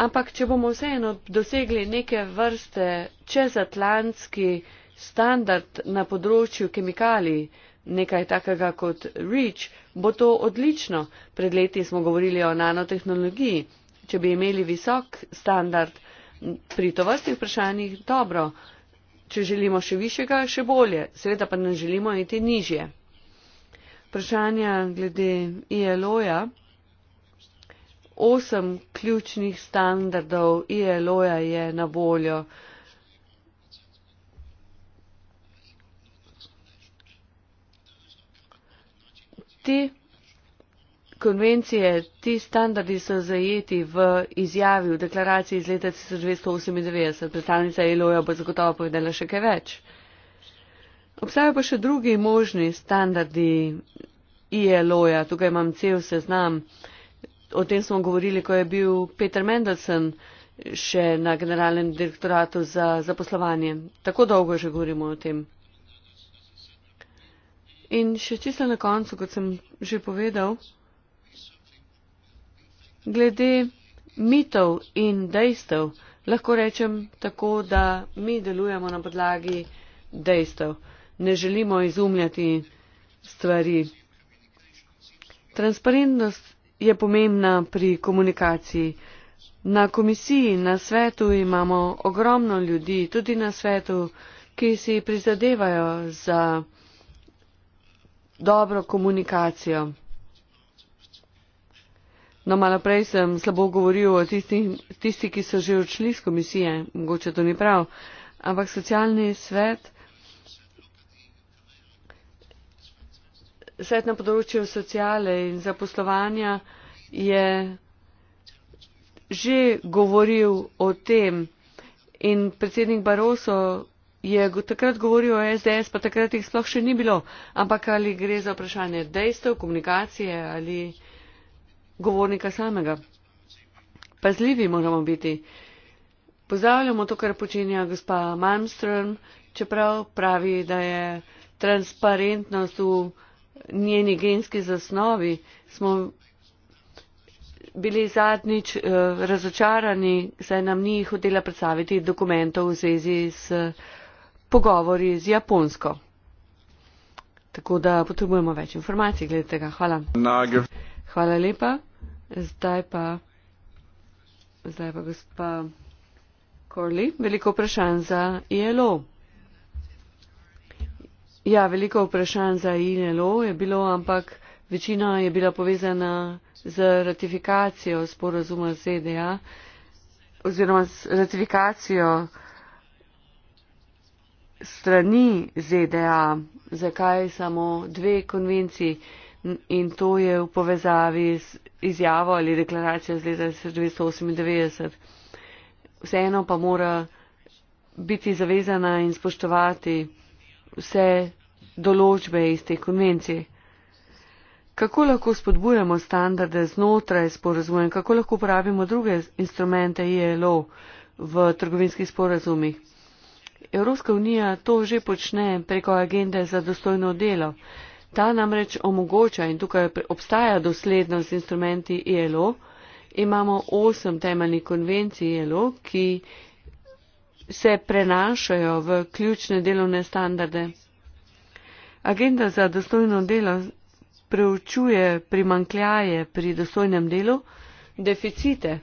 ampak če bomo vseeno dosegli neke vrste čezatlantski standard na področju kemikalij, nekaj takega kot REACH, bo to odlično. Pred leti smo govorili o nanotehnologiji. Če bi imeli visok standard pri tovrstnih vprašanjih, dobro. Če želimo še višjega, še bolje. Sveda pa ne želimo iti nižje. Vprašanja glede ILO-ja. Osem ključnih standardov ILO-ja je na voljo. ti konvencije, ti standardi so zajeti v izjavi, v deklaraciji iz leta 1998. Predstavnica ILO-ja bo zagotovo povedala še kaj več. Obstajajo pa še drugi možni standardi ILO-ja. E Tukaj imam cel seznam. O tem smo govorili, ko je bil Peter Mendelssohn še na generalnem direktoratu za zaposlovanje. Tako dolgo že govorimo o tem. In še čisto na koncu, kot sem že povedal, glede mitov in dejstev, lahko rečem tako, da mi delujemo na podlagi dejstev. Ne želimo izumljati stvari. Transparentnost je pomembna pri komunikaciji. Na komisiji, na svetu imamo ogromno ljudi, tudi na svetu, ki si prizadevajo za dobro komunikacijo. No, malo prej sem slabo govoril o tistih, tisti, ki so že odšli iz komisije, mogoče to ni prav, ampak socialni svet, svet na področju sociale in zaposlovanja je že govoril o tem in predsednik Baroso je takrat govoril o SDS, pa takrat jih sploh še ni bilo. Ampak ali gre za vprašanje dejstev, komunikacije ali govornika samega? Pazljivi moramo biti. Pozdravljamo to, kar počenja gospa Malmström, čeprav pravi, da je transparentnost v njeni genski zasnovi. Smo bili zadnjič eh, razočarani, saj nam ni hotela predstaviti dokumentov v zvezi s eh, pogovori z japonsko. Tako da potrebujemo več informacij glede tega. Hvala. Hvala lepa. Zdaj pa, zdaj pa gospa Korli, veliko vprašanj za ILO. Ja, veliko vprašanj za ILO je bilo, ampak večina je bila povezana z ratifikacijo sporazuma ZDA oziroma z ratifikacijo strani ZDA, zakaj samo dve konvenciji in to je v povezavi z izjavo ali deklaracijo z leta 1998. Vseeno pa mora biti zavezana in spoštovati vse določbe iz te konvencije. Kako lahko spodbujamo standarde znotraj sporazuma in kako lahko uporabimo druge instrumente ILO v trgovinskih sporazumih? Evropska unija to že počne preko agende za dostojno delo. Ta namreč omogoča in tukaj obstaja doslednost instrumenti ILO. E imamo osem temeljnih konvencij ILO, e ki se prenašajo v ključne delovne standarde. Agenda za dostojno delo preučuje primankljaje pri dostojnem delu, deficite,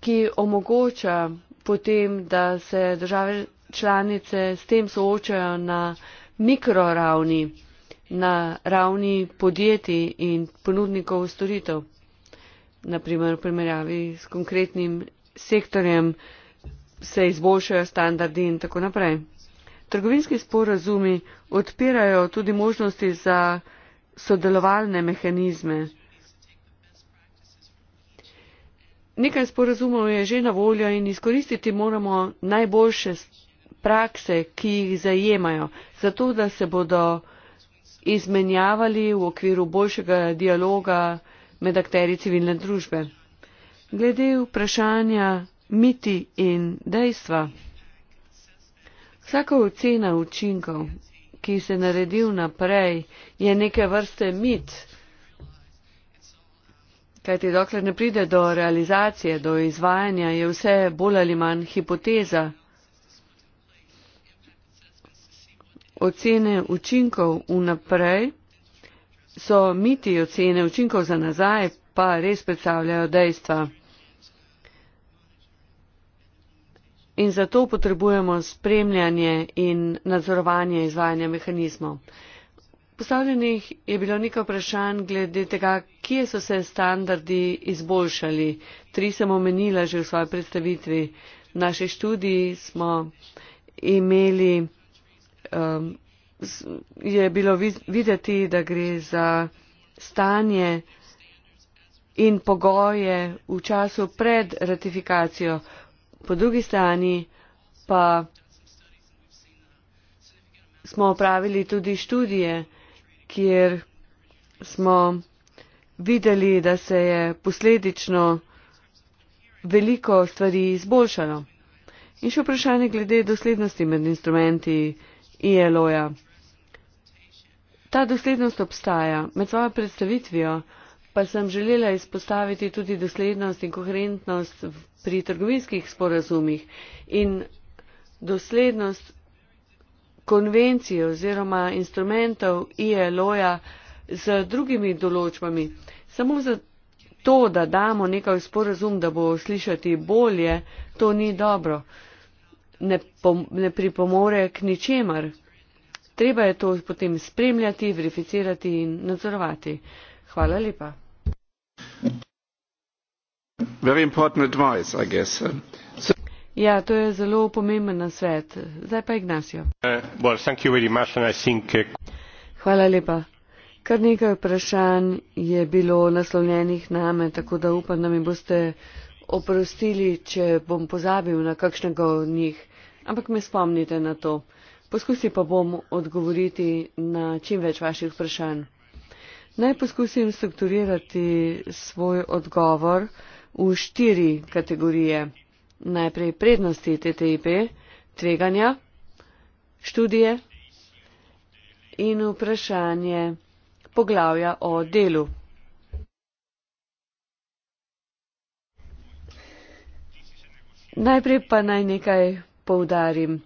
ki omogoča potem, da se države članice s tem soočajo na mikroravni, na ravni podjetij in ponudnikov storitev, naprimer v primerjavi s konkretnim sektorjem, se izboljšajo standardi in tako naprej. Trgovinski sporazumi odpirajo tudi možnosti za sodelovalne mehanizme. nekaj sporazumov je že na voljo in izkoristiti moramo najboljše prakse, ki jih zajemajo, zato da se bodo izmenjavali v okviru boljšega dialoga med akteri civilne družbe. Glede vprašanja miti in dejstva. Vsaka ocena učinkov, ki se naredi vnaprej, je neke vrste mit. Kajti dokler ne pride do realizacije, do izvajanja, je vse bolj ali manj hipoteza. Ocene učinkov vnaprej so miti, ocene učinkov za nazaj pa res predstavljajo dejstva. In zato potrebujemo spremljanje in nadzorovanje izvajanja mehanizmov. Postavljenih je bilo nekaj vprašanj glede tega, kje so se standardi izboljšali. Tri sem omenila že v svoji predstavitvi. V naši študiji smo imeli, um, je bilo videti, da gre za stanje in pogoje v času pred ratifikacijo, po drugi strani pa smo opravili tudi študije, kjer smo videli, da se je posledično veliko stvari izboljšalo. In še vprašanje glede doslednosti med instrumenti ILO-ja. Ta doslednost obstaja. Med svojo predstavitvijo pa sem želela izpostaviti tudi doslednost in koherentnost pri trgovinskih sporazumih in doslednost konvencij oziroma instrumentov ILO-ja z drugimi določbami. Samo za to, da damo nekaj v sporazum, da bo slišati bolje, to ni dobro. Ne, pom, ne pripomore k ničemer. Treba je to potem spremljati, verificirati in nadzorovati. Hvala lepa. Very important advice, I guess. So Ja, to je zelo pomemben nasvet. Zdaj pa Ignacio. Uh, uh, Hvala lepa. Kar nekaj vprašanj je bilo naslovljenih name, tako da upam, da mi boste oprostili, če bom pozabil na kakšnega od njih. Ampak me spomnite na to. Poskusi pa bom odgovoriti na čim več vaših vprašanj. Naj poskusim strukturirati svoj odgovor v štiri kategorije najprej prednosti TTIP, tveganja, študije in vprašanje poglavja o delu. Najprej pa naj nekaj povdarim.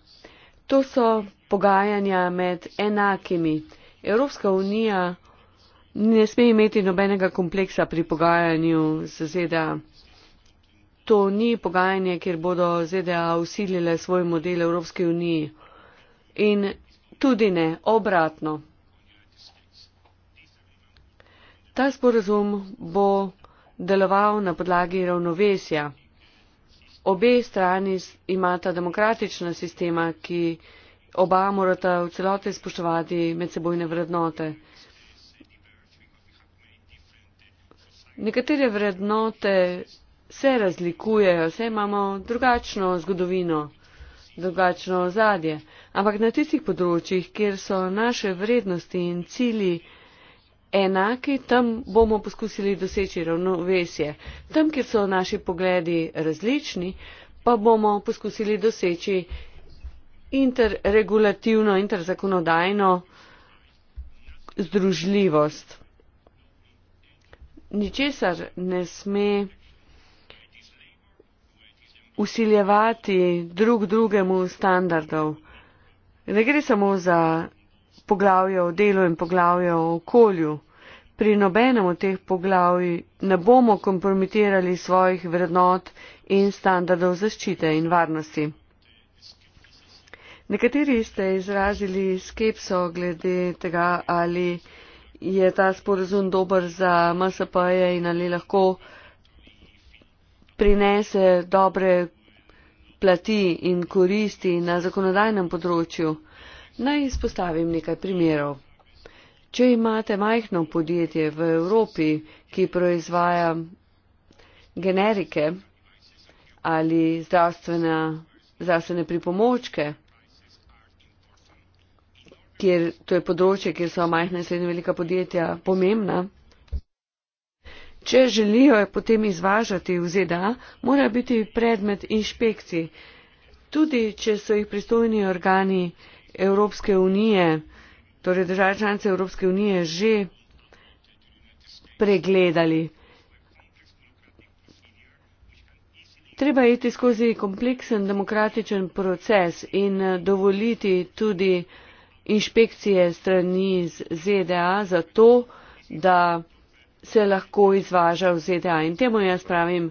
To so pogajanja med enakimi. Evropska unija ne sme imeti nobenega kompleksa pri pogajanju z ZDA to ni pogajanje, kjer bodo ZDA usilile svoj model Evropske unije. In tudi ne, obratno. Ta sporazum bo deloval na podlagi ravnovesja. Obe strani imata demokratična sistema, ki oba morata v celote spoštovati medsebojne vrednote. Nekatere vrednote se razlikujejo, vse imamo drugačno zgodovino, drugačno ozadje. Ampak na tistih področjih, kjer so naše vrednosti in cilji enaki, tam bomo poskusili doseči ravnovesje. Tam, kjer so naši pogledi različni, pa bomo poskusili doseči interregulativno, interzakonodajno združljivost. Ničesar ne sme usiljevati drug drugemu standardov. Ne gre samo za poglavje o delu in poglavje o okolju. Pri nobenem od teh poglavij ne bomo kompromitirali svojih vrednot in standardov zaščite in varnosti. Nekateri ste izrazili skepso glede tega, ali je ta sporozum dober za MSP-je in ali lahko uh, prinese dobre plati in koristi na zakonodajnem področju. Naj izpostavim nekaj primerov. Če imate majhno podjetje v Evropi, ki proizvaja generike ali zdravstvene, zdravstvene pripomočke, kjer, to je področje, kjer so majhna in srednja velika podjetja pomembna, Če želijo jo potem izvažati v ZDA, mora biti predmet inšpekcij. Tudi, če so jih pristojni organi Evropske unije, torej države članice Evropske unije, že pregledali. Treba je iti skozi kompleksen demokratičen proces in eh, dovoliti tudi inšpekcije strani ZDA za to, da se lahko izvaža v ZDA in temu jaz pravim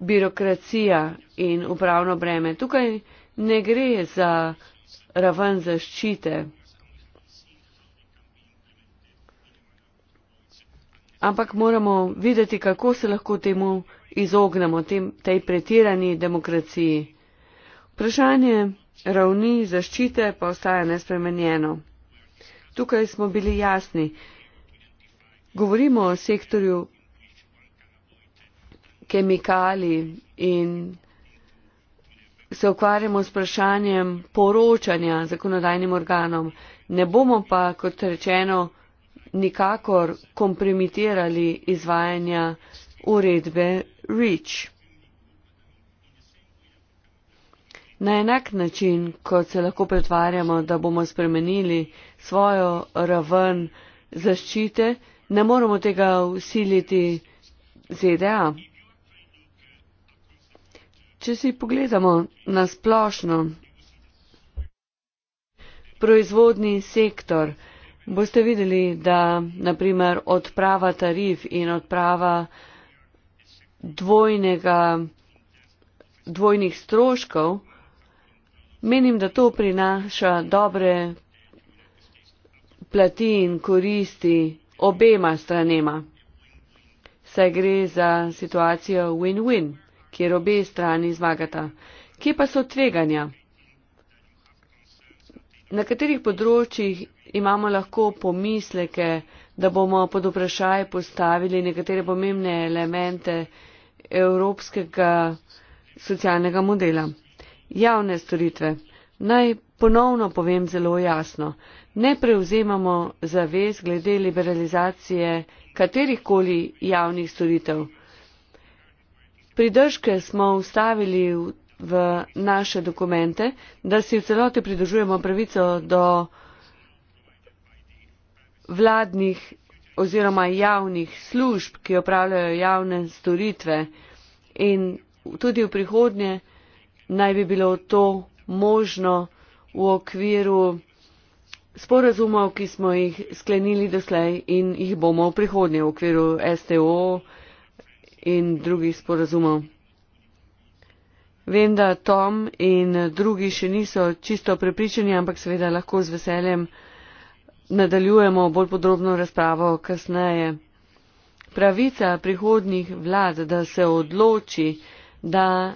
birokracija in upravno breme. Tukaj ne gre za raven zaščite. Ampak moramo videti, kako se lahko temu izognemo, tem, tej pretirani demokraciji. Vprašanje ravni zaščite pa ostaja nespremenjeno. Tukaj smo bili jasni. Govorimo o sektorju kemikali in se ukvarjamo s vprašanjem poročanja zakonodajnim organom. Ne bomo pa, kot rečeno, nikakor kompromitirali izvajanja uredbe REACH. Na enak način, kot se lahko pretvarjamo, da bomo spremenili svojo raven zaščite, ne moremo tega usiliti ZDA. Če si pogledamo na splošno proizvodni sektor, boste videli, da naprimer odprava tarif in odprava dvojnega, dvojnih stroškov, menim, da to prinaša dobre plati in koristi obema stranema. Saj gre za situacijo win-win, kjer obe strani zmagata. Kje pa so tveganja? Na katerih področjih imamo lahko pomisleke, da bomo pod vprašaj postavili nekatere pomembne elemente evropskega socialnega modela? Javne storitve. Naj ponovno povem zelo jasno ne prevzemamo zavez glede liberalizacije katerihkoli javnih storitev. Pridržke smo ustavili v naše dokumente, da si v celoti pridržujemo pravico do vladnih oziroma javnih služb, ki opravljajo javne storitve in tudi v prihodnje naj bi bilo to možno v okviru sporazumov, ki smo jih sklenili doslej in jih bomo v prihodnje v okviru STO in drugih sporazumov. Vem, da Tom in drugi še niso čisto prepričani, ampak seveda lahko z veseljem nadaljujemo bolj podrobno razpravo kasneje. Pravica prihodnih vlad, da se odloči, da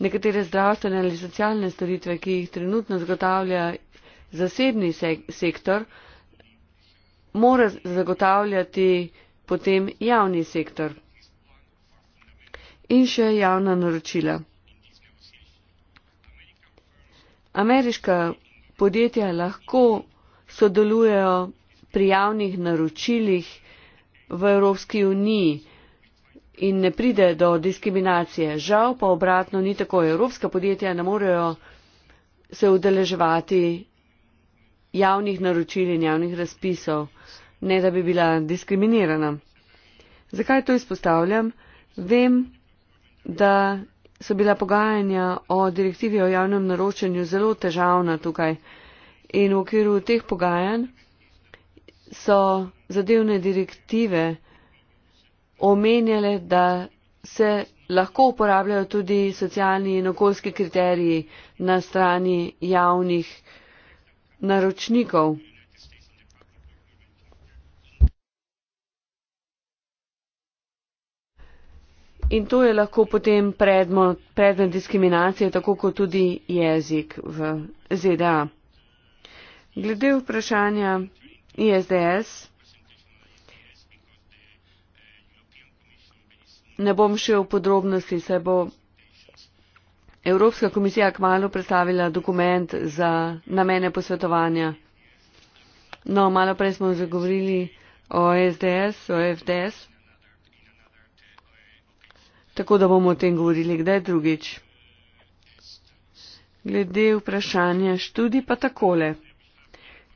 nekatere zdravstvene ali socialne storitve, ki jih trenutno zagotavlja zasebni sektor mora zagotavljati potem javni sektor. In še javna naročila. Ameriška podjetja lahko sodelujejo pri javnih naročilih v Evropski uniji in ne pride do diskriminacije. Žal pa obratno ni tako. Evropska podjetja ne morejo se udeleževati javnih naročil in javnih razpisov, ne da bi bila diskriminirana. Zakaj to izpostavljam? Vem, da so bila pogajanja o direktivi o javnem naročanju zelo težavna tukaj in v okviru teh pogajanj so zadevne direktive omenjale, da se lahko uporabljajo tudi socialni in okoljski kriteriji na strani javnih naročnikov. In to je lahko potem predmet diskriminacije, tako kot tudi jezik v ZDA. Glede vprašanja ISDS, ne bom šel v podrobnosti, se bo Evropska komisija kmalo predstavila dokument za namene posvetovanja. No, malo prej smo zagovorili o SDS, o FDS. Tako da bomo o tem govorili kdaj drugič. Glede vprašanja študij pa takole.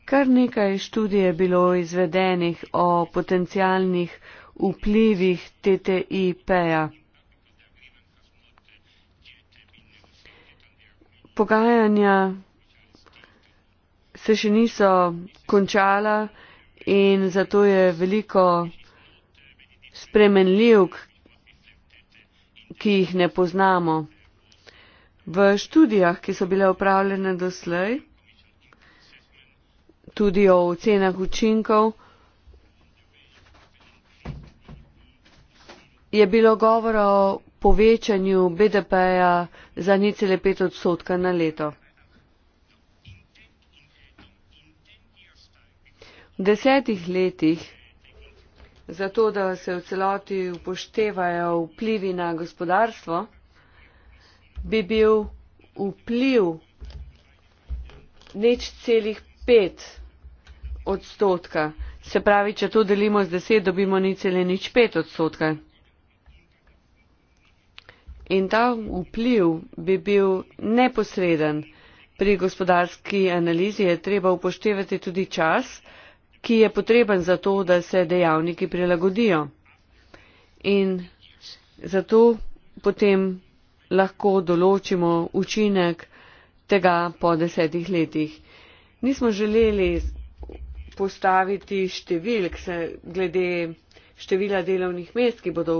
Kar nekaj študij je bilo izvedenih o potencialnih vplivih TTIP-ja. pogajanja se še niso končala in zato je veliko spremenljivk, ki jih ne poznamo. V študijah, ki so bile upravljene doslej, tudi o ocenah učinkov, je bilo govora o povečanju BDP -ja za necele pet odstotka na leto. V desetih letih, zato da se v celoti upoštevajo vplivi na gospodarstvo, bi bil vpliv nič celih pet odstotka. Se pravi, če to delimo z deset, dobimo nič celih pet odstotka in ta vpliv bi bil neposreden. Pri gospodarski analizi je treba upoštevati tudi čas, ki je potreben za to, da se dejavniki prilagodijo. In zato potem lahko določimo učinek tega po desetih letih. Nismo želeli postaviti številk glede števila delovnih mest, ki bodo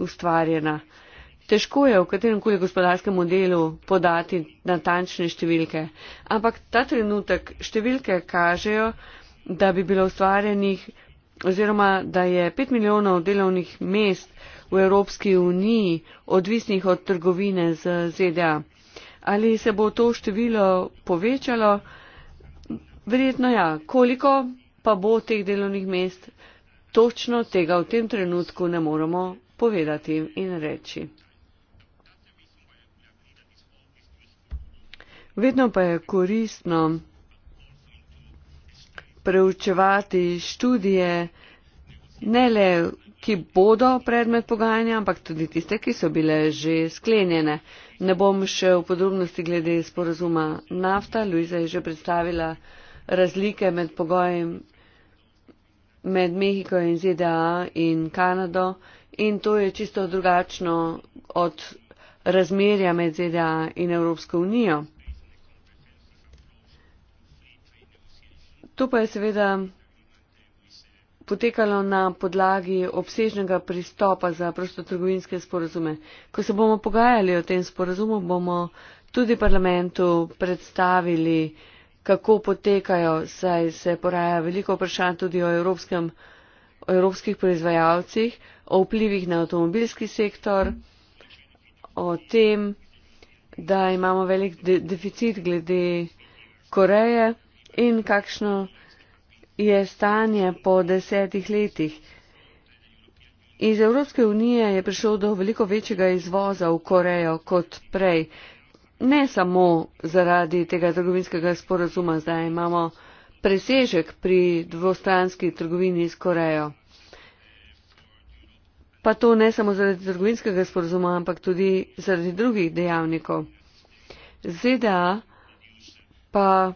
ustvarjena. Us težko je v katerem koli gospodarskem modelu podati natančne številke, ampak ta trenutek številke kažejo, da bi bilo ustvarjenih oziroma da je 5 milijonov delovnih mest v Evropski uniji odvisnih od trgovine z ZDA. Ali se bo to število povečalo? Verjetno ja. Koliko pa bo teh delovnih mest? Točno tega v tem trenutku ne moremo povedati in reči. Vedno pa je koristno preučevati študije, ne le ki bodo predmet pogajanja, ampak tudi tiste, ki so bile že sklenjene. Ne bom še v podrobnosti glede sporozuma nafta. Luiza je že predstavila razlike med pogojem med Mehiko in ZDA in Kanado in to je čisto drugačno od razmerja med ZDA in Evropsko unijo. To pa je seveda potekalo na podlagi obsežnega pristopa za prostotrgovinske sporozume. Ko se bomo pogajali o tem sporozumu, bomo tudi parlamentu predstavili, kako potekajo, saj se poraja veliko vprašanj tudi o, evropskem, o evropskih proizvajalcih, o vplivih na avtomobilski sektor, o tem, da imamo velik de deficit glede Koreje in kakšno je stanje po desetih letih. Iz Evropske unije je prišlo do veliko večjega izvoza v Korejo kot prej. Ne samo zaradi tega trgovinskega sporazuma, zdaj imamo presežek pri dvostranski trgovini s Korejo. Pa to ne samo zaradi trgovinskega sporazuma, ampak tudi zaradi drugih dejavnikov. ZDA pa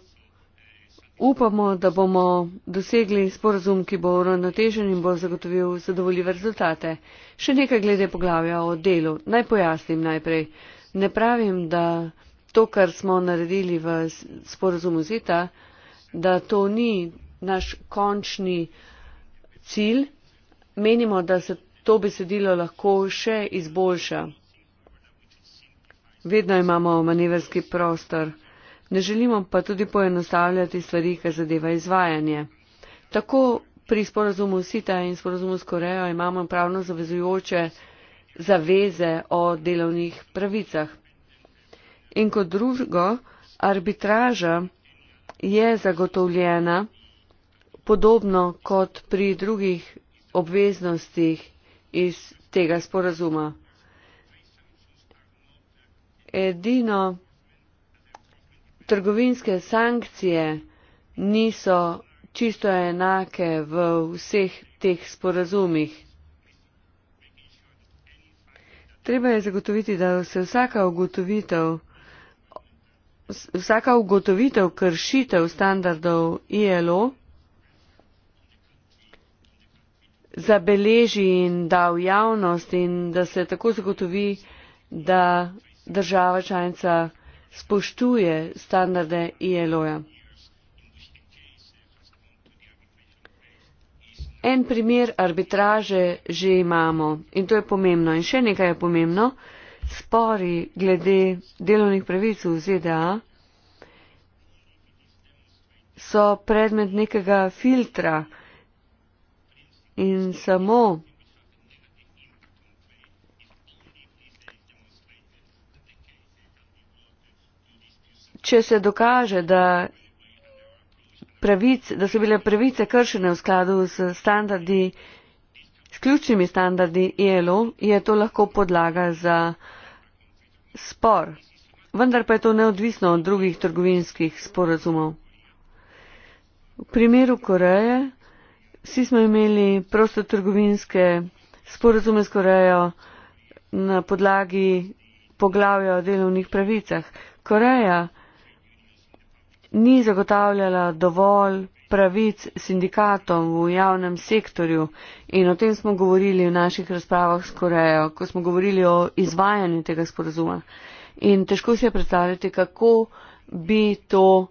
upamo, da bomo dosegli sporazum, ki bo uravnotežen in bo zagotovil zadovoljive rezultate. Še nekaj glede poglavja o delu. Naj pojasnim najprej. Ne pravim, da to, kar smo naredili v sporazumu ZETA, da to ni naš končni cilj. Menimo, da se to besedilo lahko še izboljša. Vedno imamo manevrski prostor ne želimo pa tudi poenostavljati stvari, kar zadeva izvajanje. Tako pri sporazumu Sita in sporazumu s Korejo imamo pravno zavezujoče zaveze o delovnih pravicah. In kot drugo, arbitraža je zagotovljena podobno kot pri drugih obveznostih iz tega sporazuma. Edino, trgovinske sankcije niso čisto enake v vseh teh sporazumih. Treba je zagotoviti, da se vsaka ugotovitev, vsaka ugotovitev kršitev standardov ILO zabeleži in da v javnost in da se tako zagotovi, da država članica spoštuje standarde ILO-ja. En primer arbitraže že imamo in to je pomembno. In še nekaj je pomembno. Spori glede delovnih pravic v ZDA so predmet nekega filtra in samo če se dokaže, da, pravic, da so bile pravice kršene v skladu s standardi, s ključnimi standardi ELO, je to lahko podlaga za spor. Vendar pa je to neodvisno od drugih trgovinskih sporazumov. V primeru Koreje, vsi smo imeli prostotrgovinske sporazume s Korejo na podlagi poglavja o delovnih pravicah. Koreja ni zagotavljala dovolj pravic sindikatom v javnem sektorju in o tem smo govorili v naših razpravah s Korejo, ko smo govorili o izvajanju tega sporozuma. In težko si je predstavljati, kako bi to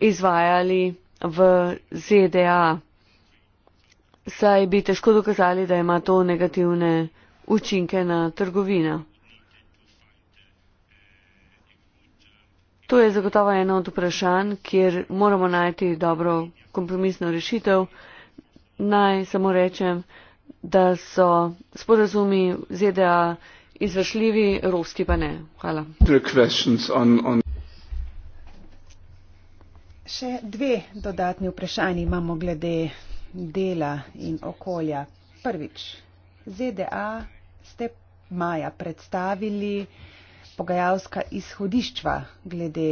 izvajali v ZDA. Saj bi težko dokazali, da ima to negativne učinke na trgovino. To je zagotovo eno od vprašanj, kjer moramo najti dobro kompromisno rešitev. Naj samo rečem, da so sporazumi ZDA izvršljivi, evropski pa ne. Hvala. Še dve dodatni vprašanji imamo glede dela in okolja. Prvič, ZDA ste maja predstavili pogajalska izhodiščva glede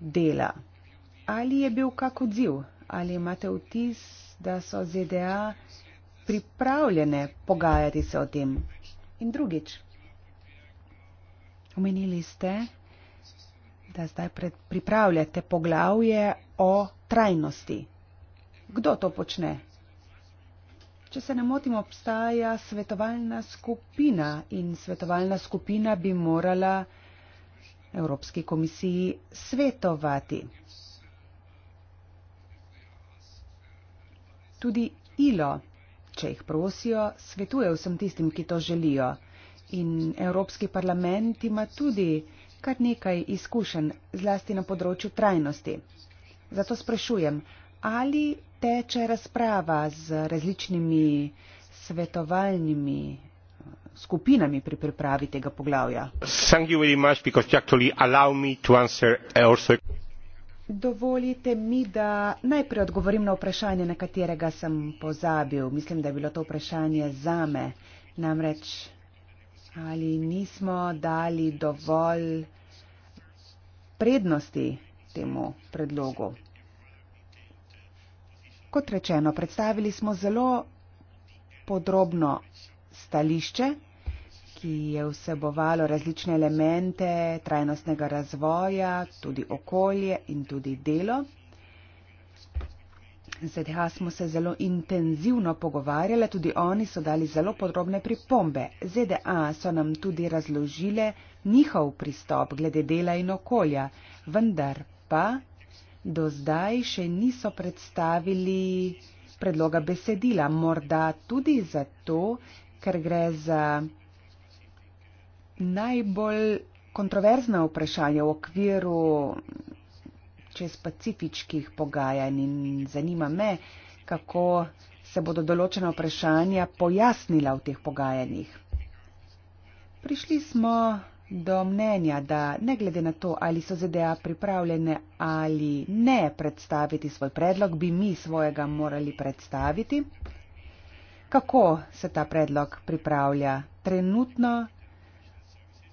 dela. Ali je bil kak odziv? Ali imate vtis, da so ZDA pripravljene pogajati se o tem? In drugič, omenili ste, da zdaj pripravljate poglavje o trajnosti. Kdo to počne? Če se ne motim, obstaja svetovalna skupina in svetovalna skupina bi morala Evropski komisiji svetovati. Tudi ILO, če jih prosijo, svetuje vsem tistim, ki to želijo. In Evropski parlament ima tudi kar nekaj izkušenj zlasti na področju trajnosti. Zato sprašujem, ali teče razprava z različnimi svetovalnimi eh, skupinami pri pripravi tega poglavja. Eh, Dovolite mi, da najprej odgovorim na vprašanje, na katerega sem pozabil. Mislim, da je bilo to vprašanje zame. Namreč, ali nismo dali dovolj prednosti temu predlogu? Kot rečeno, predstavili smo zelo podrobno stališče, ki je vsebovalo različne elemente trajnostnega razvoja, tudi okolje in tudi delo. ZDA smo se zelo intenzivno pogovarjali, tudi oni so dali zelo podrobne pripombe. ZDA so nam tudi razložile njihov pristop glede dela in okolja, vendar pa do zdaj še niso predstavili predloga besedila. Morda tudi zato, ker gre za najbolj kontroverzna vprašanja v okviru čez pacifičkih pogajanj in zanima me, kako se bodo določena vprašanja pojasnila v teh pogajanjih. Prišli smo do mnenja, da ne glede na to, ali so ZDA pripravljene ali ne predstaviti svoj predlog, bi mi svojega morali predstaviti. Kako se ta predlog pripravlja? Trenutno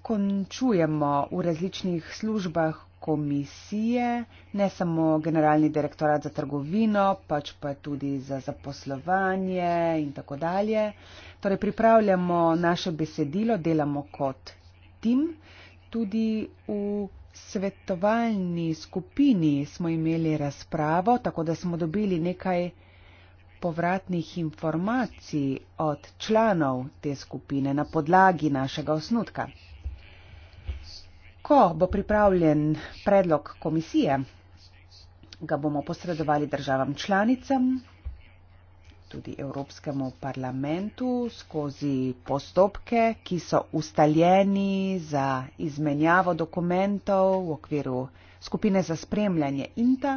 končujemo v različnih službah komisije, ne samo Generalni direktorat za trgovino, pač pa tudi za zaposlovanje in tako dalje. Torej pripravljamo naše besedilo, delamo kot tim, tudi v svetovalni skupini smo imeli razpravo, tako da smo dobili nekaj povratnih informacij od članov te skupine na podlagi našega osnutka. Ko bo pripravljen predlog komisije, ga bomo posredovali državam članicam, tudi Evropskemu parlamentu skozi postopke, ki so ustaljeni za izmenjavo dokumentov v okviru skupine za spremljanje INTA.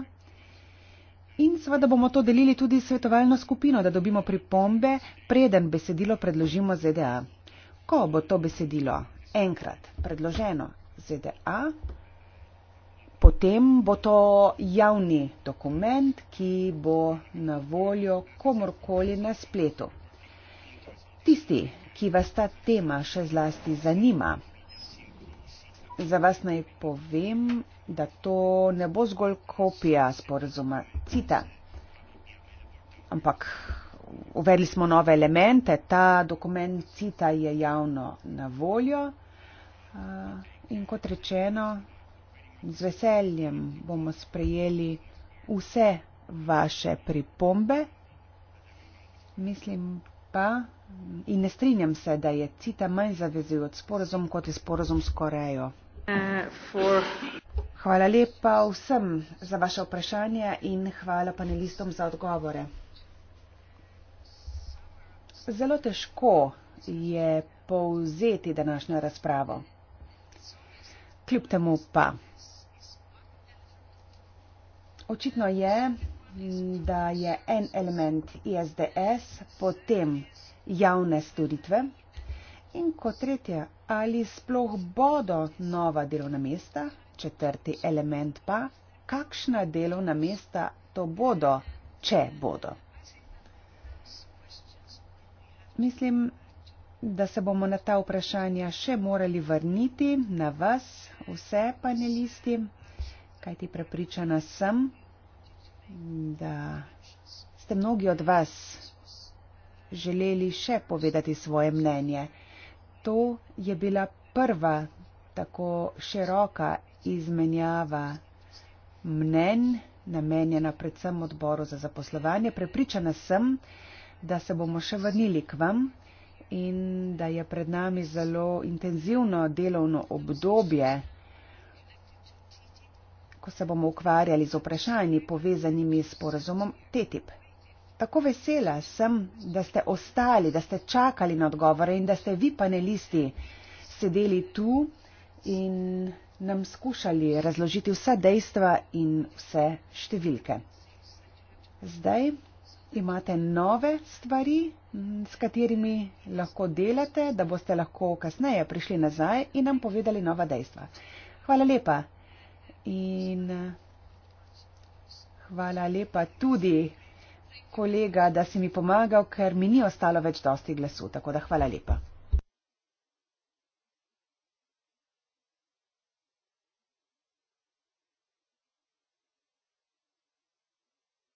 In seveda bomo to delili tudi s svetovalno skupino, da dobimo pripombe, preden besedilo predložimo ZDA. Ko bo to besedilo enkrat predloženo ZDA, potem bo to javni dokument, ki bo na voljo komorkoli na spletu. Tisti, ki vas ta tema še zlasti zanima, za vas naj povem, da to ne bo zgolj kopija sporazuma CITA, ampak uvedli smo nove elemente, ta dokument CITA je javno na voljo. Eh, in kot rečeno, z veseljem bomo sprejeli vse vaše pripombe. Mislim pa in ne strinjam se, da je CITA manj zavezujoč sporozum, kot je sporozum s Korejo. Uh, hvala lepa vsem za vaše vprašanje in hvala panelistom za odgovore. Zelo težko je povzeti današnjo razpravo. Kljub temu pa očitno je, da je en element ISDS potem javne storitve in kot tretje, ali sploh bodo nova delovna mesta, četrti element pa, kakšna delovna mesta to bodo, če bodo. Mislim, da se bomo na ta vprašanja še morali vrniti na vas, vse panelisti, kajti prepričana sem, da ste mnogi od vas želeli še povedati svoje mnenje. To je bila prva tako široka izmenjava mnen, namenjena predvsem odboru za zaposlovanje. Prepričana sem, da se bomo še vrnili k vam in da je pred nami zelo intenzivno delovno obdobje ko se bomo ukvarjali z vprašanji povezanimi s porazumom TTIP. Tako vesela sem, da ste ostali, da ste čakali na odgovore in da ste vi panelisti sedeli tu in nam skušali razložiti vsa dejstva in vse številke. Zdaj imate nove stvari, s katerimi lahko delate, da boste lahko kasneje prišli nazaj in nam povedali nova dejstva. Hvala lepa in eh, hvala lepa tudi kolega, da si mi pomagal, ker mi ni ostalo več dosti glasu, tako da hvala lepa.